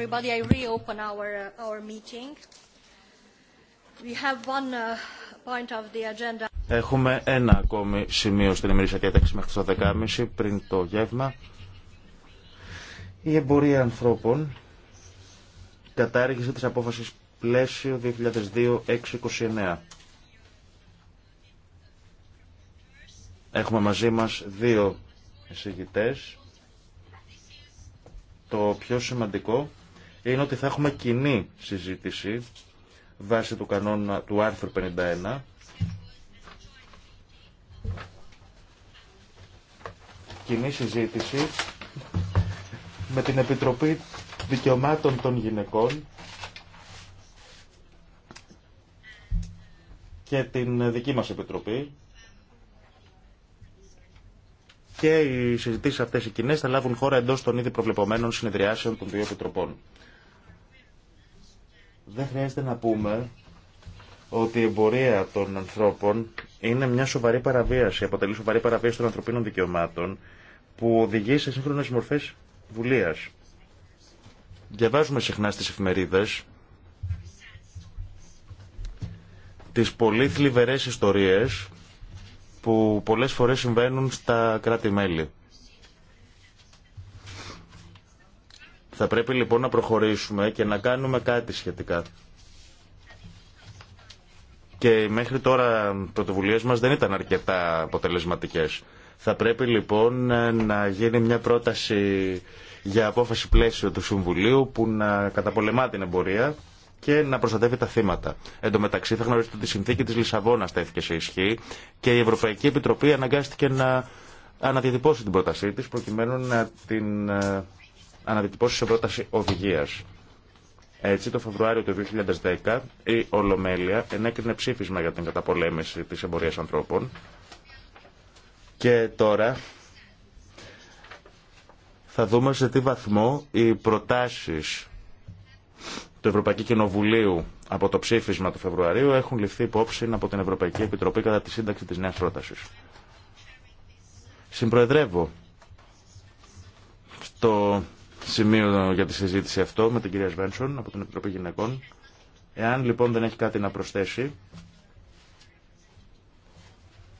Everybody, I reopen our, uh, our meeting. We have one uh, point of the agenda. Έχουμε ένα ακόμη σημείο στην ημερήσια διάταξη μέχρι το 10.30 πριν το γεύμα. Η εμπορία ανθρώπων κατάργησε της απόφασης πλαίσιο 2002-629. Έχουμε μαζί μας δύο εισηγητές. Το πιο σημαντικό είναι ότι θα έχουμε κοινή συζήτηση βάσει του κανόνα του άρθρου 51 κοινή συζήτηση με την Επιτροπή Δικαιωμάτων των Γυναικών και την δική μας Επιτροπή και οι συζητήσεις αυτές οι κοινές θα λάβουν χώρα εντός των ήδη προβλεπωμένων συνεδριάσεων των δύο Επιτροπών. Δεν χρειάζεται να πούμε ότι η εμπορία των ανθρώπων είναι μια σοβαρή παραβίαση, αποτελεί σοβαρή παραβίαση των ανθρωπίνων δικαιωμάτων που οδηγεί σε σύγχρονε μορφές βουλεία. Διαβάζουμε συχνά στι εφημερίδες τι πολύ θλιβερέ ιστορίες που πολλές φορές συμβαίνουν στα κράτη-μέλη. Θα πρέπει λοιπόν να προχωρήσουμε και να κάνουμε κάτι σχετικά. Και μέχρι τώρα οι πρωτοβουλίε μας δεν ήταν αρκετά αποτελεσματικές. Θα πρέπει λοιπόν ε, να γίνει μια πρόταση για απόφαση πλαίσιο του Συμβουλίου που να καταπολεμά την εμπορία και να προστατεύει τα θύματα. Εν τω μεταξύ θα γνωρίζετε ότι η συνθήκη της Λισαβόνας τέθηκε σε ισχύ και η Ευρωπαϊκή Επιτροπή αναγκάστηκε να αναδιατυπώσει την πρότασή της προκειμένου να την ε, αναδιτυπώσει σε πρόταση οδηγία. Έτσι, το Φεβρουάριο του 2010 η Ολομέλεια ενέκρινε ψήφισμα για την καταπολέμηση της εμπορίας ανθρώπων και τώρα θα δούμε σε τι βαθμό οι προτάσεις του Ευρωπαϊκού Κοινοβουλίου από το ψήφισμα του Φεβρουαρίου έχουν ληφθεί υπόψη από την Ευρωπαϊκή Επιτροπή κατά τη σύνταξη της νέας πρότασης. Συμπροεδρεύω στο σημείο για τη συζήτηση αυτό με την κυρία Σβένσον από την Επιτροπή Γυναικών. Εάν λοιπόν δεν έχει κάτι να προσθέσει,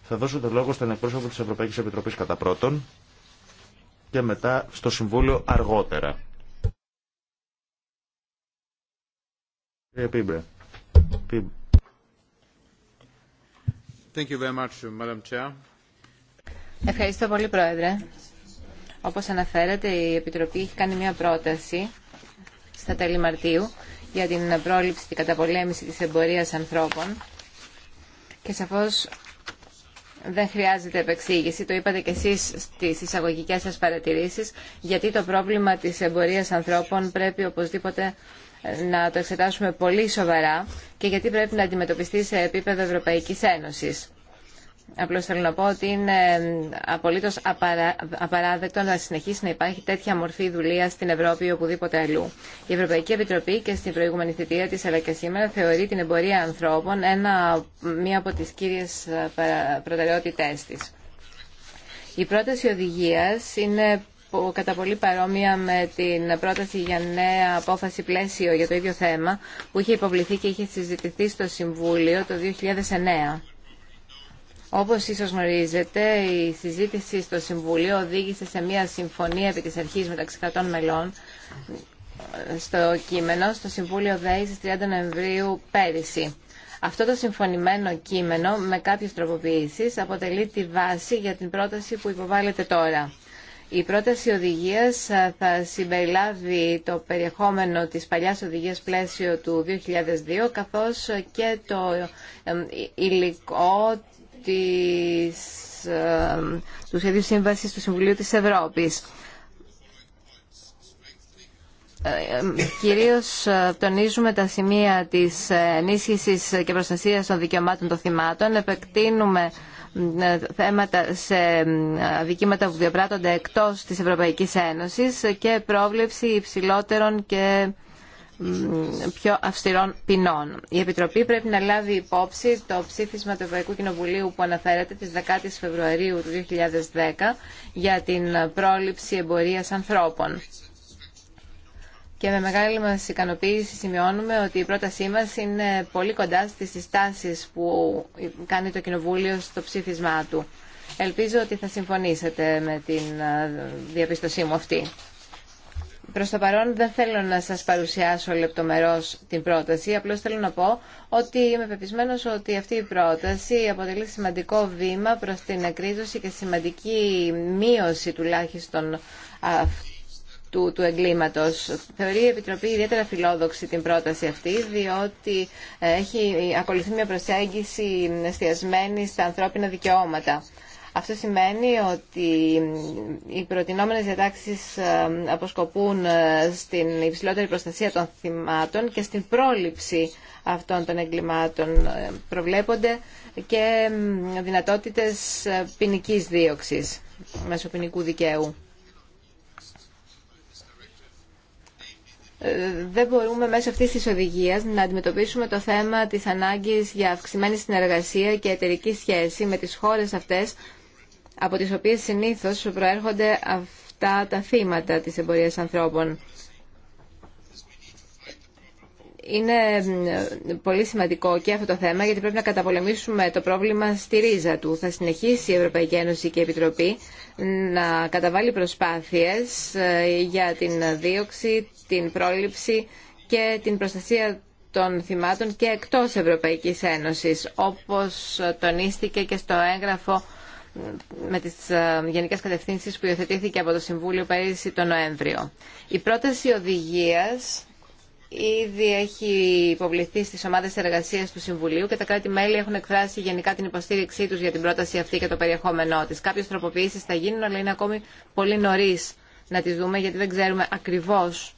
θα δώσω το λόγο στον εκπρόσωπο της Ευρωπαϊκής Επιτροπής κατά πρώτον και μετά στο Συμβούλιο αργότερα. Thank you very much, Madam Chair. Ευχαριστώ πολύ, Πρόεδρε. Όπως αναφέρατε, η Επιτροπή έχει κάνει μια πρόταση στα τέλη Μαρτίου για την πρόληψη και καταπολέμηση της εμπορίας ανθρώπων και σαφώς δεν χρειάζεται επεξήγηση, το είπατε και εσείς στις εισαγωγικές σας παρατηρήσεις, γιατί το πρόβλημα της εμπορίας ανθρώπων πρέπει οπωσδήποτε ε, να το εξετάσουμε πολύ σοβαρά και γιατί πρέπει να αντιμετωπιστεί σε επίπεδο Ευρωπαϊκής Ένωσης. Απλώς θέλω να πω ότι είναι απολύτως απαρα... απαράδεκτο να συνεχίσει να υπάρχει τέτοια μορφή δουλεία στην Ευρώπη ή οπουδήποτε αλλού. Η Ευρωπαϊκή Επιτροπή και στην προηγούμενη θητεία της αλλά και σήμερα θεωρεί την εμπορία ανθρώπων ένα, μία από τις κύριες ε, προτεραιότητές της. Η πρόταση οδηγίας είναι κατά πολύ παρόμοια με την πρόταση για νέα απόφαση πλαίσιο για το ίδιο θέμα που είχε υποβληθεί και είχε συζητηθεί στο Συμβούλιο το 2009. Όπως ίσως γνωρίζετε, η συζήτηση στο Συμβουλίο οδήγησε σε μια συμφωνία επί της αρχής μεταξύ κρατών μελών στο κείμενο, στο Συμβούλιο ΔΕΗ στις 30 Νοεμβρίου πέρυσι. Αυτό το συμφωνημένο κείμενο με κάποιες τροποποιήσεις αποτελεί τη βάση για την πρόταση που υποβάλλεται τώρα. Η πρόταση οδηγίας ε, θα συμπεριλάβει το περιεχόμενο της παλιάς οδηγίας πλαίσιο του 2002 καθώς και το ε, ε, υλικό του σχεδίου συμβαση του Συμβουλίου της Ευρώπης. Ε, κυρίως ε, τονίζουμε τα σημεία της ενίσχυσης και προστασίας των δικαιωμάτων των θυμάτων. Επεκτείνουμε ε, θέματα σε δικήματα που διαπράττονται εκτός της Ευρωπαϊκής Ένωσης και πρόβλεψη υψηλότερων και πιο αυστηρών ποινών. Η Επιτροπή πρέπει να λάβει υπόψη το ψήφισμα του Ευρωπαϊκού Κοινοβουλίου που αναφέρεται τη 10 Φεβρουαρίου του 2010 για την πρόληψη εμπορίας ανθρώπων. Και με μεγάλη μας ικανοποίηση σημειώνουμε ότι η πρότασή μας είναι πολύ κοντά στις συστάσεις που κάνει το Κοινοβούλιο στο ψήφισμά του. Ελπίζω ότι θα συμφωνήσετε με την ε, διαπιστωσή μου αυτή. Προς το παρόν δεν θέλω να σας παρουσιάσω λεπτομερώς την πρόταση, απλώς θέλω να πω ότι είμαι πεπισμένο ότι αυτή η πρόταση αποτελεί σημαντικό βήμα προς την εκρίζωση και σημαντική μείωση τουλάχιστον του, του εγκλήματος. Θεωρεί η Επιτροπή ιδιαίτερα φιλόδοξη την πρόταση αυτή, διότι ε, έχει ακολουθεί μια προσέγγιση εστιασμένη στα ανθρώπινα δικαιώματα. Αυτό σημαίνει ότι οι προτινόμενες διατάξεις ε, αποσκοπούν ε, στην υψηλότερη προστασία των θυμάτων και στην πρόληψη αυτών των εγκλημάτων. Ε, προβλέπονται και δυνατότητες ποινική δίωξης μέσω ποινικού δικαίου. δεν μπορούμε μέσω αυτής της οδηγίας να αντιμετωπίσουμε το θέμα της ανάγκης για αυξημένη συνεργασία και εταιρική σχέση με τις χώρες αυτές από τις οποίες συνήθως προέρχονται αυτά τα θύματα της εμπορίας ανθρώπων. Είναι πολύ σημαντικό και αυτό το θέμα γιατί πρέπει να καταπολεμήσουμε το πρόβλημα στη ρίζα του. Θα συνεχίσει η Ευρωπαϊκή Ένωση και η Επιτροπή να καταβάλει προσπάθειες ε, για την δίωξη, την πρόληψη και την προστασία των θυμάτων και εκτός Ευρωπαϊκής Ένωσης, όπως τονίστηκε και στο έγγραφο με τις ε, γενικές κατευθύνσεις που υιοθετήθηκε από το Συμβούλιο πέρυσι το Νοέμβριο. Η πρόταση οδηγίας ήδη έχει υποβληθεί στις ομάδες εργασίας του Συμβουλίου και τα κράτη-μέλη έχουν εκφράσει γενικά την υποστήριξή τους για την πρόταση αυτή και το περιεχόμενό της. Κάποιες τροποποιήσεις θα γίνουν, αλλά είναι ακόμη πολύ νωρίς να τις δούμε, γιατί δεν ξέρουμε ακριβώς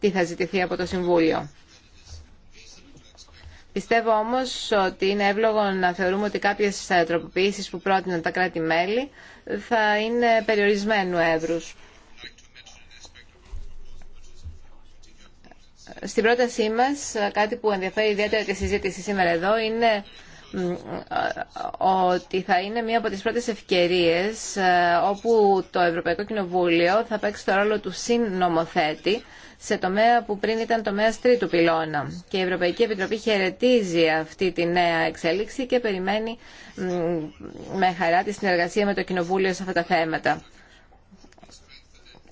τι θα ζητηθεί από το Συμβούλιο. Πιστεύω όμως ότι είναι εύλογο να θεωρούμε ότι κάποιες τροποποιήσει που πρότειναν τα κράτη-μέλη θα είναι περιορισμένου εύρους. Στην πρότασή μα, κάτι που ενδιαφέρει ιδιαίτερα τη συζήτηση σήμερα εδώ, είναι ότι θα είναι μία από τις πρώτες ευκαιρίες ε, όπου το Ευρωπαϊκό Κοινοβούλιο θα παίξει το ρόλο του συνομοθέτη σε τομέα που πριν ήταν τομέα τρίτου πυλώνα. Και η Ευρωπαϊκή Επιτροπή χαιρετίζει αυτή τη νέα εξέλιξη και περιμένει με χαρά τη συνεργασία με το Κοινοβούλιο σε αυτά τα θέματα.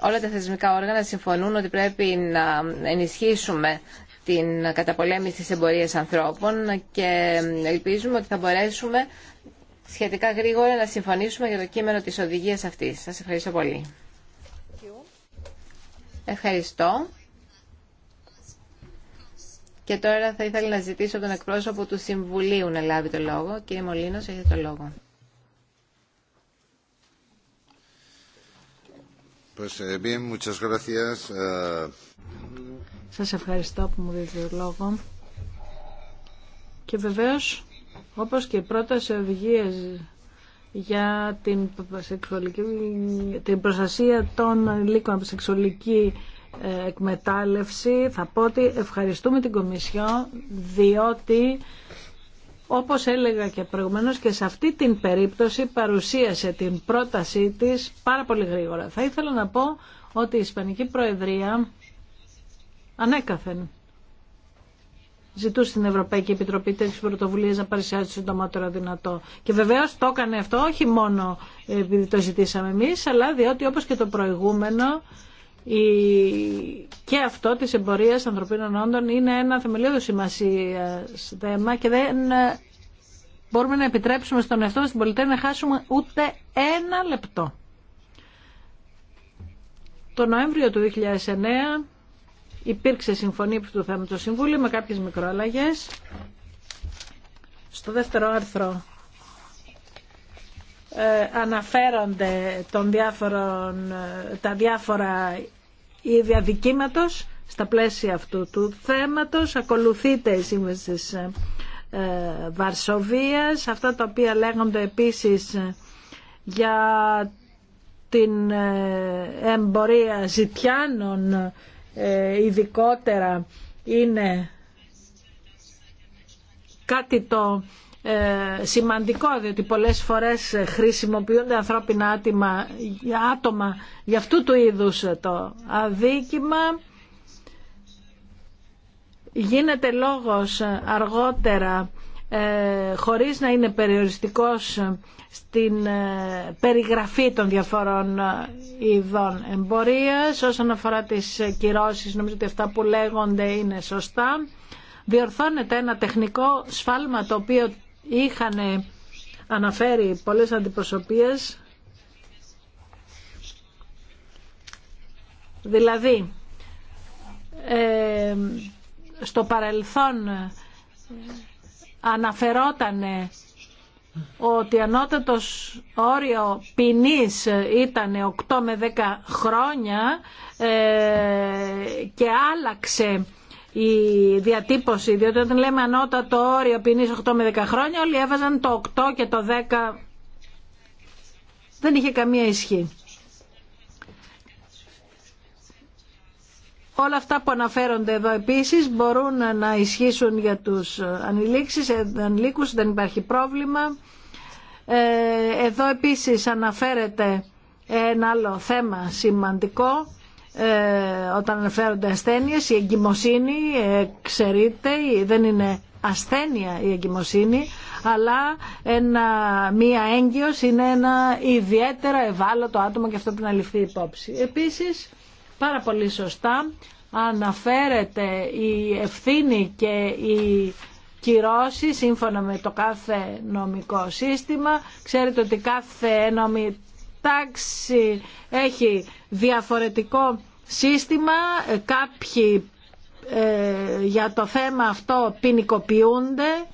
Όλα τα θεσμικά όργανα συμφωνούν ότι πρέπει να ενισχύσουμε την καταπολέμηση της εμπορίας ανθρώπων και ελπίζουμε ότι θα μπορέσουμε σχετικά γρήγορα να συμφωνήσουμε για το κείμενο της οδηγίας αυτής. Σας ευχαριστώ πολύ. Ευχαριστώ. Και τώρα θα ήθελα να ζητήσω τον εκπρόσωπο του Συμβουλίου να λάβει το λόγο. Κύριε Μολύνος, έχετε το λόγο. Eh, eh. Σας ευχαριστώ που μου δείτε το λόγο. Και βεβαίως, όπως και πρώτα σε οδηγίες για την, την προστασία των λύκων από σεξουαλική ε, εκμετάλλευση θα πω ότι ευχαριστούμε την Κομισιό διότι όπως έλεγα και προηγουμένως και σε αυτή την περίπτωση παρουσίασε την πρότασή της πάρα πολύ γρήγορα. Θα ήθελα να πω ότι η Ισπανική Προεδρία ανέκαθεν ζητούσε την Ευρωπαϊκή Επιτροπή τέτοιε πρωτοβουλίε να παρουσιάσει το συντομότερο δυνατό. Και βεβαίω το έκανε αυτό όχι μόνο επειδή το ζητήσαμε εμεί, αλλά διότι όπω και το προηγούμενο και αυτό της εμπορίας ανθρωπίνων όντων είναι ένα θεμελιώδη σημασία θέμα και δεν ε, μπορούμε να επιτρέψουμε στον εαυτό μας την πολιτεία να χάσουμε ούτε ένα λεπτό. Το Νοέμβριο του 2009 υπήρξε συμφωνία του θέματος το Συμβούλιο με κάποιες μικροαλλαγές. Στο δεύτερο άρθρο ε, αναφέρονται των διάφορον ε, τα διάφορα είδη αδικήματος στα πλαίσια αυτού του θέματος. Ακολουθείται η σύμβαση της ε, Βαρσοβίας. Αυτά τα οποία λέγονται επίσης για την ε, εμπορία ζητιάνων ε, ειδικότερα είναι κάτι το ε, σημαντικό διότι πολλές φορές χρησιμοποιούνται ανθρώπινα άτομα, άτομα για αυτού του είδους το αδίκημα γίνεται λόγος αργότερα ε, χωρίς να είναι περιοριστικός στην ε, περιγραφή των διαφορών ε, ειδών εμπορίας. Όσον αφορά τις κυρώσεις, νομίζω ότι αυτά που λέγονται είναι σωστά. Διορθώνεται ένα τεχνικό σφάλμα το οποίο είχαν αναφέρει πολλές αντιπροσωπείες. Δηλαδή, στο παρελθόν αναφερόταν ότι ανώτατος όριο ποινή ήταν 8 με 10 χρόνια ε, και άλλαξε η διατύπωση, διότι όταν λέμε ανώτατο όριο ποινή 8 με 10 χρόνια, όλοι έβαζαν το 8 και το 10. Δεν είχε καμία ισχύ. Όλα αυτά που αναφέρονται εδώ επίσης μπορούν να ισχύσουν για τους ε, ε, ανηλίκους, δεν υπάρχει πρόβλημα. Ε, εδώ επίσης αναφέρεται ένα άλλο θέμα σημαντικό όταν αναφέρονται ασθένειες, η εγκυμοσύνη ξέρετε, δεν είναι ασθένεια η εγκυμοσύνη αλλά ένα, μία έγκυος είναι ένα ιδιαίτερα ευάλωτο άτομο και αυτό πρέπει να ληφθεί υπόψη. Επίσης πάρα πολύ σωστά αναφέρεται η ευθύνη και η κυρώσει σύμφωνα με το κάθε νομικό σύστημα. Ξέρετε ότι κάθε νομική έχει διαφορετικό σύστημα. Κάποιοι ε, για το θέμα αυτό ποινικοποιούνται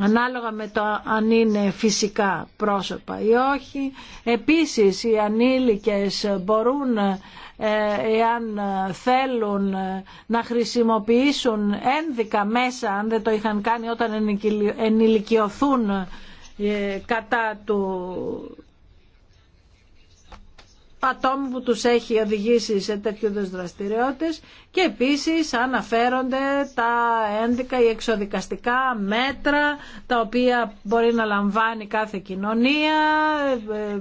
ανάλογα με το αν είναι φυσικά πρόσωπα ή όχι. Επίσης οι ανήλικες μπορούν ε, εάν θέλουν να χρησιμοποιήσουν ένδικα μέσα, αν δεν το είχαν κάνει όταν ενηλικιωθούν ε, κατά του ατόμου που τους έχει οδηγήσει σε τέτοιου είδους δραστηριότητες και επίσης αναφέρονται τα ένδικα ή εξοδικαστικά μέτρα τα οποία μπορεί να λαμβάνει κάθε κοινωνία, ε, ε,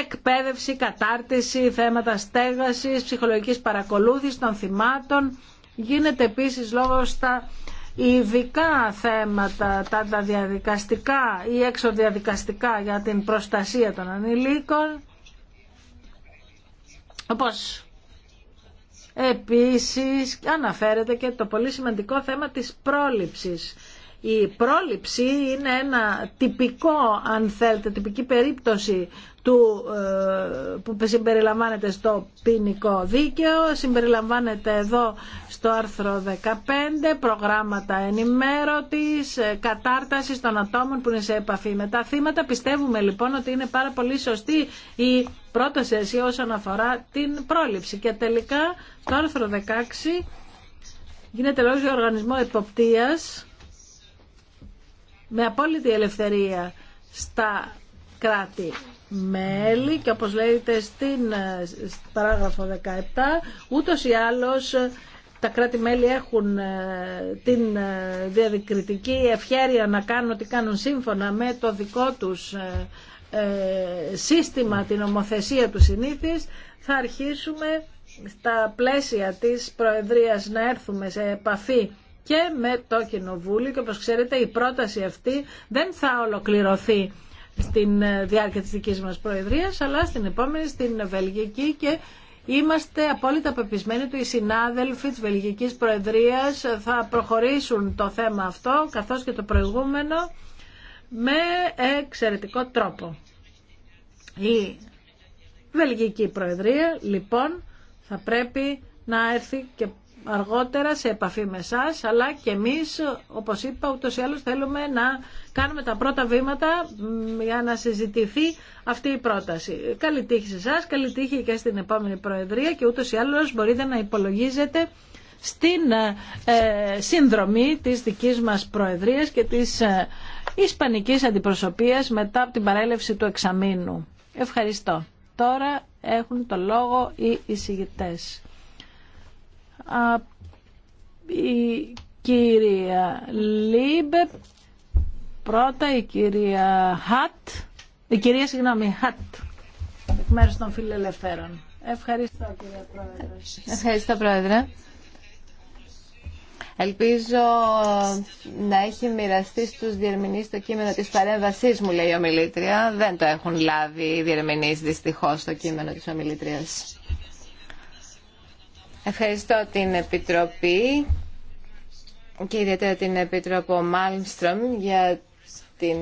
εκπαίδευση, κατάρτιση, θέματα στέγασης, ψυχολογικής παρακολούθησης των θυμάτων. Γίνεται επίσης λόγω στα ειδικά θέματα, τα διαδικαστικά ή εξωδιαδικαστικά για την προστασία των ανηλίκων όπως επίσης αναφέρεται και το πολύ σημαντικό θέμα της πρόληψης. Η πρόληψη είναι ένα τυπικό, αν θέλετε, τυπική περίπτωση του, ε, που συμπεριλαμβάνεται στο ποινικό δίκαιο, συμπεριλαμβάνεται εδώ στο άρθρο 15, προγράμματα ενημέρωτης, ε, κατάρτασης των ατόμων που είναι σε επαφή με τα θύματα. Πιστεύουμε λοιπόν ότι είναι πάρα πολύ σωστή η πρόταση εσύ όσον αφορά την πρόληψη. Και τελικά το άρθρο 16 γίνεται λόγος για οργανισμό εποπτείας με απόλυτη ελευθερία στα κράτη μέλη και όπως λέγεται ε, στην παράγραφο 17 ούτως ή άλλως ε, τα κράτη-μέλη έχουν ε, την διαδικριτική ευχέρεια να κάνουν ό,τι κάνουν σύμφωνα με το δικό τους σύστημα, την ομοθεσία του συνήθις, θα αρχίσουμε στα πλαίσια της Προεδρίας να έρθουμε σε επαφή και με το Κοινοβούλιο και όπως ξέρετε η πρόταση αυτή δεν θα ολοκληρωθεί στην ε, διάρκεια της δικής μας προεδρίας, αλλά στην επόμενη στην Βελγική και είμαστε απόλυτα πεπισμένοι ότι οι συνάδελφοι της Βελγικής Προεδρίας θα προχωρήσουν το θέμα αυτό, καθώς και το προηγούμενο, με εξαιρετικό τρόπο. Η Βελγική Προεδρία, λοιπόν, θα πρέπει να έρθει και αργότερα σε επαφή με εσά, αλλά και εμεί, όπως είπα, ούτω ή άλλω θέλουμε να κάνουμε τα πρώτα βήματα για να συζητηθεί αυτή η πρόταση. Καλή τύχη σε εσά, καλή τύχη και στην επόμενη Προεδρία και ούτω ή άλλως μπορείτε να υπολογίζετε στην ε, ε, σύνδρομη της δικής μας Προεδρίας και της ε, Ισπανικής Αντιπροσωπείας μετά από την παρέλευση του εξαμήνου. Ευχαριστώ. Τώρα έχουν το λόγο οι εισηγητές η κυρία Λίμπε, πρώτα η κυρία Χατ, η κυρία συγγνώμη Χατ, εκ μέρους των φιλελευθέρων. Ευχαριστώ κύριε Πρόεδρε. Ευχαριστώ Πρόεδρε. Ελπίζω να έχει μοιραστεί στους διερμηνείς το κείμενο της παρέμβασή μου, λέει η ομιλήτρια. Δεν το έχουν λάβει οι διερμηνείς δυστυχώ το κείμενο της ομιλήτριας. Ευχαριστώ την Επιτροπή και ιδιαίτερα την Επιτρόπο Μάλμστρομ για την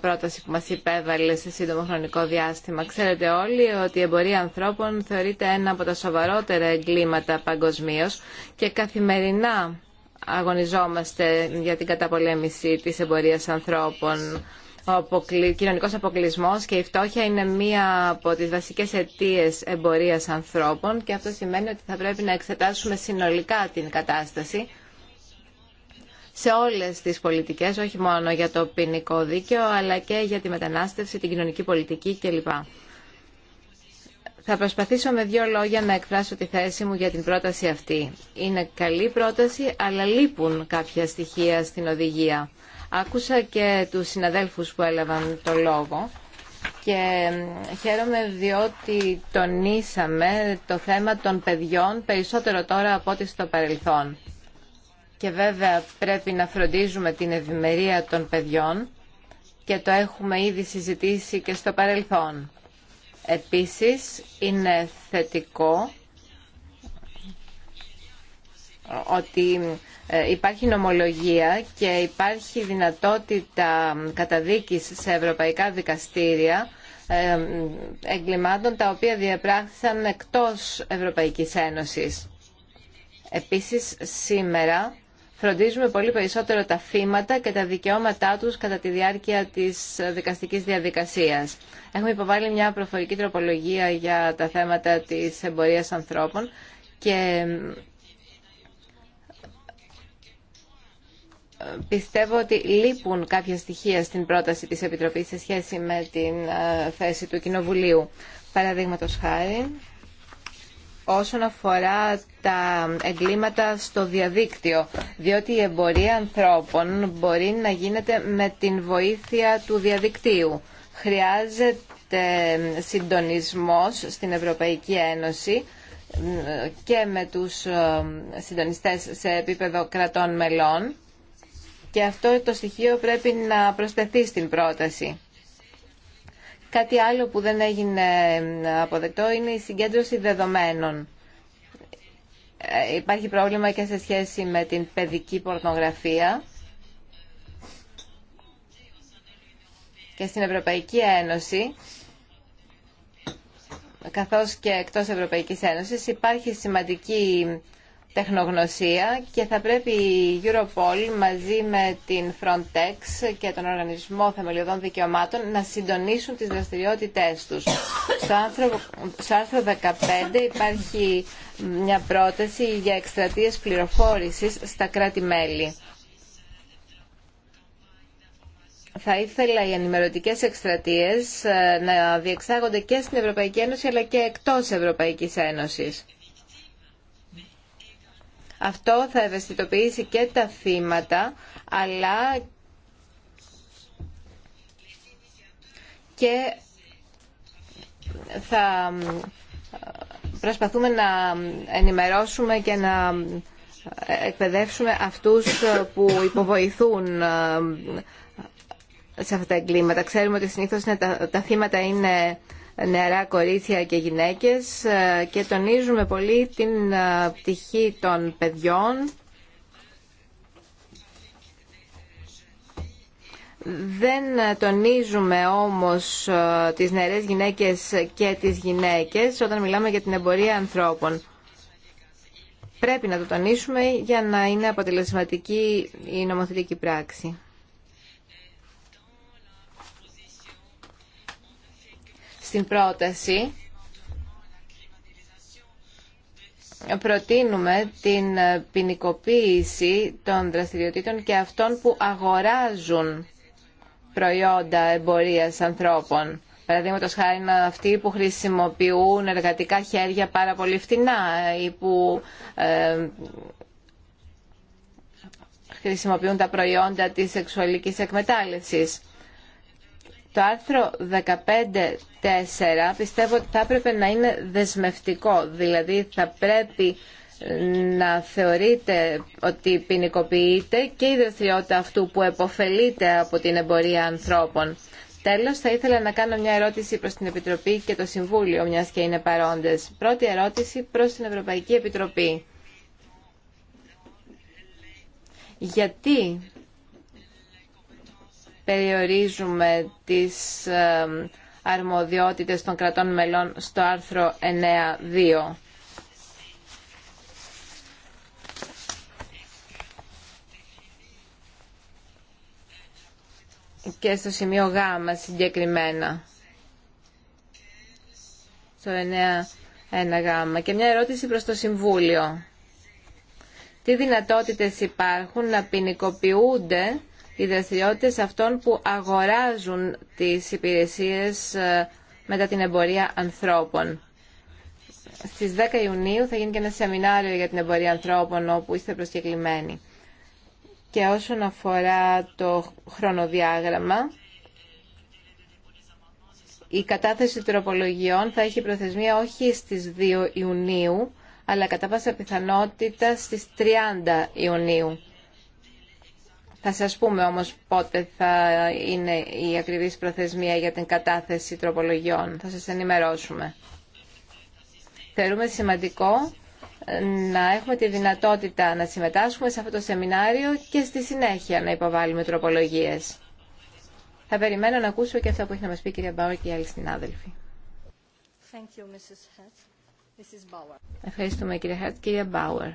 πρόταση που μας υπέβαλε σε σύντομο χρονικό διάστημα. Ξέρετε όλοι ότι η εμπορία ανθρώπων θεωρείται ένα από τα σοβαρότερα εγκλήματα παγκοσμίως και καθημερινά αγωνιζόμαστε για την καταπολέμηση της εμπορίας ανθρώπων ο κοινωνικός αποκλεισμός και η φτώχεια είναι μία από τις βασικές αιτίες εμπορίας ανθρώπων και αυτό σημαίνει ότι θα πρέπει να εξετάσουμε συνολικά την κατάσταση σε όλες τις πολιτικές, όχι μόνο για το ποινικό δίκαιο, αλλά και για τη μετανάστευση, την κοινωνική πολιτική κλπ. Θα προσπαθήσω με δύο λόγια να εκφράσω τη θέση μου για την πρόταση αυτή. Είναι καλή πρόταση, αλλά λείπουν κάποια στοιχεία στην οδηγία. Άκουσα και του συναδέλφους που έλαβαν το λόγο και χαίρομαι διότι τονίσαμε το θέμα των παιδιών περισσότερο τώρα από ό,τι στο παρελθόν. Και βέβαια πρέπει να φροντίζουμε την ευημερία των παιδιών και το έχουμε ήδη συζητήσει και στο παρελθόν. Επίσης είναι θετικό ότι ε, υπάρχει νομολογία και υπάρχει δυνατότητα καταδίκης σε ευρωπαϊκά δικαστήρια ε, εγκλημάτων τα οποία διαπράχθησαν εκτός Ευρωπαϊκής Ένωσης. Επίσης σήμερα φροντίζουμε πολύ περισσότερο τα θύματα και τα δικαιώματά τους κατά τη διάρκεια της δικαστικής διαδικασίας. Έχουμε υποβάλει μια προφορική τροπολογία για τα θέματα της εμπορίας ανθρώπων Πιστεύω ότι λείπουν κάποια στοιχεία στην πρόταση της Επιτροπής σε σχέση με την ε, θέση του Κοινοβουλίου. Παραδείγματος χάρη, όσον αφορά τα εγκλήματα στο διαδίκτυο, διότι η εμπορία ανθρώπων μπορεί να γίνεται με την βοήθεια του διαδικτύου. Χρειάζεται συντονισμός στην Ευρωπαϊκή Ένωση ε, και με τους ε, συντονιστές σε επίπεδο κρατών μελών και αυτό το στοιχείο πρέπει να προσθεθεί στην πρόταση. Κάτι άλλο που δεν έγινε αποδεκτό είναι η συγκέντρωση δεδομένων. Ε, υπάρχει πρόβλημα και σε σχέση με την παιδική πορνογραφία. Και στην Ευρωπαϊκή Ένωση, καθώς και εκτός Ευρωπαϊκής Ένωσης, υπάρχει σημαντική τεχνογνωσία και θα πρέπει η Europol μαζί με την Frontex και τον Οργανισμό Θεμελιωδών Δικαιωμάτων να συντονίσουν τις δραστηριότητές τους. Στο άρθρο, 15 υπάρχει μια πρόταση για εκστρατείες πληροφόρησης στα κράτη-μέλη. Θα ήθελα οι ενημερωτικές εκστρατείες ε, να διεξάγονται και στην Ευρωπαϊκή Ένωση αλλά και εκτός Ευρωπαϊκής Ένωσης αυτό θα ευαισθητοποιήσει και τα θύματα, αλλά και θα προσπαθούμε να ενημερώσουμε και να εκπαιδεύσουμε αυτούς που υποβοηθούν σε αυτά τα εγκλήματα. Ξέρουμε ότι συνήθως τα θύματα είναι νεαρά κορίτσια και γυναίκες ε, και τονίζουμε πολύ την ε, πτυχή των παιδιών. Δεν ε, τονίζουμε όμως τις νεαρές γυναίκες και τις γυναίκες όταν μιλάμε για την εμπορία ανθρώπων. Πρέπει να το τονίσουμε για να είναι αποτελεσματική η νομοθετική πράξη. Στην πρόταση προτείνουμε την ποινικοποίηση των δραστηριοτήτων και αυτών που αγοράζουν προϊόντα εμπορίας ανθρώπων. Παραδείγματο χάρη είναι αυτοί που χρησιμοποιούν εργατικά χέρια πάρα πολύ φτηνά ή που ε, χρησιμοποιούν τα προϊόντα της σεξουαλικής εκμετάλλευσης. Το άρθρο 15.4 πιστεύω ότι θα έπρεπε να είναι δεσμευτικό, δηλαδή θα πρέπει να θεωρείται ότι ποινικοποιείται και η δραστηριότητα αυτού που επωφελείται από την εμπορία ανθρώπων. Τέλος, θα ήθελα να κάνω μια ερώτηση προς την Επιτροπή και το Συμβούλιο, μιας και είναι παρόντες. Πρώτη ερώτηση προς την Ευρωπαϊκή Επιτροπή. Γιατί περιορίζουμε τις αρμοδιότητες των κρατών μελών στο άρθρο 9.2. και στο σημείο Γ συγκεκριμένα. Στο 9.1 Γ. Και μια ερώτηση προς το Συμβούλιο. Τι δυνατότητες υπάρχουν να ποινικοποιούνται οι δραστηριότητες αυτών που αγοράζουν τις υπηρεσίες ε, μετά την εμπορία ανθρώπων. Στις 10 Ιουνίου θα γίνει και ένα σεμινάριο για την εμπορία ανθρώπων όπου είστε προσκεκλημένοι. Και όσον αφορά το χρονοδιάγραμμα, η κατάθεση τροπολογιών θα έχει προθεσμία όχι στις 2 Ιουνίου, αλλά κατά πάσα πιθανότητα στις 30 Ιουνίου. Θα σας πούμε όμως πότε θα είναι η ακριβής προθεσμία για την κατάθεση τροπολογιών. Θα σας ενημερώσουμε. Θεωρούμε σημαντικό ε, να έχουμε τη δυνατότητα να συμμετάσχουμε σε αυτό το σεμινάριο και στη συνέχεια να υποβάλουμε τροπολογίες. Θα περιμένω να ακούσω και αυτά που έχει να μας πει η κυρία Μπάουερ και οι άλλοι συνάδελφοι. Ευχαριστούμε κυρία Χατ. Κυρία Μπάουερ.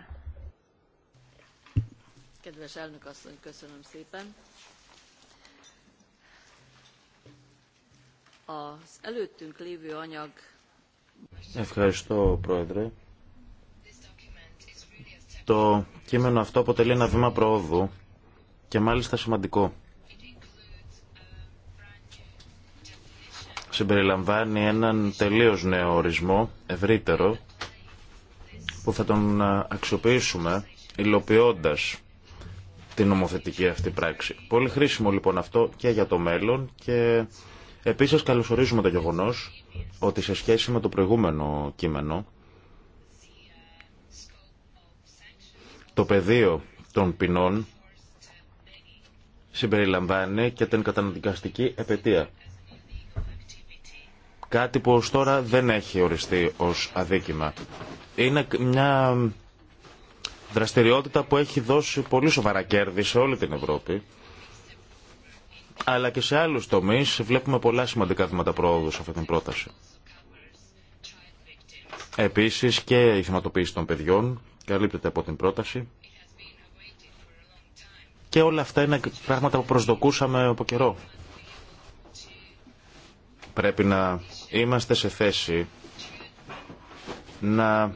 Ευχαριστώ, Πρόεδρε. Το κείμενο αυτό αποτελεί ένα βήμα προόδου και μάλιστα σημαντικό. Συμπεριλαμβάνει έναν τελείως νέο ορισμό, ευρύτερο, που θα τον ε, αξιοποιήσουμε υλοποιώντας την νομοθετική αυτή πράξη. Πολύ χρήσιμο λοιπόν αυτό και για το μέλλον και επίσης καλωσορίζουμε το γεγονός ότι σε σχέση με το προηγούμενο κείμενο το πεδίο των ποινών συμπεριλαμβάνει και την καταναδικαστική επαιτία. Κάτι που ως τώρα δεν έχει οριστεί ως αδίκημα. Είναι μια Δραστηριότητα που έχει δώσει πολύ σοβαρά κέρδη σε όλη την Ευρώπη. Αλλά και σε άλλους τομείς βλέπουμε πολλά σημαντικά βήματα πρόοδου σε αυτή την πρόταση. Επίσης και η θεματοποίηση των παιδιών καλύπτεται από την πρόταση. Και όλα αυτά είναι πράγματα που προσδοκούσαμε από καιρό. Πρέπει να είμαστε σε θέση να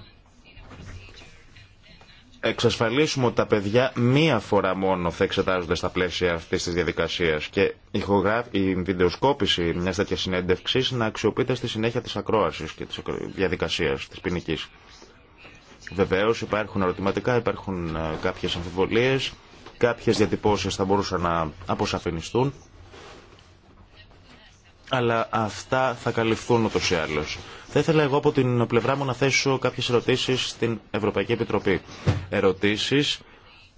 εξασφαλίσουμε ότι τα παιδιά μία φορά μόνο θα εξετάζονται στα πλαίσια αυτή τη διαδικασία. και η, βιντεοσκόπηση μια τέτοια συνέντευξη να αξιοποιείται στη συνέχεια της ακρόαση και της διαδικασίας της ποινική. Βεβαίω υπάρχουν ερωτηματικά, υπάρχουν ε, κάποιες αμφιβολίε, κάποιες διατυπώσει θα μπορούσαν να αποσαφινιστούν αλλά αυτά θα καλυφθούν ούτω ή άλλω. Θα ήθελα εγώ από την πλευρά μου να θέσω κάποιες ερωτήσεις στην Ευρωπαϊκή Επιτροπή. Ερωτήσεις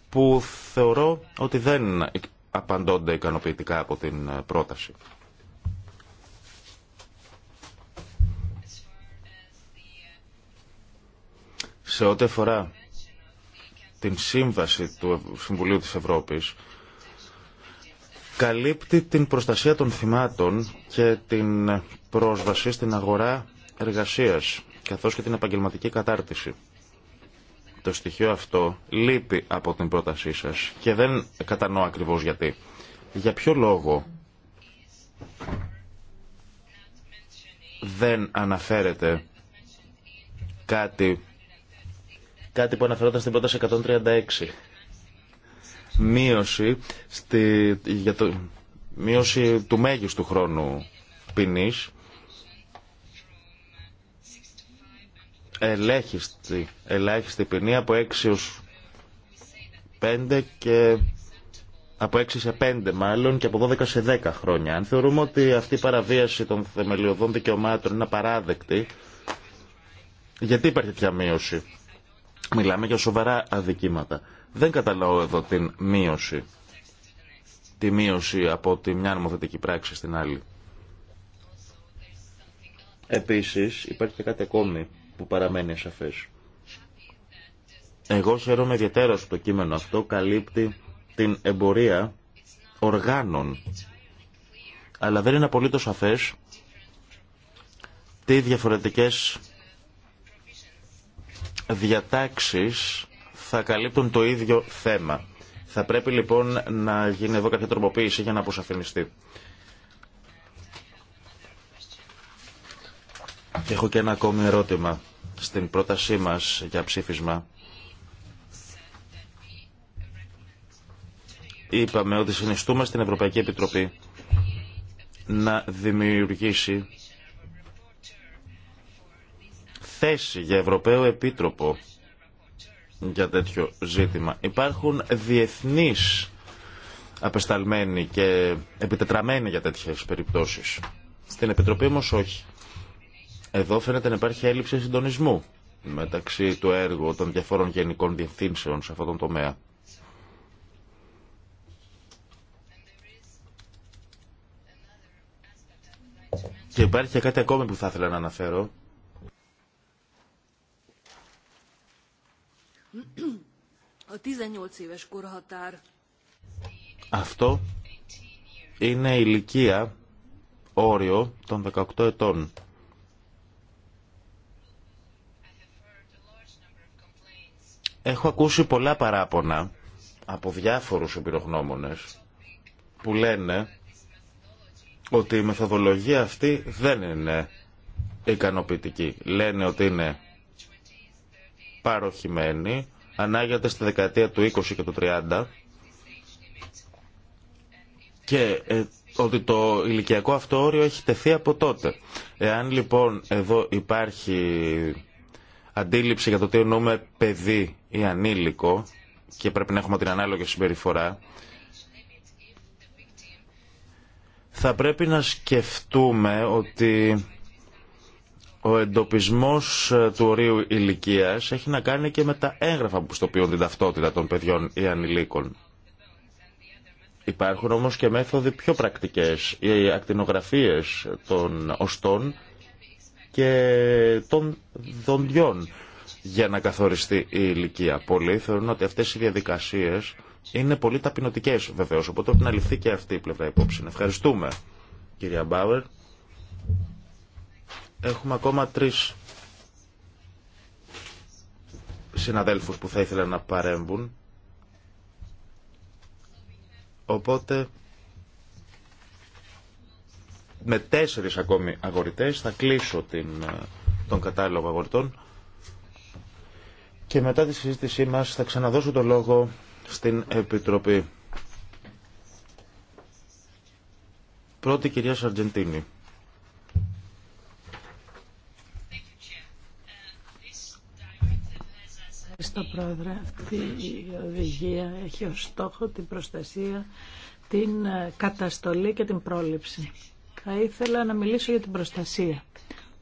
που θεωρώ ότι δεν απαντώνται ικανοποιητικά από την πρόταση. Σε ό,τι αφορά την σύμβαση του Συμβουλίου της Ευρώπης, καλύπτει την προστασία των θυμάτων και την πρόσβαση στην αγορά εργασίας, καθώς και την επαγγελματική κατάρτιση. Το στοιχείο αυτό λείπει από την πρότασή σας και δεν κατανοώ ακριβώς γιατί. Για ποιο λόγο δεν αναφέρεται κάτι, κάτι που αναφερόταν στην πρόταση 136 μείωση, στη, για το, μείωση του μέγιστου χρόνου ποινή. Ελάχιστη, ελάχιστη ποινή από 6 έως 5 και από 6 σε 5 μάλλον και από 12 σε 10 χρόνια. Αν θεωρούμε ότι αυτή η παραβίαση των θεμελιωδών δικαιωμάτων είναι απαράδεκτη, γιατί υπάρχει τέτοια μείωση. Μιλάμε για σοβαρά αδικήματα. Δεν καταλαβαίνω εδώ την μείωση. Τη μείωση από τη μια νομοθετική πράξη στην άλλη. Επίσης υπάρχει και κάτι ακόμη που παραμένει ασαφές. Εγώ χαίρομαι ιδιαίτερα που το κείμενο αυτό καλύπτει την εμπορία οργάνων. Αλλά δεν είναι απολύτως σαφές τι διαφορετικές διατάξεις θα καλύπτουν το ίδιο θέμα. Θα πρέπει λοιπόν να γίνει εδώ κάποια τροποποίηση για να αποσαφινιστεί. έχω και ένα ακόμη ερώτημα στην πρότασή μας για ψήφισμα. Είπαμε ότι συνιστούμε στην Ευρωπαϊκή Επιτροπή να δημιουργήσει θέση για Ευρωπαίο Επίτροπο για τέτοιο ζήτημα. Υπάρχουν διεθνείς απεσταλμένοι και επιτετραμένοι για τέτοιες περιπτώσεις. Στην Επιτροπή όμως όχι. Εδώ φαίνεται να υπάρχει έλλειψη συντονισμού μεταξύ του έργου των διαφόρων γενικών διευθύνσεων σε αυτόν τον τομέα. Και υπάρχει κάτι ακόμη που θα ήθελα να αναφέρω Αυτό είναι η ηλικία όριο των 18 ετών. Έχω ακούσει πολλά παράπονα από διάφορους εμπειρογνώμονες που λένε ότι η μεθοδολογία αυτή δεν είναι ικανοποιητική. Λένε ότι είναι παροχημένη, ανάγεται στη δεκαετία του 20 και του 30 και ε, ότι το ηλικιακό αυτό όριο έχει τεθεί από τότε. Εάν λοιπόν εδώ υπάρχει αντίληψη για το τι εννοούμε παιδί ή ανήλικο και πρέπει να έχουμε την ανάλογη συμπεριφορά, θα πρέπει να σκεφτούμε ότι ο εντοπισμός ε, του ορίου ηλικίας έχει να κάνει και με τα έγγραφα που στοποιούν την ταυτότητα των παιδιών ή ανηλίκων. Υπάρχουν όμως και μέθοδοι πιο πρακτικές, οι ακτινογραφίες των οστών και των δοντιών για να καθοριστεί η ηλικία. Πολλοί θεωρούν ότι αυτές οι διαδικασίες είναι πολύ ταπεινωτικές βεβαίως, οπότε πρέπει να ληφθεί και αυτή η πλευρά υπόψη. Ευχαριστούμε κυρία Μπάουερ. Έχουμε ακόμα τρεις συναδέλφους που θα ήθελαν να παρέμβουν. Οπότε με τέσσερις ακόμη αγορητές θα κλείσω την, τον κατάλογο αγορητών και μετά τη συζήτησή μας θα ξαναδώσω το λόγο στην Επιτροπή. Πρώτη κυρία Σαρτζεντίνη. Ευχαριστώ Πρόεδρε. Αυτή η οδηγία έχει ως στόχο την προστασία, την ε, καταστολή και την πρόληψη. Θα ήθελα να μιλήσω για την προστασία.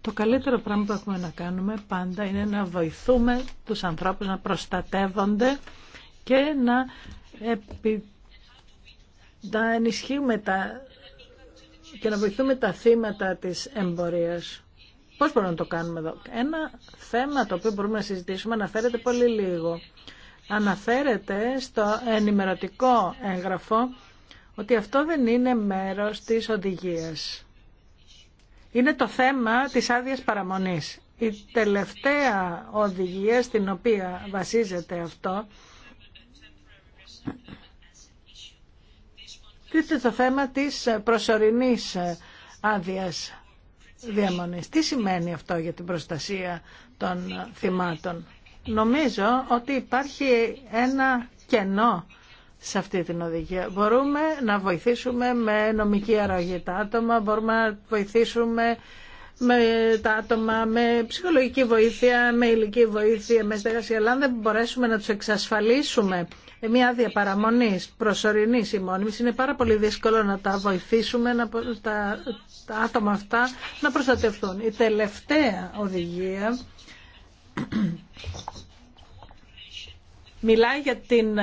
Το καλύτερο πράγμα που έχουμε να κάνουμε πάντα είναι να βοηθούμε τους ανθρώπους να προστατεύονται και να, επι... να τα... και να βοηθούμε τα θύματα της εμπορίας. Πώς μπορούμε να το κάνουμε εδώ. Ένα θέμα το οποίο μπορούμε να συζητήσουμε αναφέρεται πολύ λίγο. Αναφέρεται στο ενημερωτικό έγγραφο ότι αυτό δεν είναι μέρος της οδηγίας. Είναι το θέμα της άδειας παραμονής. Η τελευταία οδηγία στην οποία βασίζεται αυτό είναι το θέμα της προσωρινής άδειας διαμονής. Τι σημαίνει αυτό για την προστασία των θυμάτων. Νομίζω ότι υπάρχει ένα κενό σε αυτή την οδηγία. Μπορούμε να βοηθήσουμε με νομική αρρωγή τα άτομα, μπορούμε να βοηθήσουμε με τα άτομα με ψυχολογική βοήθεια, με υλική βοήθεια, με στέγαση, αλλά αν δεν μπορέσουμε να τους εξασφαλίσουμε μια άδεια παραμονής, προσωρινής ή μόνιμης, είναι πάρα πολύ δύσκολο να τα βοηθήσουμε να τα τα άτομα αυτά να προστατευτούν. Η τελευταία οδηγία μιλάει για την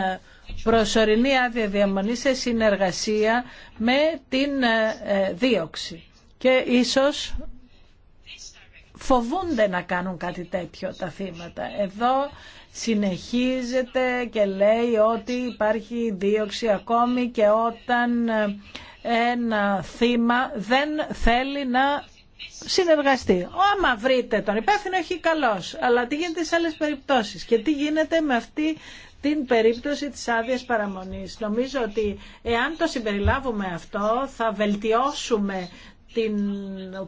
προσωρινή άδεια διαμονή σε συνεργασία με την ε, ε, δίωξη. Και ίσως φοβούνται να κάνουν κάτι τέτοιο τα θύματα. Εδώ συνεχίζεται και λέει ότι υπάρχει δίωξη ακόμη και όταν ε, ένα θύμα δεν θέλει να συνεργαστεί. Άμα βρείτε τον υπεύθυνο έχει καλός, αλλά τι γίνεται σε άλλες περιπτώσεις και τι γίνεται με αυτή την περίπτωση της άδεια παραμονής. Νομίζω ότι εάν το συμπεριλάβουμε αυτό θα βελτιώσουμε την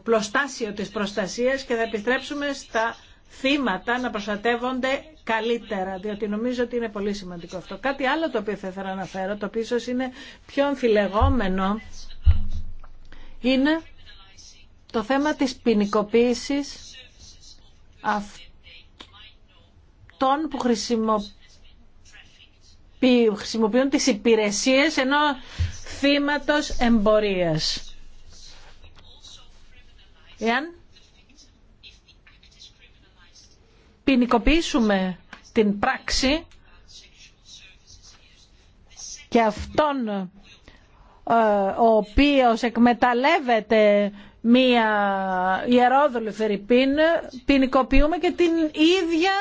πλωστάσιο της προστασίας και θα επιστρέψουμε στα θύματα να προστατεύονται καλύτερα, διότι νομίζω ότι είναι πολύ σημαντικό αυτό. Κάτι άλλο το οποίο θα ήθελα να αναφέρω, το οποίο ίσως είναι πιο αμφιλεγόμενο, είναι το θέμα της ποινικοποίηση αυτών που χρησιμοποιούν τις υπηρεσίες ενώ θύματος εμπορίας. Εάν ποινικοποιήσουμε την πράξη και αυτόν ε, ο οποίος εκμεταλλεύεται μία ιερόδουλη Φερρυπίν, ποινικοποιούμε και την ίδια,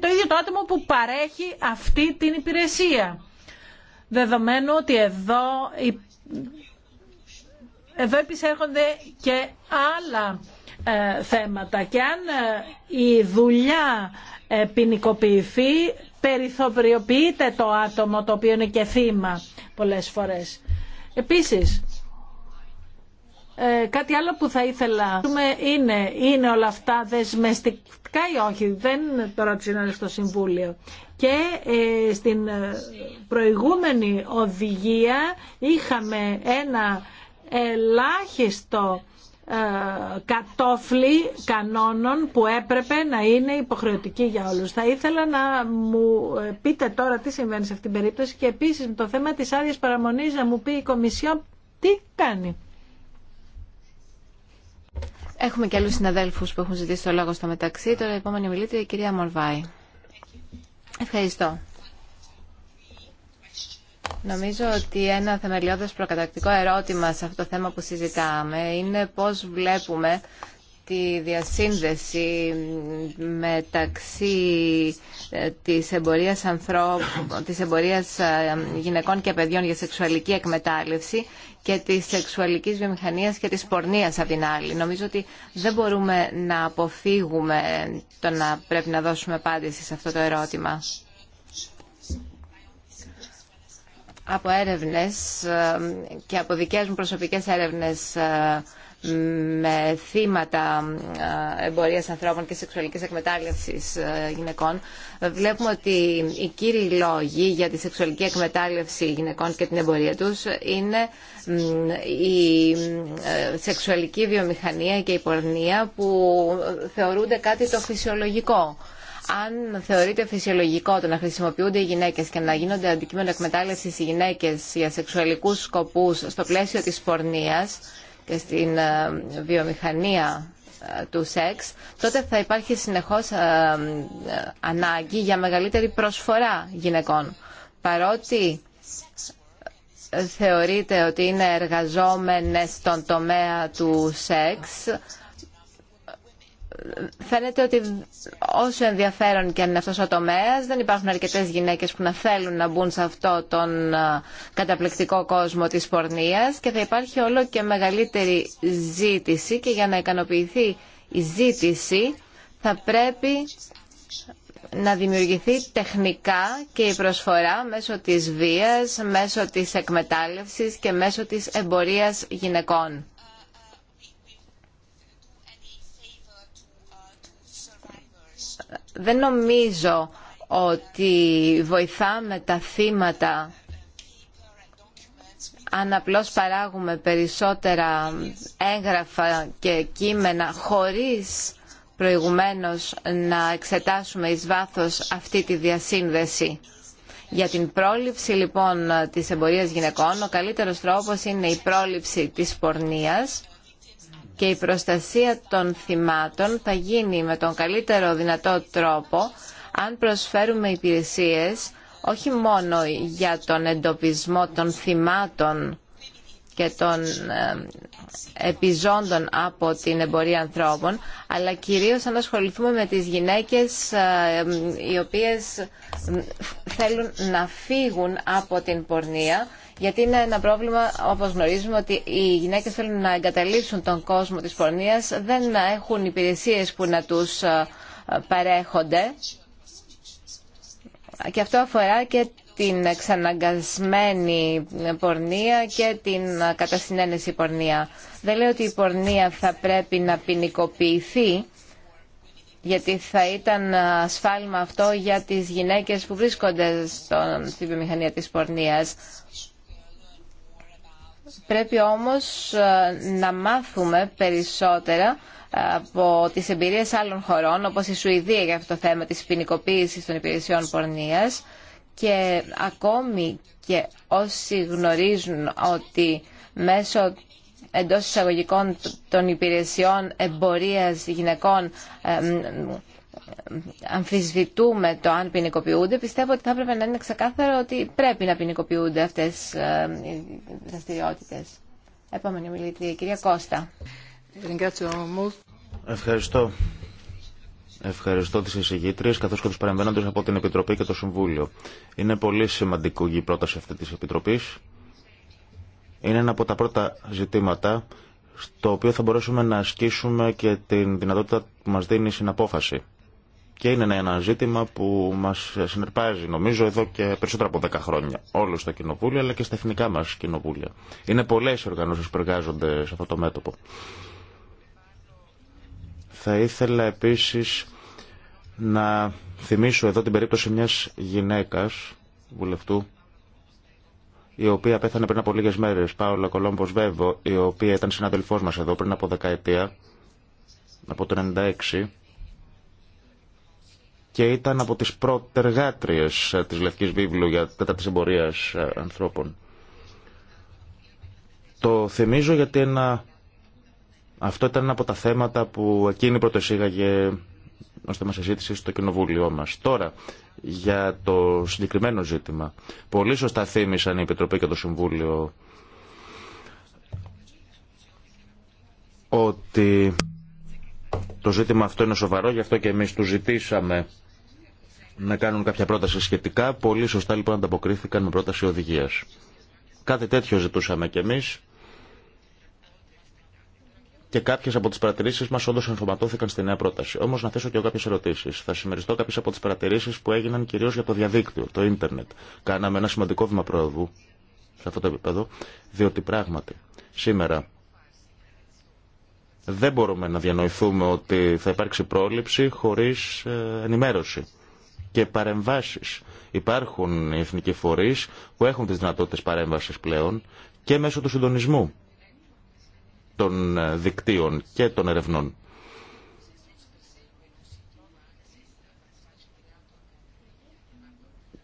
το ίδιο το άτομο που παρέχει αυτή την υπηρεσία. Δεδομένου ότι εδώ, εδώ επισέρχονται και άλλα ε, θέματα. Και αν ε, η δουλειά ε, ποινικοποιηθεί, περιθωριοποιείται το άτομο το οποίο είναι και θύμα πολλές φορές. Επίσης, κάτι άλλο που θα ήθελα είναι, είναι όλα αυτά δεσμεστικά ή όχι, δεν το ρώτησε στο Συμβούλιο. Και στην προηγούμενη οδηγία είχαμε ένα ελάχιστο ε, κατόφλι κανόνων που έπρεπε να είναι υποχρεωτική για όλους. Θα ήθελα να μου πείτε τώρα τι συμβαίνει σε αυτήν την περίπτωση και επίσης με το θέμα της άδειας παραμονής να μου πει η Κομισιόν τι κάνει. Έχουμε και άλλους συναδέλφους που έχουν ζητήσει το λόγο στο μεταξύ. Τώρα η επόμενη μιλήτρια η κυρία Μορβάη. Ευχαριστώ. Νομίζω ότι ένα θεμελιώδες προκατακτικό ερώτημα σε αυτό το θέμα που συζητάμε είναι πώς βλέπουμε τη διασύνδεση μεταξύ ε, της εμπορίας, ανθρώπ... της εμπορίας ε, γυναικών και παιδιών για σεξουαλική εκμετάλλευση και της σεξουαλικής βιομηχανίας και της πορνείας απ' την άλλη. Νομίζω ότι δεν μπορούμε να αποφύγουμε το να πρέπει να δώσουμε απάντηση σε αυτό το ερώτημα. από έρευνες ε, και από δικές μου προσωπικές έρευνες ε, με θύματα ε, εμπορίας ανθρώπων και σεξουαλικής εκμετάλλευσης γυναικών βλέπουμε ότι οι κύριοι λόγοι για τη σεξουαλική εκμετάλλευση γυναικών και την εμπορία τους είναι η σεξουαλική βιομηχανία και η πορνεία που θεωρούνται κάτι το φυσιολογικό αν θεωρείται φυσιολογικό το να χρησιμοποιούνται οι γυναίκες και να γίνονται αντικείμενο εκμετάλλευσης οι γυναίκες για σεξουαλικούς σκοπούς στο πλαίσιο της πορνείας και στην ε, βιομηχανία ε, του σεξ, τότε θα υπάρχει συνεχώς ε, ανάγκη για μεγαλύτερη προσφορά γυναικών. Παρότι θεωρείται ότι είναι εργαζόμενες στον τομέα του σεξ, φαίνεται ότι όσο ενδιαφέρον και αν είναι αυτός ο τομέας δεν υπάρχουν αρκετές γυναίκες που να θέλουν να μπουν σε αυτό τον καταπληκτικό κόσμο της πορνείας και θα υπάρχει όλο και μεγαλύτερη ζήτηση και για να ικανοποιηθεί η ζήτηση θα πρέπει να δημιουργηθεί τεχνικά και η προσφορά μέσω της βίας, μέσω της εκμετάλλευσης και μέσω της εμπορίας γυναικών. δεν νομίζω ότι βοηθάμε τα θύματα αν απλώς παράγουμε περισσότερα έγγραφα και κείμενα χωρίς προηγουμένως να εξετάσουμε εις βάθος αυτή τη διασύνδεση. Για την πρόληψη λοιπόν της εμπορίας γυναικών ο καλύτερος τρόπος είναι η πρόληψη της πορνείας και η προστασία των θυμάτων θα γίνει με τον καλύτερο δυνατό τρόπο αν προσφέρουμε υπηρεσίες όχι μόνο για τον εντοπισμό των θυμάτων και των ε, επιζώντων από την εμπορία ανθρώπων, αλλά κυρίως αν ασχοληθούμε με τις γυναίκες ε, οι οποίες θέλουν να φύγουν από την πορνεία γιατί είναι ένα πρόβλημα, όπως γνωρίζουμε, ότι οι γυναίκες θέλουν να εγκαταλείψουν τον κόσμο της πορνείας, δεν έχουν υπηρεσίες που να τους ε, παρέχονται. Και αυτό αφορά και την εξαναγκασμένη πορνεία και την κατασυνένεση πορνεία. Δεν λέω ότι η πορνεία θα πρέπει να ποινικοποιηθεί, γιατί θα ήταν σφάλμα αυτό για τις γυναίκες που βρίσκονται στον, στη βιομηχανία της πορνείας. Πρέπει όμως ε, να μάθουμε περισσότερα ε, από τις εμπειρίες άλλων χωρών, όπως η Σουηδία για αυτό το θέμα της ποινικοποίηση των υπηρεσιών πορνείας, και ακόμη και όσοι γνωρίζουν ότι μέσω εντός εισαγωγικών των υπηρεσιών εμπορίας γυναικών αμφισβητούμε το αν ποινικοποιούνται, πιστεύω ότι θα έπρεπε να είναι ξεκάθαρο ότι πρέπει να ποινικοποιούνται αυτές ε, οι δραστηριότητε. Επόμενη μιλήτρια, κυρία Κώστα. Ευχαριστώ Ευχαριστώ τις εισηγήτριες καθώς και τους παρεμβαίνοντες από την Επιτροπή και το Συμβούλιο. Είναι πολύ σημαντικό η πρόταση αυτή της Επιτροπής. Είναι ένα από τα πρώτα ζητήματα στο οποίο θα μπορέσουμε να ασκήσουμε και την δυνατότητα που μας δίνει η συναπόφαση. Και είναι ένα ζήτημα που μας συνερπάζει, νομίζω, εδώ και περισσότερα από 10 χρόνια. Όλο στο κοινοβούλιο, αλλά και στα εθνικά μας κοινοβούλια. Είναι πολλές οι οργανώσεις που εργάζονται σε αυτό το μέτωπο. Θα ήθελα επίσης να θυμίσω εδώ την περίπτωση μιας γυναίκας, βουλευτού, η οποία πέθανε πριν από λίγες μέρες, Πάολα Κολόμπος Βέβο, η οποία ήταν συναδελφός μας εδώ πριν από δεκαετία, από το 1996 και ήταν από τις πρωτεργάτριες της Λευκής Βίβλου για κατά της εμπορίας ε, ανθρώπων. Το θυμίζω γιατί ένα αυτό ήταν ένα από τα θέματα που εκείνη πρωτοεσήγαγε ώστε ως θέμα συζήτηση στο κοινοβούλιο μας. Τώρα, για το συγκεκριμένο ζήτημα. Πολύ σωστά θύμισαν η Επιτροπή και το Συμβούλιο ότι το ζήτημα αυτό είναι σοβαρό, γι' αυτό και εμείς του ζητήσαμε να κάνουν κάποια πρόταση σχετικά. Πολύ σωστά λοιπόν ανταποκρίθηκαν με πρόταση οδηγίας. Κάτι τέτοιο ζητούσαμε και εμείς και κάποιε από τι παρατηρήσει μα όντω ενσωματώθηκαν στη νέα πρόταση. Όμω να θέσω και εγώ κάποιε ερωτήσει. Θα συμμεριστώ κάποιε από τι παρατηρήσει που έγιναν κυρίω για το διαδίκτυο, το ίντερνετ. Κάναμε ένα σημαντικό βήμα πρόοδου σε αυτό το επίπεδο, διότι πράγματι σήμερα δεν μπορούμε να διανοηθούμε ότι θα υπάρξει πρόληψη χωρίς ε, ενημέρωση και παρεμβάσει. Υπάρχουν οι εθνικοί φορεί που έχουν τι δυνατότητε παρέμβαση πλέον και μέσω του συντονισμού των δικτύων και των ερευνών.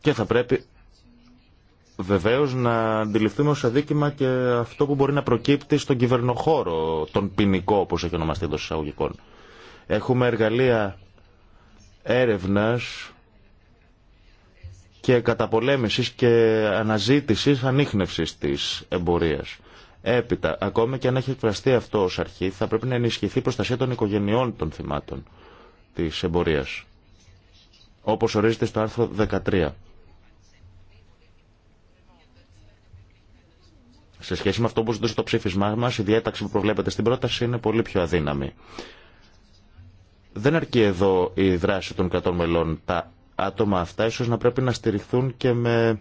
Και θα πρέπει βεβαίως να αντιληφθούμε ως αδίκημα και αυτό που μπορεί να προκύπτει στον κυβερνοχώρο, τον ποινικό όπως έχει ονομαστεί εντός εισαγωγικών. Έχουμε εργαλεία έρευνας και καταπολέμησης και αναζήτησης ανείχνευσης της εμπορίας. Έπειτα, ακόμα και αν έχει εκφραστεί αυτό ως αρχή, θα πρέπει να ενισχυθεί η προστασία των οικογενειών των θυμάτων της εμπορίας, όπως ορίζεται στο άρθρο 13. Σε σχέση με αυτό που ζητούσε το ψήφισμά μας, η διάταξη που προβλέπεται στην πρόταση είναι πολύ πιο αδύναμη. Δεν αρκεί εδώ η δράση των κρατών μελών. Τα άτομα αυτά ίσως να πρέπει να στηριχθούν και με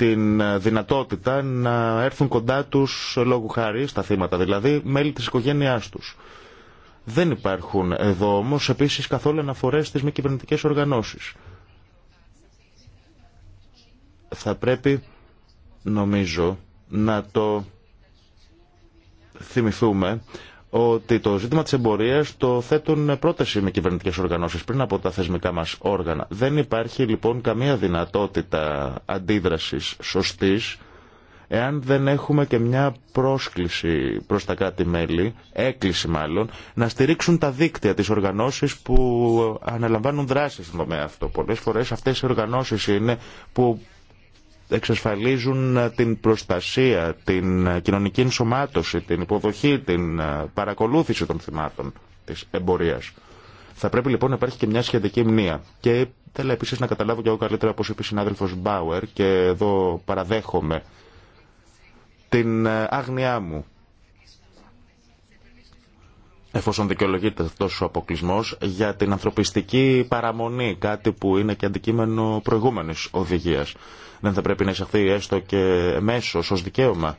την ε, δυνατότητα να έρθουν κοντά τους λόγου χάρη στα θύματα, δηλαδή μέλη της οικογένειάς τους. Δεν υπάρχουν εδώ όμως επίσης καθόλου αναφορές στις μη κυβερνητικέ οργανώσεις. Θα πρέπει νομίζω να το θυμηθούμε ότι το ζήτημα της εμπορία το θέτουν πρόταση οι μη κυβερνητικές οργανώσεις πριν από τα θεσμικά μας όργανα. Δεν υπάρχει λοιπόν καμία δυνατότητα αντίδρασης σωστή, εάν δεν έχουμε και μια πρόσκληση προς τα κάτι μελη έκκληση μάλλον, να στηρίξουν τα δίκτυα, τη οργανώσεις που αναλαμβάνουν δράσεις στον τομέα αυτό. Πολλές φορές αυτές οι οργανώσεις είναι που εξασφαλίζουν ε, την προστασία, την ε, κοινωνική ενσωμάτωση, την υποδοχή, την ε, παρακολούθηση των θυμάτων της εμπορίας. Θα πρέπει λοιπόν να υπάρχει και μια σχετική μνήμα. Και θέλω επίση να καταλάβω και εγώ καλύτερα, όπω είπε η συνάδελφο Μπάουερ, και εδώ παραδέχομαι την άγνοιά μου. Εφόσον δικαιολογείται αυτό ο αποκλεισμό για την ανθρωπιστική παραμονή, κάτι που είναι και αντικείμενο προηγούμενη οδηγία δεν θα πρέπει να εισαχθεί έστω και μέσω ω δικαίωμα.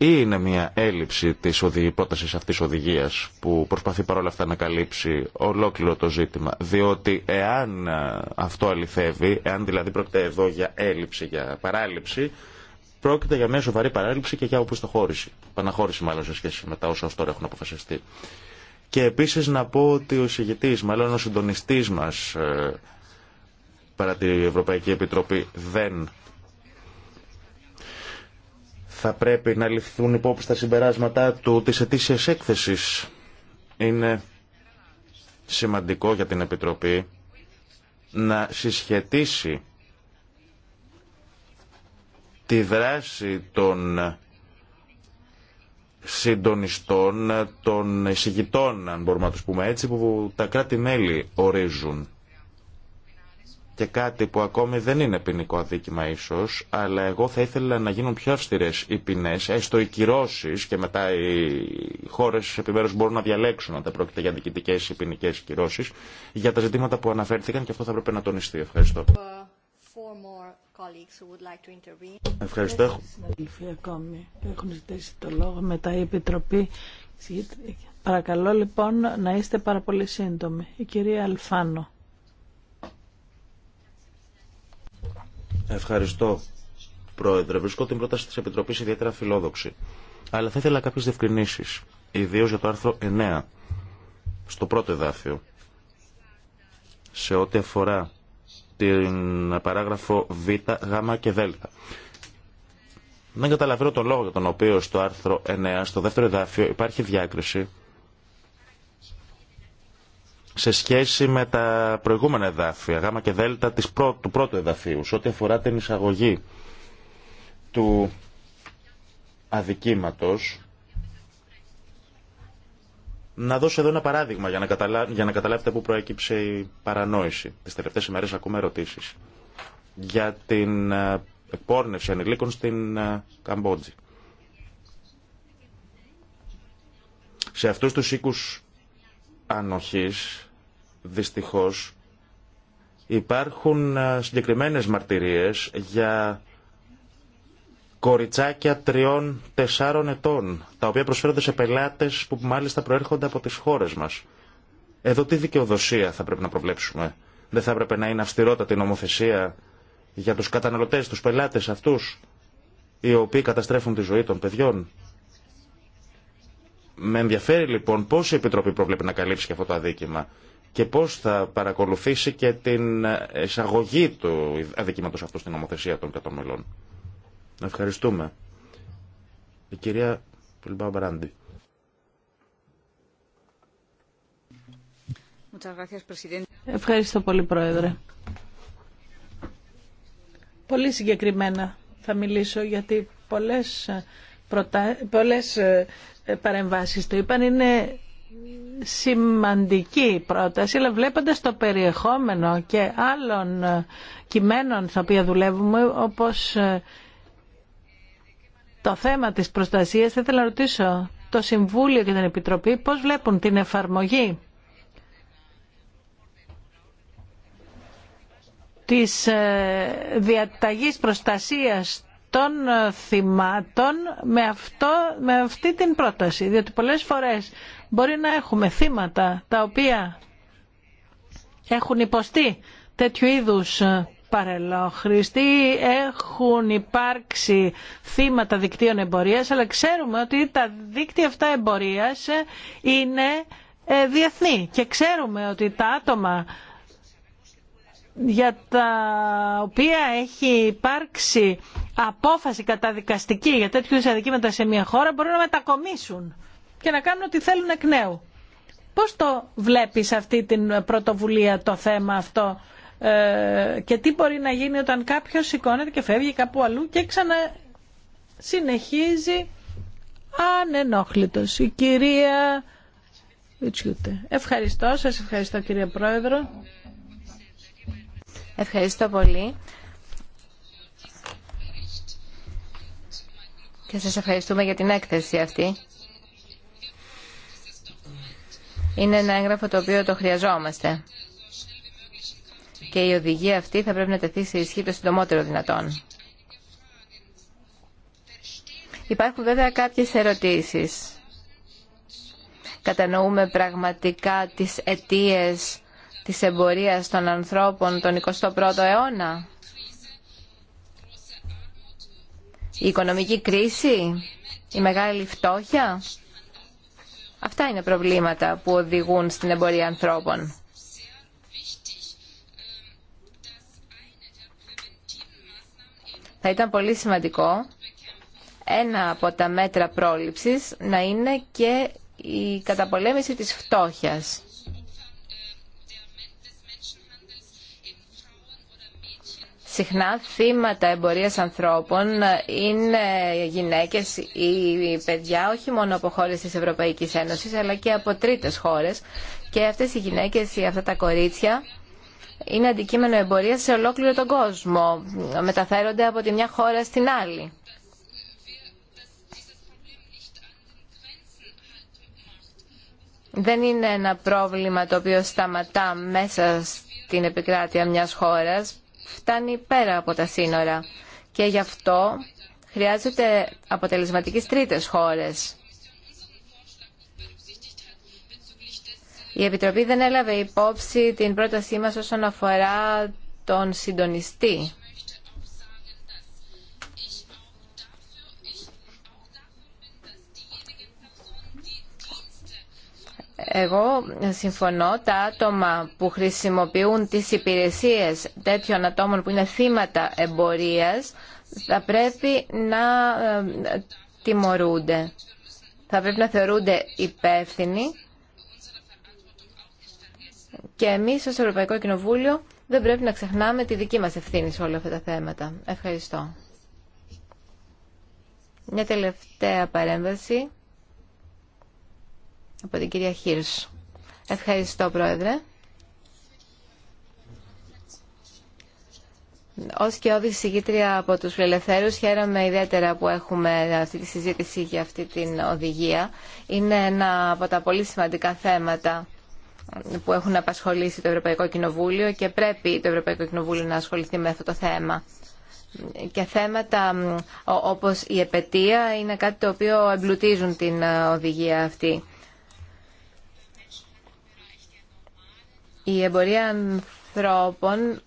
Ή είναι μια έλλειψη τη πρόταση αυτή οδηγία που προσπαθεί παρόλα αυτά να καλύψει ολόκληρο το ζήτημα. Διότι εάν αυτό αληθεύει, εάν δηλαδή πρόκειται εδώ για έλλειψη, για παράληψη, πρόκειται για μια σοβαρή παράληψη και για οπισθοχώρηση. Παναχώρηση μάλλον σε σχέση με τα όσα ως τώρα έχουν αποφασιστεί. Και επίση να πω ότι ο συγητής, μάλλον ο συντονιστή μα. Ε, παρά την Ευρωπαϊκή Επιτροπή δεν θα πρέπει να ληφθούν υπόψη τα συμπεράσματα του της ετήσιας έκθεσης. Είναι σημαντικό για την Επιτροπή να συσχετήσει τη δράση των συντονιστών, των εισηγητών, αν μπορούμε να τους πούμε έτσι, που τα κράτη-μέλη ορίζουν και κάτι που ακόμη δεν είναι ποινικό αδίκημα ίσως, αλλά εγώ θα ήθελα να γίνουν πιο αυστηρε οι ποινέ, έστω οι κυρώσεις και μετά οι χώρες επιμέρου μπορούν να διαλέξουν αν δεν πρόκειται για διοικητικέ ή ποινικέ κυρώσεις, για τα ζητήματα που αναφέρθηκαν και αυτό θα έπρεπε να τονιστεί. Ευχαριστώ. Uh, Ευχαριστώ. Έχουν ζητήσει το λόγο μετά η Επιτροπή. Παρακαλώ λοιπόν να είστε πάρα πολύ σύντομοι. Η κυρία Αλφάνο. Ευχαριστώ, Πρόεδρε. Βρίσκω την πρόταση τη Επιτροπή ιδιαίτερα φιλόδοξη. Αλλά θα ήθελα κάποιε διευκρινήσει, ιδίω για το άρθρο 9, στο πρώτο εδάφιο, σε ό,τι αφορά την παράγραφο Β, Γ και Δ. Δεν καταλαβαίνω τον λόγο για τον οποίο στο άρθρο 9, στο δεύτερο εδάφιο, υπάρχει διάκριση σε σχέση με τα προηγούμενα εδάφια, γάμα και δέλτα του πρώτου εδαφίου, σε ό,τι αφορά την εισαγωγή του αδικήματος. Να δώσω εδώ ένα παράδειγμα για να, καταλα... για να καταλάβετε πού προέκυψε η παρανόηση. Τις τελευταίες ημέρες ακούμε ερωτήσεις για την ε, εκπόρνευση ανηλίκων στην ε, Καμπότζη. Σε αυτούς τους οίκους ανοχής δυστυχώς υπάρχουν ε, συγκεκριμένες μαρτυρίες για κοριτσάκια τριών, τεσσάρων ετών, τα οποία προσφέρονται σε πελάτες που μάλιστα προέρχονται από τις χώρες μας. Εδώ τι δικαιοδοσία θα πρέπει να προβλέψουμε. Δεν θα έπρεπε να είναι αυστηρότατη νομοθεσία για τους καταναλωτές, τους πελάτες αυτούς, οι οποίοι καταστρέφουν τη ζωή των παιδιών. Με ενδιαφέρει λοιπόν πώς η Επιτροπή προβλέπει να καλύψει και αυτό το αδίκημα και πώς θα παρακολουθήσει και την εισαγωγή του αδικήματος αυτού στην νομοθεσία των κατομελών. Ευχαριστούμε. Η κυρία Πουλμπάου Ευχαριστώ πολύ, Πρόεδρε. Πολύ συγκεκριμένα θα μιλήσω γιατί πολλές, προτα... πολλές ε, παρεμβάσεις το είπαν. Είναι σημαντική πρόταση, αλλά βλέποντας το περιεχόμενο και άλλων κειμένων στα οποία δουλεύουμε, όπως ε, το θέμα της προστασίας, θα ήθελα να ρωτήσω το Συμβούλιο και την Επιτροπή πώς βλέπουν την εφαρμογή της ε, διαταγής προστασίας των ε, θυμάτων με, αυτό, με αυτή την πρόταση. Διότι πολλές φορές μπορεί να έχουμε θύματα τα οποία έχουν υποστεί τέτοιου είδους παρελόχρηστοι, έχουν υπάρξει θύματα δικτύων εμπορίας, αλλά ξέρουμε ότι τα δίκτυα αυτά εμπορίας είναι ε, διεθνή και ξέρουμε ότι τα άτομα για τα οποία έχει υπάρξει απόφαση καταδικαστική για τέτοιου αδικήματα σε μια χώρα μπορούν να μετακομίσουν και να κάνουν ό,τι θέλουν εκ νέου. Πώς το βλέπεις αυτή την πρωτοβουλία το θέμα αυτό ε, και τι μπορεί να γίνει όταν κάποιος σηκώνεται και φεύγει κάπου αλλού και ξανασυνεχίζει ανενόχλητος. Η κυρία... Ευχαριστώ. Σας ευχαριστώ κύριε Πρόεδρο. Ευχαριστώ πολύ. Και σας ευχαριστούμε για την έκθεση αυτή. είναι ένα έγγραφο το οποίο το χρειαζόμαστε. Και η οδηγία αυτή θα πρέπει να τεθεί σε ισχύ το συντομότερο δυνατόν. Υπάρχουν βέβαια κάποιες ερωτήσεις. Κατανοούμε πραγματικά τις αιτίες της εμπορίας των ανθρώπων τον 21ο αιώνα. Η οικονομική κρίση, η μεγάλη φτώχεια, Αυτά είναι προβλήματα που οδηγούν στην εμπορία ανθρώπων. Θα ήταν πολύ σημαντικό ένα από τα μέτρα πρόληψης να είναι και η καταπολέμηση της φτώχειας. Συχνά θύματα εμπορίας ανθρώπων είναι γυναίκες ή παιδιά όχι μόνο από χώρες της Ευρωπαϊκής Ένωσης αλλά και από τρίτες χώρες και αυτές οι γυναίκες ή αυτά τα κορίτσια είναι αντικείμενο εμπορίας σε ολόκληρο τον κόσμο. Μεταφέρονται από τη μια χώρα στην άλλη. δεν είναι ένα πρόβλημα το οποίο σταματά μέσα στην επικράτεια μιας χώρας φτάνει πέρα από τα σύνορα και γι' αυτό χρειάζεται αποτελεσματικές τρίτες χώρες. Η Επιτροπή δεν έλαβε υπόψη την πρότασή μας όσον αφορά τον συντονιστή. Εγώ συμφωνώ τα άτομα που χρησιμοποιούν τις υπηρεσίες τέτοιων ατόμων που είναι θύματα εμπορίας θα πρέπει να ε, τιμωρούνται. Θα πρέπει να θεωρούνται υπεύθυνοι και εμείς ως Ευρωπαϊκό Κοινοβούλιο δεν πρέπει να ξεχνάμε τη δική μας ευθύνη σε όλα αυτά τα θέματα. Ευχαριστώ. Μια τελευταία παρέμβαση από την κυρία Χίρς. Ευχαριστώ, Πρόεδρε. Ω και όδη συγκήτρια από τους φιλελευθέρους χαίρομαι ιδιαίτερα που έχουμε αυτή τη συζήτηση για αυτή την οδηγία. Είναι ένα από τα πολύ σημαντικά θέματα που έχουν απασχολήσει το Ευρωπαϊκό Κοινοβούλιο και πρέπει το Ευρωπαϊκό Κοινοβούλιο να ασχοληθεί με αυτό το θέμα. Και θέματα όπως η επαιτία είναι κάτι το οποίο εμπλουτίζουν την ε, οδηγία αυτή. Η εμπορία ανθρώπων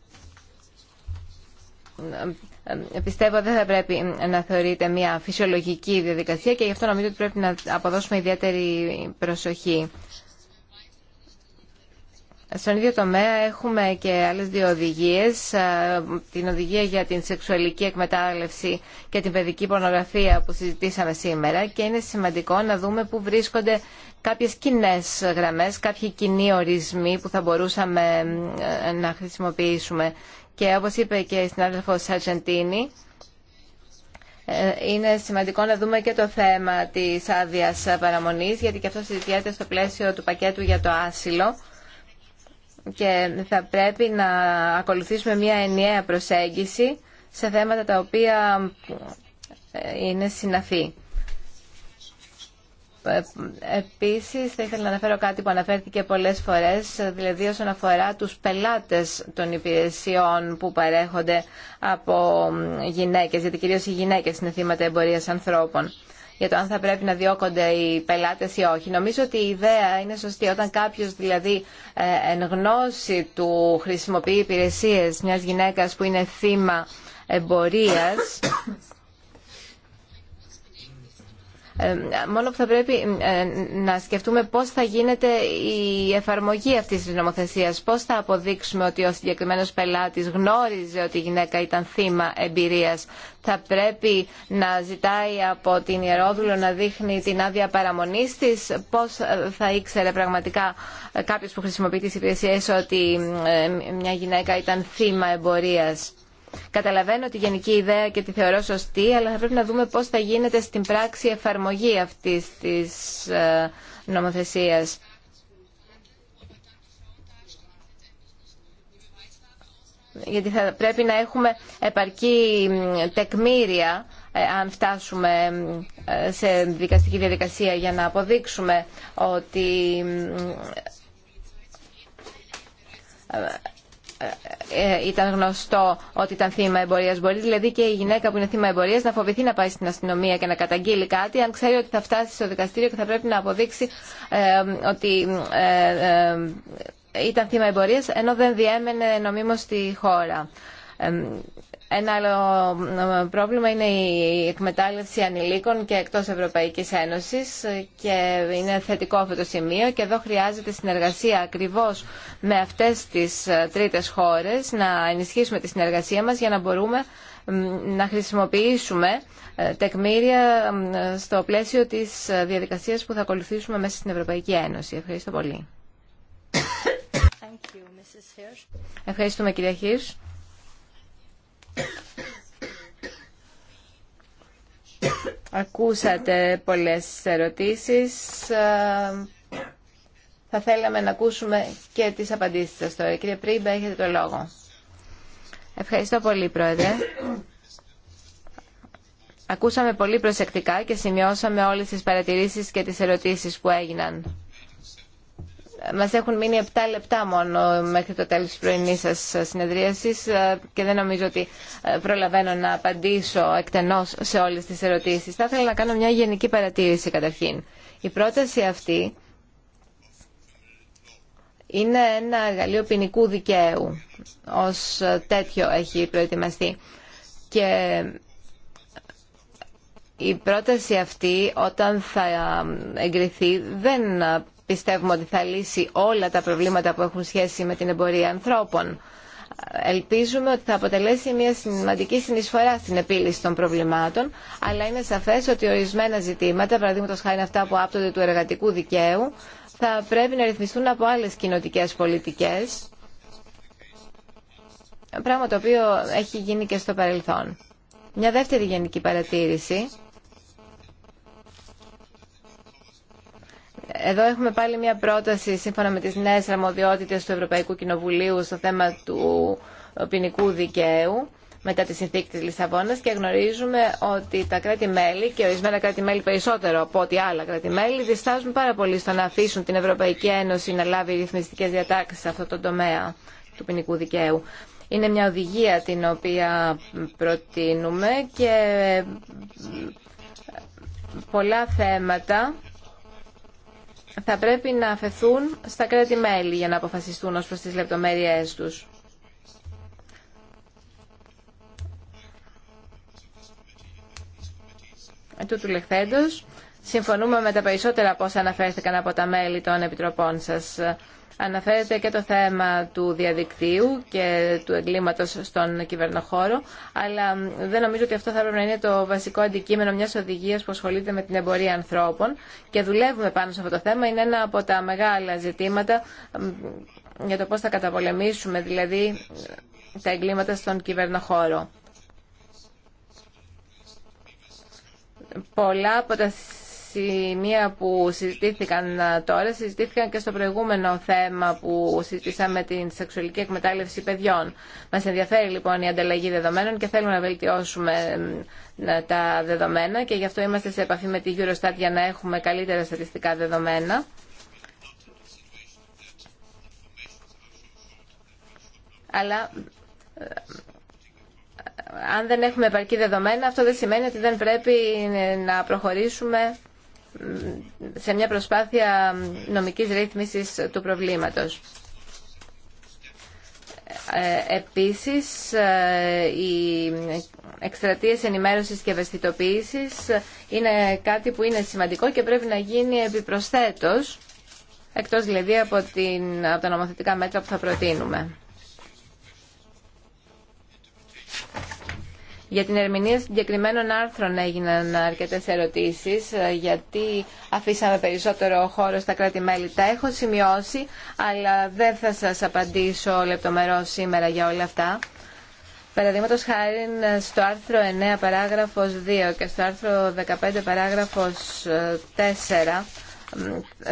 πιστεύω δεν θα πρέπει να θεωρείται μια φυσιολογική διαδικασία και γι' αυτό νομίζω ότι πρέπει να αποδώσουμε ιδιαίτερη προσοχή. Στον ίδιο τομέα έχουμε και άλλες δύο οδηγίες, ε, την οδηγία για την σεξουαλική εκμετάλλευση και την παιδική πορνογραφία που συζητήσαμε σήμερα και είναι σημαντικό να δούμε πού βρίσκονται κάποιες κοινέ γραμμές, κάποιοι κοινοί ορισμοί που θα μπορούσαμε ε, να χρησιμοποιήσουμε. Και όπως είπε και η συνάδελφος Σαρτζεντίνη, ε, είναι σημαντικό να δούμε και το θέμα της άδεια παραμονής, γιατί και αυτό συζητιέται στο πλαίσιο του πακέτου για το άσυλο και θα πρέπει να ακολουθήσουμε μια ενιαία προσέγγιση σε θέματα τα οποία ε, είναι συναφή. Ε, επίσης, θα ήθελα να αναφέρω κάτι που αναφέρθηκε πολλές φορές, δηλαδή όσον αφορά τους πελάτες των υπηρεσιών που παρέχονται από γυναίκες, γιατί κυρίως οι γυναίκες είναι θύματα εμπορίας ανθρώπων για το αν θα πρέπει να διώκονται οι πελάτες ή όχι. Νομίζω ότι η ιδέα είναι σωστή. Όταν κάποιος δηλαδή ε, εν γνώση του χρησιμοποιεί υπηρεσίες μιας γυναίκας που είναι θύμα εμπορίας ε, μόνο που θα πρέπει ε, να σκεφτούμε πώς θα γίνεται η εφαρμογή αυτής της νομοθεσίας, πώς θα αποδείξουμε ότι ο συγκεκριμένος πελάτης γνώριζε ότι η γυναίκα ήταν θύμα εμπειρίας. Θα πρέπει να ζητάει από την Ιερόδουλο να δείχνει την άδεια παραμονής της, πώς θα ήξερε πραγματικά κάποιος που χρησιμοποιεί τις υπηρεσίες ότι ε, μια γυναίκα ήταν θύμα εμπορίας. Καταλαβαίνω τη γενική ιδέα και τη θεωρώ σωστή, αλλά θα πρέπει να δούμε πώς θα γίνεται στην πράξη εφαρμογή αυτής της ε, νομοθεσίας. Γιατί θα πρέπει να έχουμε επαρκή τεκμήρια ε, αν φτάσουμε ε, σε δικαστική διαδικασία για να αποδείξουμε ότι ε, ε, ήταν γνωστό ότι ήταν θύμα εμπορία Μπορεί δηλαδή και η γυναίκα που είναι θύμα εμπορία να φοβηθεί να πάει στην αστυνομία και να καταγγείλει κάτι αν ξέρει ότι θα φτάσει στο δικαστήριο και θα πρέπει να αποδείξει ε, ότι ήταν θύμα εμπορία ενώ δεν διέμενε νομίμως στη χώρα. Ένα άλλο ε, πρόβλημα είναι η εκμετάλλευση ανηλίκων και εκτός Ευρωπαϊκής Ένωσης και είναι θετικό αυτό το σημείο και εδώ χρειάζεται συνεργασία ακριβώς με αυτές τις ε, τρίτες χώρες να ενισχύσουμε τη συνεργασία μας για να μπορούμε να χρησιμοποιήσουμε ε, τεκμήρια στο πλαίσιο της διαδικασίας που θα ακολουθήσουμε μέσα στην Ευρωπαϊκή Ένωση. Ευχαριστώ πολύ. Ευχαριστούμε κυρία Χίρς. Ακούσατε πολλές ερωτήσεις. Ε, θα θέλαμε να ακούσουμε και τις απαντήσεις σας τώρα. Κύριε Πρίμπα, έχετε το λόγο. Ευχαριστώ πολύ, Πρόεδρε. Ακούσαμε πολύ προσεκτικά και σημειώσαμε όλες τις παρατηρήσεις και τις ερωτήσεις που έγιναν μα έχουν μείνει 7 λεπτά μόνο μέχρι το τέλο τη πρωινή σα συνεδρίασης ε, και δεν νομίζω ότι ε, προλαβαίνω να απαντήσω εκτενώς σε όλε τι ερωτήσει. Θα ήθελα να κάνω μια γενική παρατήρηση καταρχήν. Η πρόταση αυτή είναι ένα εργαλείο ποινικού δικαίου. ω τέτοιο έχει προετοιμαστεί. Και η πρόταση αυτή όταν θα εγκριθεί δεν πιστεύουμε ότι θα λύσει όλα τα προβλήματα που έχουν σχέση με την εμπορία ανθρώπων. Ελπίζουμε ότι θα αποτελέσει μια σημαντική συνεισφορά στην επίλυση των προβλημάτων, αλλά είναι σαφές ότι ορισμένα ζητήματα, παραδείγματο χάρη αυτά που άπτονται του εργατικού δικαίου, θα πρέπει να ρυθμιστούν από άλλε κοινοτικέ πολιτικέ, πράγμα το οποίο έχει γίνει και στο παρελθόν. Μια δεύτερη γενική παρατήρηση Εδώ έχουμε πάλι μια πρόταση σύμφωνα με τις νέες αρμοδιότητες του Ευρωπαϊκού Κοινοβουλίου στο θέμα του ποινικού δικαίου μετά τη συνθήκη της Λισαβόνας και γνωρίζουμε ότι τα κράτη-μέλη και ορισμένα κράτη-μέλη περισσότερο από ό,τι άλλα κράτη-μέλη διστάζουν πάρα πολύ στο να αφήσουν την Ευρωπαϊκή Ένωση να λάβει ρυθμιστικές διατάξεις σε αυτό το τομέα του ποινικού δικαίου. Είναι μια οδηγία την οποία προτείνουμε και πολλά θέματα θα πρέπει να αφαιθούν στα κράτη-μέλη για να αποφασιστούν ως προς τις λεπτομέρειές τους. Ε, του λεχθέντος, συμφωνούμε με τα περισσότερα από όσα αναφέρθηκαν από τα μέλη των επιτροπών σας. Αναφέρεται και το θέμα του διαδικτύου και του εγκλήματος στον κυβερνοχώρο, αλλά δεν νομίζω ότι αυτό θα έπρεπε να είναι το βασικό αντικείμενο μιας οδηγίας που ασχολείται με την εμπορία ανθρώπων και δουλεύουμε πάνω σε αυτό το θέμα. Είναι ένα από τα μεγάλα ζητήματα για το πώς θα καταπολεμήσουμε δηλαδή τα εγκλήματα στον κυβερνοχώρο. Πολλά από τα σημεία που συζητήθηκαν τώρα συζητήθηκαν και στο προηγούμενο θέμα που συζητήσαμε την σεξουαλική εκμετάλλευση παιδιών. Μας ενδιαφέρει λοιπόν η ανταλλαγή δεδομένων και θέλουμε να βελτιώσουμε τα δεδομένα και γι' αυτό είμαστε σε επαφή με τη Eurostat για να έχουμε καλύτερα στατιστικά δεδομένα. Αλλά αν δεν έχουμε επαρκή δεδομένα, αυτό δεν σημαίνει ότι δεν πρέπει να προχωρήσουμε σε μια προσπάθεια νομικής ρύθμισης του προβλήματος. Ε, επίσης, ε, οι εκστρατείες ενημέρωσης και ευαισθητοποίησης είναι κάτι που είναι σημαντικό και πρέπει να γίνει επιπροσθέτως, εκτός δηλαδή από, την, από τα νομοθετικά μέτρα που θα προτείνουμε. Για την ερμηνεία συγκεκριμένων άρθρων έγιναν αρκετέ ερωτήσει, ε, γιατί αφήσαμε περισσότερο χώρο στα κράτη-μέλη. Τα έχω σημειώσει, αλλά δεν θα σα απαντήσω λεπτομερώ σήμερα για όλα αυτά. Παραδείγματο χάρη στο άρθρο 9 παράγραφο 2 και στο άρθρο 15 παράγραφο 4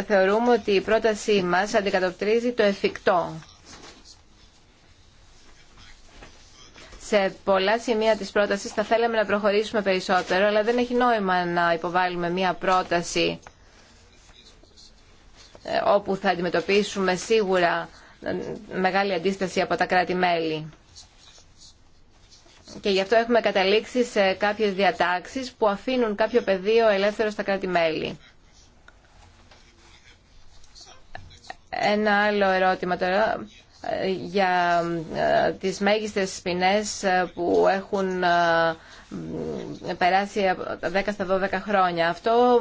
θεωρούμε ότι η πρότασή μας αντικατοπτρίζει το εφικτό Σε πολλά σημεία της πρότασης θα θέλαμε να προχωρήσουμε περισσότερο, αλλά δεν έχει νόημα να υποβάλουμε μία πρόταση ε, όπου θα αντιμετωπίσουμε σίγουρα ε, μεγάλη αντίσταση από τα κράτη-μέλη. Και γι' αυτό έχουμε καταλήξει σε κάποιες διατάξεις που αφήνουν κάποιο πεδίο ελεύθερο στα κράτη-μέλη. Ένα άλλο ερώτημα τώρα για ε, τις μέγιστες ποινές ε, που έχουν ε, περάσει από 10 στα 12 χρόνια. Αυτό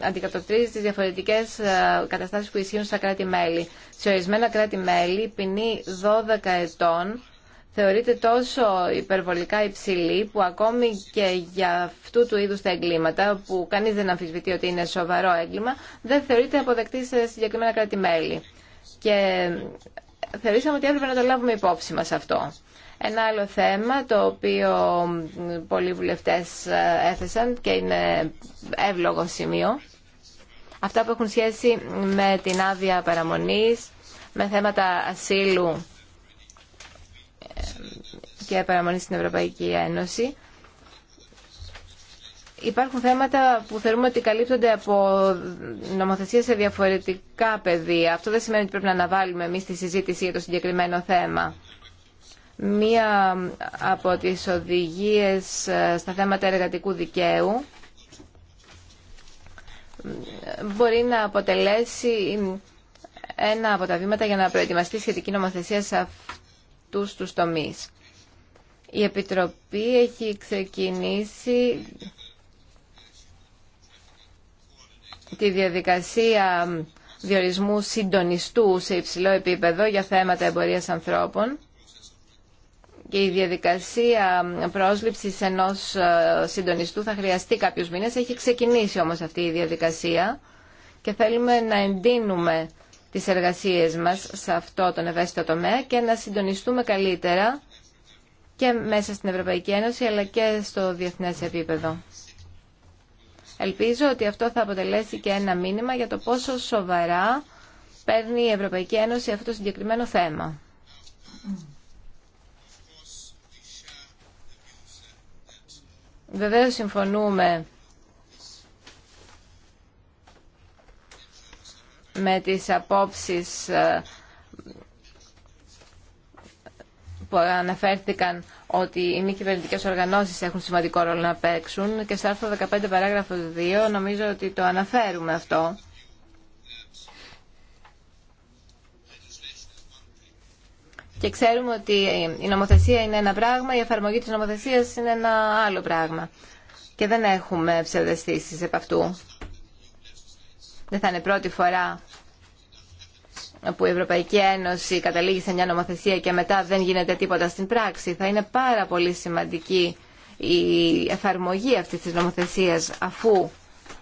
αντικατοπτρίζει τις διαφορετικές καταστάσεις που ισχύουν στα κράτη-μέλη. Σε ορισμένα κράτη-μέλη η ποινή 12 ετών θεωρείται τόσο υπερβολικά υψηλή που ακόμη και για αυτού του είδους τα εγκλήματα που κανείς δεν αμφισβητεί ότι είναι σοβαρό έγκλημα δεν θεωρείται αποδεκτή σε συγκεκριμένα κράτη-μέλη. Και θεωρήσαμε ότι έπρεπε να το λάβουμε υπόψη μας αυτό. Ένα άλλο θέμα το οποίο πολλοί βουλευτές ε, έθεσαν και είναι εύλογο σημείο. Αυτά που έχουν σχέση με την άδεια παραμονής, με θέματα ασύλου ε, και παραμονής στην Ευρωπαϊκή Ένωση Υπάρχουν θέματα που θεωρούμε ότι καλύπτονται από νομοθεσία σε διαφορετικά πεδία. Αυτό δεν σημαίνει ότι πρέπει να αναβάλουμε εμείς τη συζήτηση για το συγκεκριμένο θέμα. Μία από τις οδηγίες ε, στα θέματα εργατικού δικαίου μπορεί να αποτελέσει ένα από τα βήματα για να προετοιμαστεί σχετική νομοθεσία σε αυτούς τους τομείς. Η Επιτροπή έχει ξεκινήσει τη διαδικασία διορισμού συντονιστού σε υψηλό επίπεδο για θέματα εμπορίας ανθρώπων και η διαδικασία πρόσληψης ενός ε, συντονιστού θα χρειαστεί κάποιους μήνες. Έχει ξεκινήσει όμως αυτή η διαδικασία και θέλουμε να εντείνουμε τις εργασίες μας σε αυτό τον ευαίσθητο τομέα και να συντονιστούμε καλύτερα και μέσα στην Ευρωπαϊκή Ένωση αλλά και στο διεθνές επίπεδο. Ελπίζω ότι αυτό θα αποτελέσει και ένα μήνυμα για το πόσο σοβαρά παίρνει η Ευρωπαϊκή Ένωση αυτό το συγκεκριμένο θέμα. Βεβαίως συμφωνούμε με τις απόψεις ε, που αναφέρθηκαν ότι οι μη κυβερνητικέ οργανώσεις έχουν σημαντικό ρόλο να παίξουν και στο άρθρο 15 παράγραφο 2 νομίζω ότι το αναφέρουμε αυτό. Και ξέρουμε ότι η νομοθεσία είναι ένα πράγμα, η εφαρμογή της νομοθεσίας είναι ένα άλλο πράγμα. Και δεν έχουμε ψευδεστήσεις επ' αυτού. Δεν θα είναι πρώτη φορά που η Ευρωπαϊκή Ένωση καταλήγει σε μια νομοθεσία και μετά δεν γίνεται τίποτα στην πράξη. Θα είναι πάρα πολύ σημαντική η εφαρμογή αυτής της νομοθεσίας αφού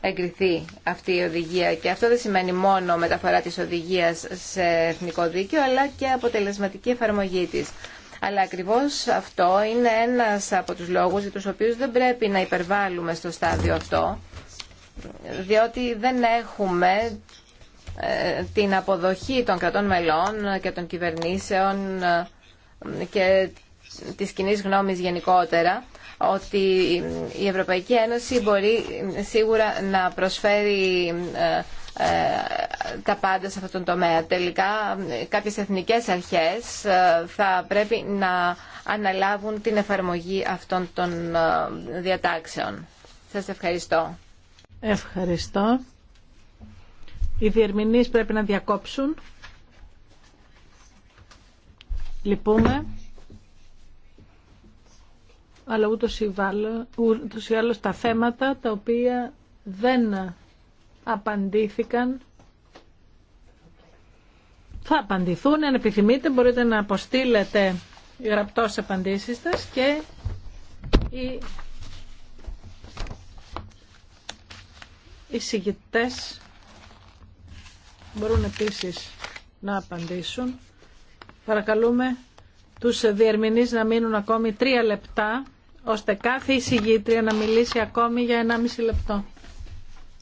εγκριθεί αυτή η οδηγία και αυτό δεν σημαίνει μόνο μεταφορά της οδηγίας σε εθνικό δίκαιο αλλά και αποτελεσματική εφαρμογή της. Αλλά ακριβώς αυτό είναι ένας από τους λόγους για τους οποίους δεν πρέπει να υπερβάλλουμε στο στάδιο αυτό διότι δεν έχουμε την αποδοχή των κρατών μελών και των κυβερνήσεων και της κοινή γνώμης γενικότερα ότι η Ευρωπαϊκή Ένωση μπορεί σίγουρα να προσφέρει ε, ε, τα πάντα σε αυτόν τον τομέα. Τελικά κάποιες εθνικές αρχές ε, θα πρέπει να αναλάβουν την εφαρμογή αυτών των διατάξεων. Σας ευχαριστώ. Ευχαριστώ. Οι διερμηνείς πρέπει να διακόψουν. Λυπούμε. Αλλά ούτως ή, βάλω, άλλως τα θέματα τα οποία δεν απαντήθηκαν θα απαντηθούν. Αν επιθυμείτε μπορείτε να αποστείλετε γραπτό απαντήσεις σας και οι εισηγητές μπορούν επίσης να απαντήσουν. Παρακαλούμε τους διερμηνείς να μείνουν ακόμη τρία λεπτά, ώστε κάθε εισηγήτρια να μιλήσει ακόμη για ένα μισή λεπτό.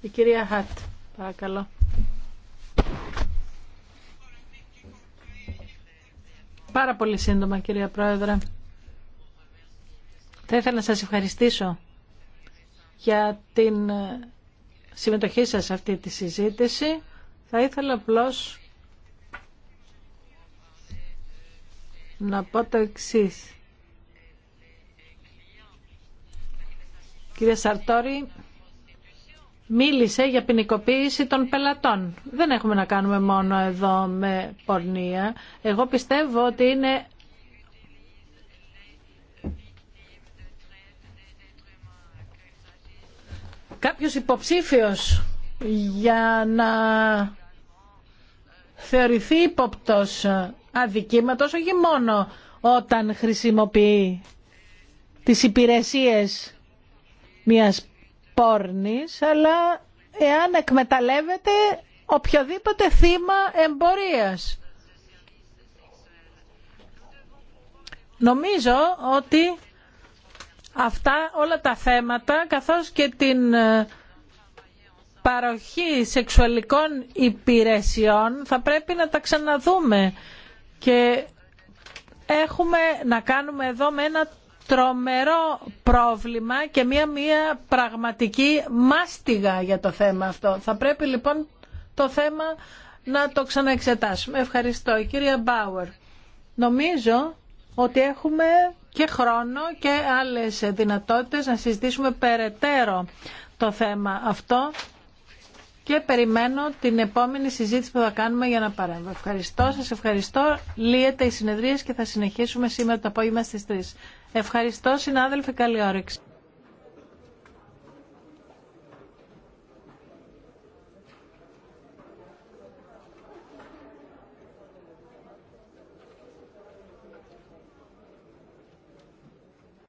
Η κυρία Χατ, παρακαλώ. Πάρα πολύ σύντομα, κυρία Πρόεδρε. Θα ήθελα να σας ευχαριστήσω για την συμμετοχή σας σε αυτή τη συζήτηση. Θα ήθελα απλώ να πω το εξή. Κύριε Σαρτόρη, μίλησε για ποινικοποίηση των πελατών. Δεν έχουμε να κάνουμε μόνο εδώ με πορνεία. Εγώ πιστεύω ότι είναι κάποιος υποψήφιος για να θεωρηθεί ύποπτος αδικήματος όχι μόνο όταν χρησιμοποιεί τις υπηρεσίες μιας πόρνης αλλά εάν εκμεταλλεύεται οποιοδήποτε θύμα εμπορίας. Νομίζω ότι αυτά όλα τα θέματα καθώς και την ε, παροχή σεξουαλικών υπηρεσιών θα πρέπει να τα ξαναδούμε και έχουμε να κάνουμε εδώ με ένα τρομερό πρόβλημα και μία μία πραγματική μάστιγα για το θέμα αυτό. Θα πρέπει λοιπόν το θέμα να το ξαναεξετάσουμε. Ευχαριστώ. Η κυρία Μπάουερ, νομίζω ότι έχουμε και χρόνο και άλλες δυνατότητες να συζητήσουμε περαιτέρω το θέμα αυτό και περιμένω την επόμενη συζήτηση που θα κάνουμε για να παρέμβω. Ευχαριστώ, σας ευχαριστώ. Λύεται η συνεδρία και θα συνεχίσουμε σήμερα το απόγευμα στις 3. Ευχαριστώ συνάδελφοι, καλή όρεξη.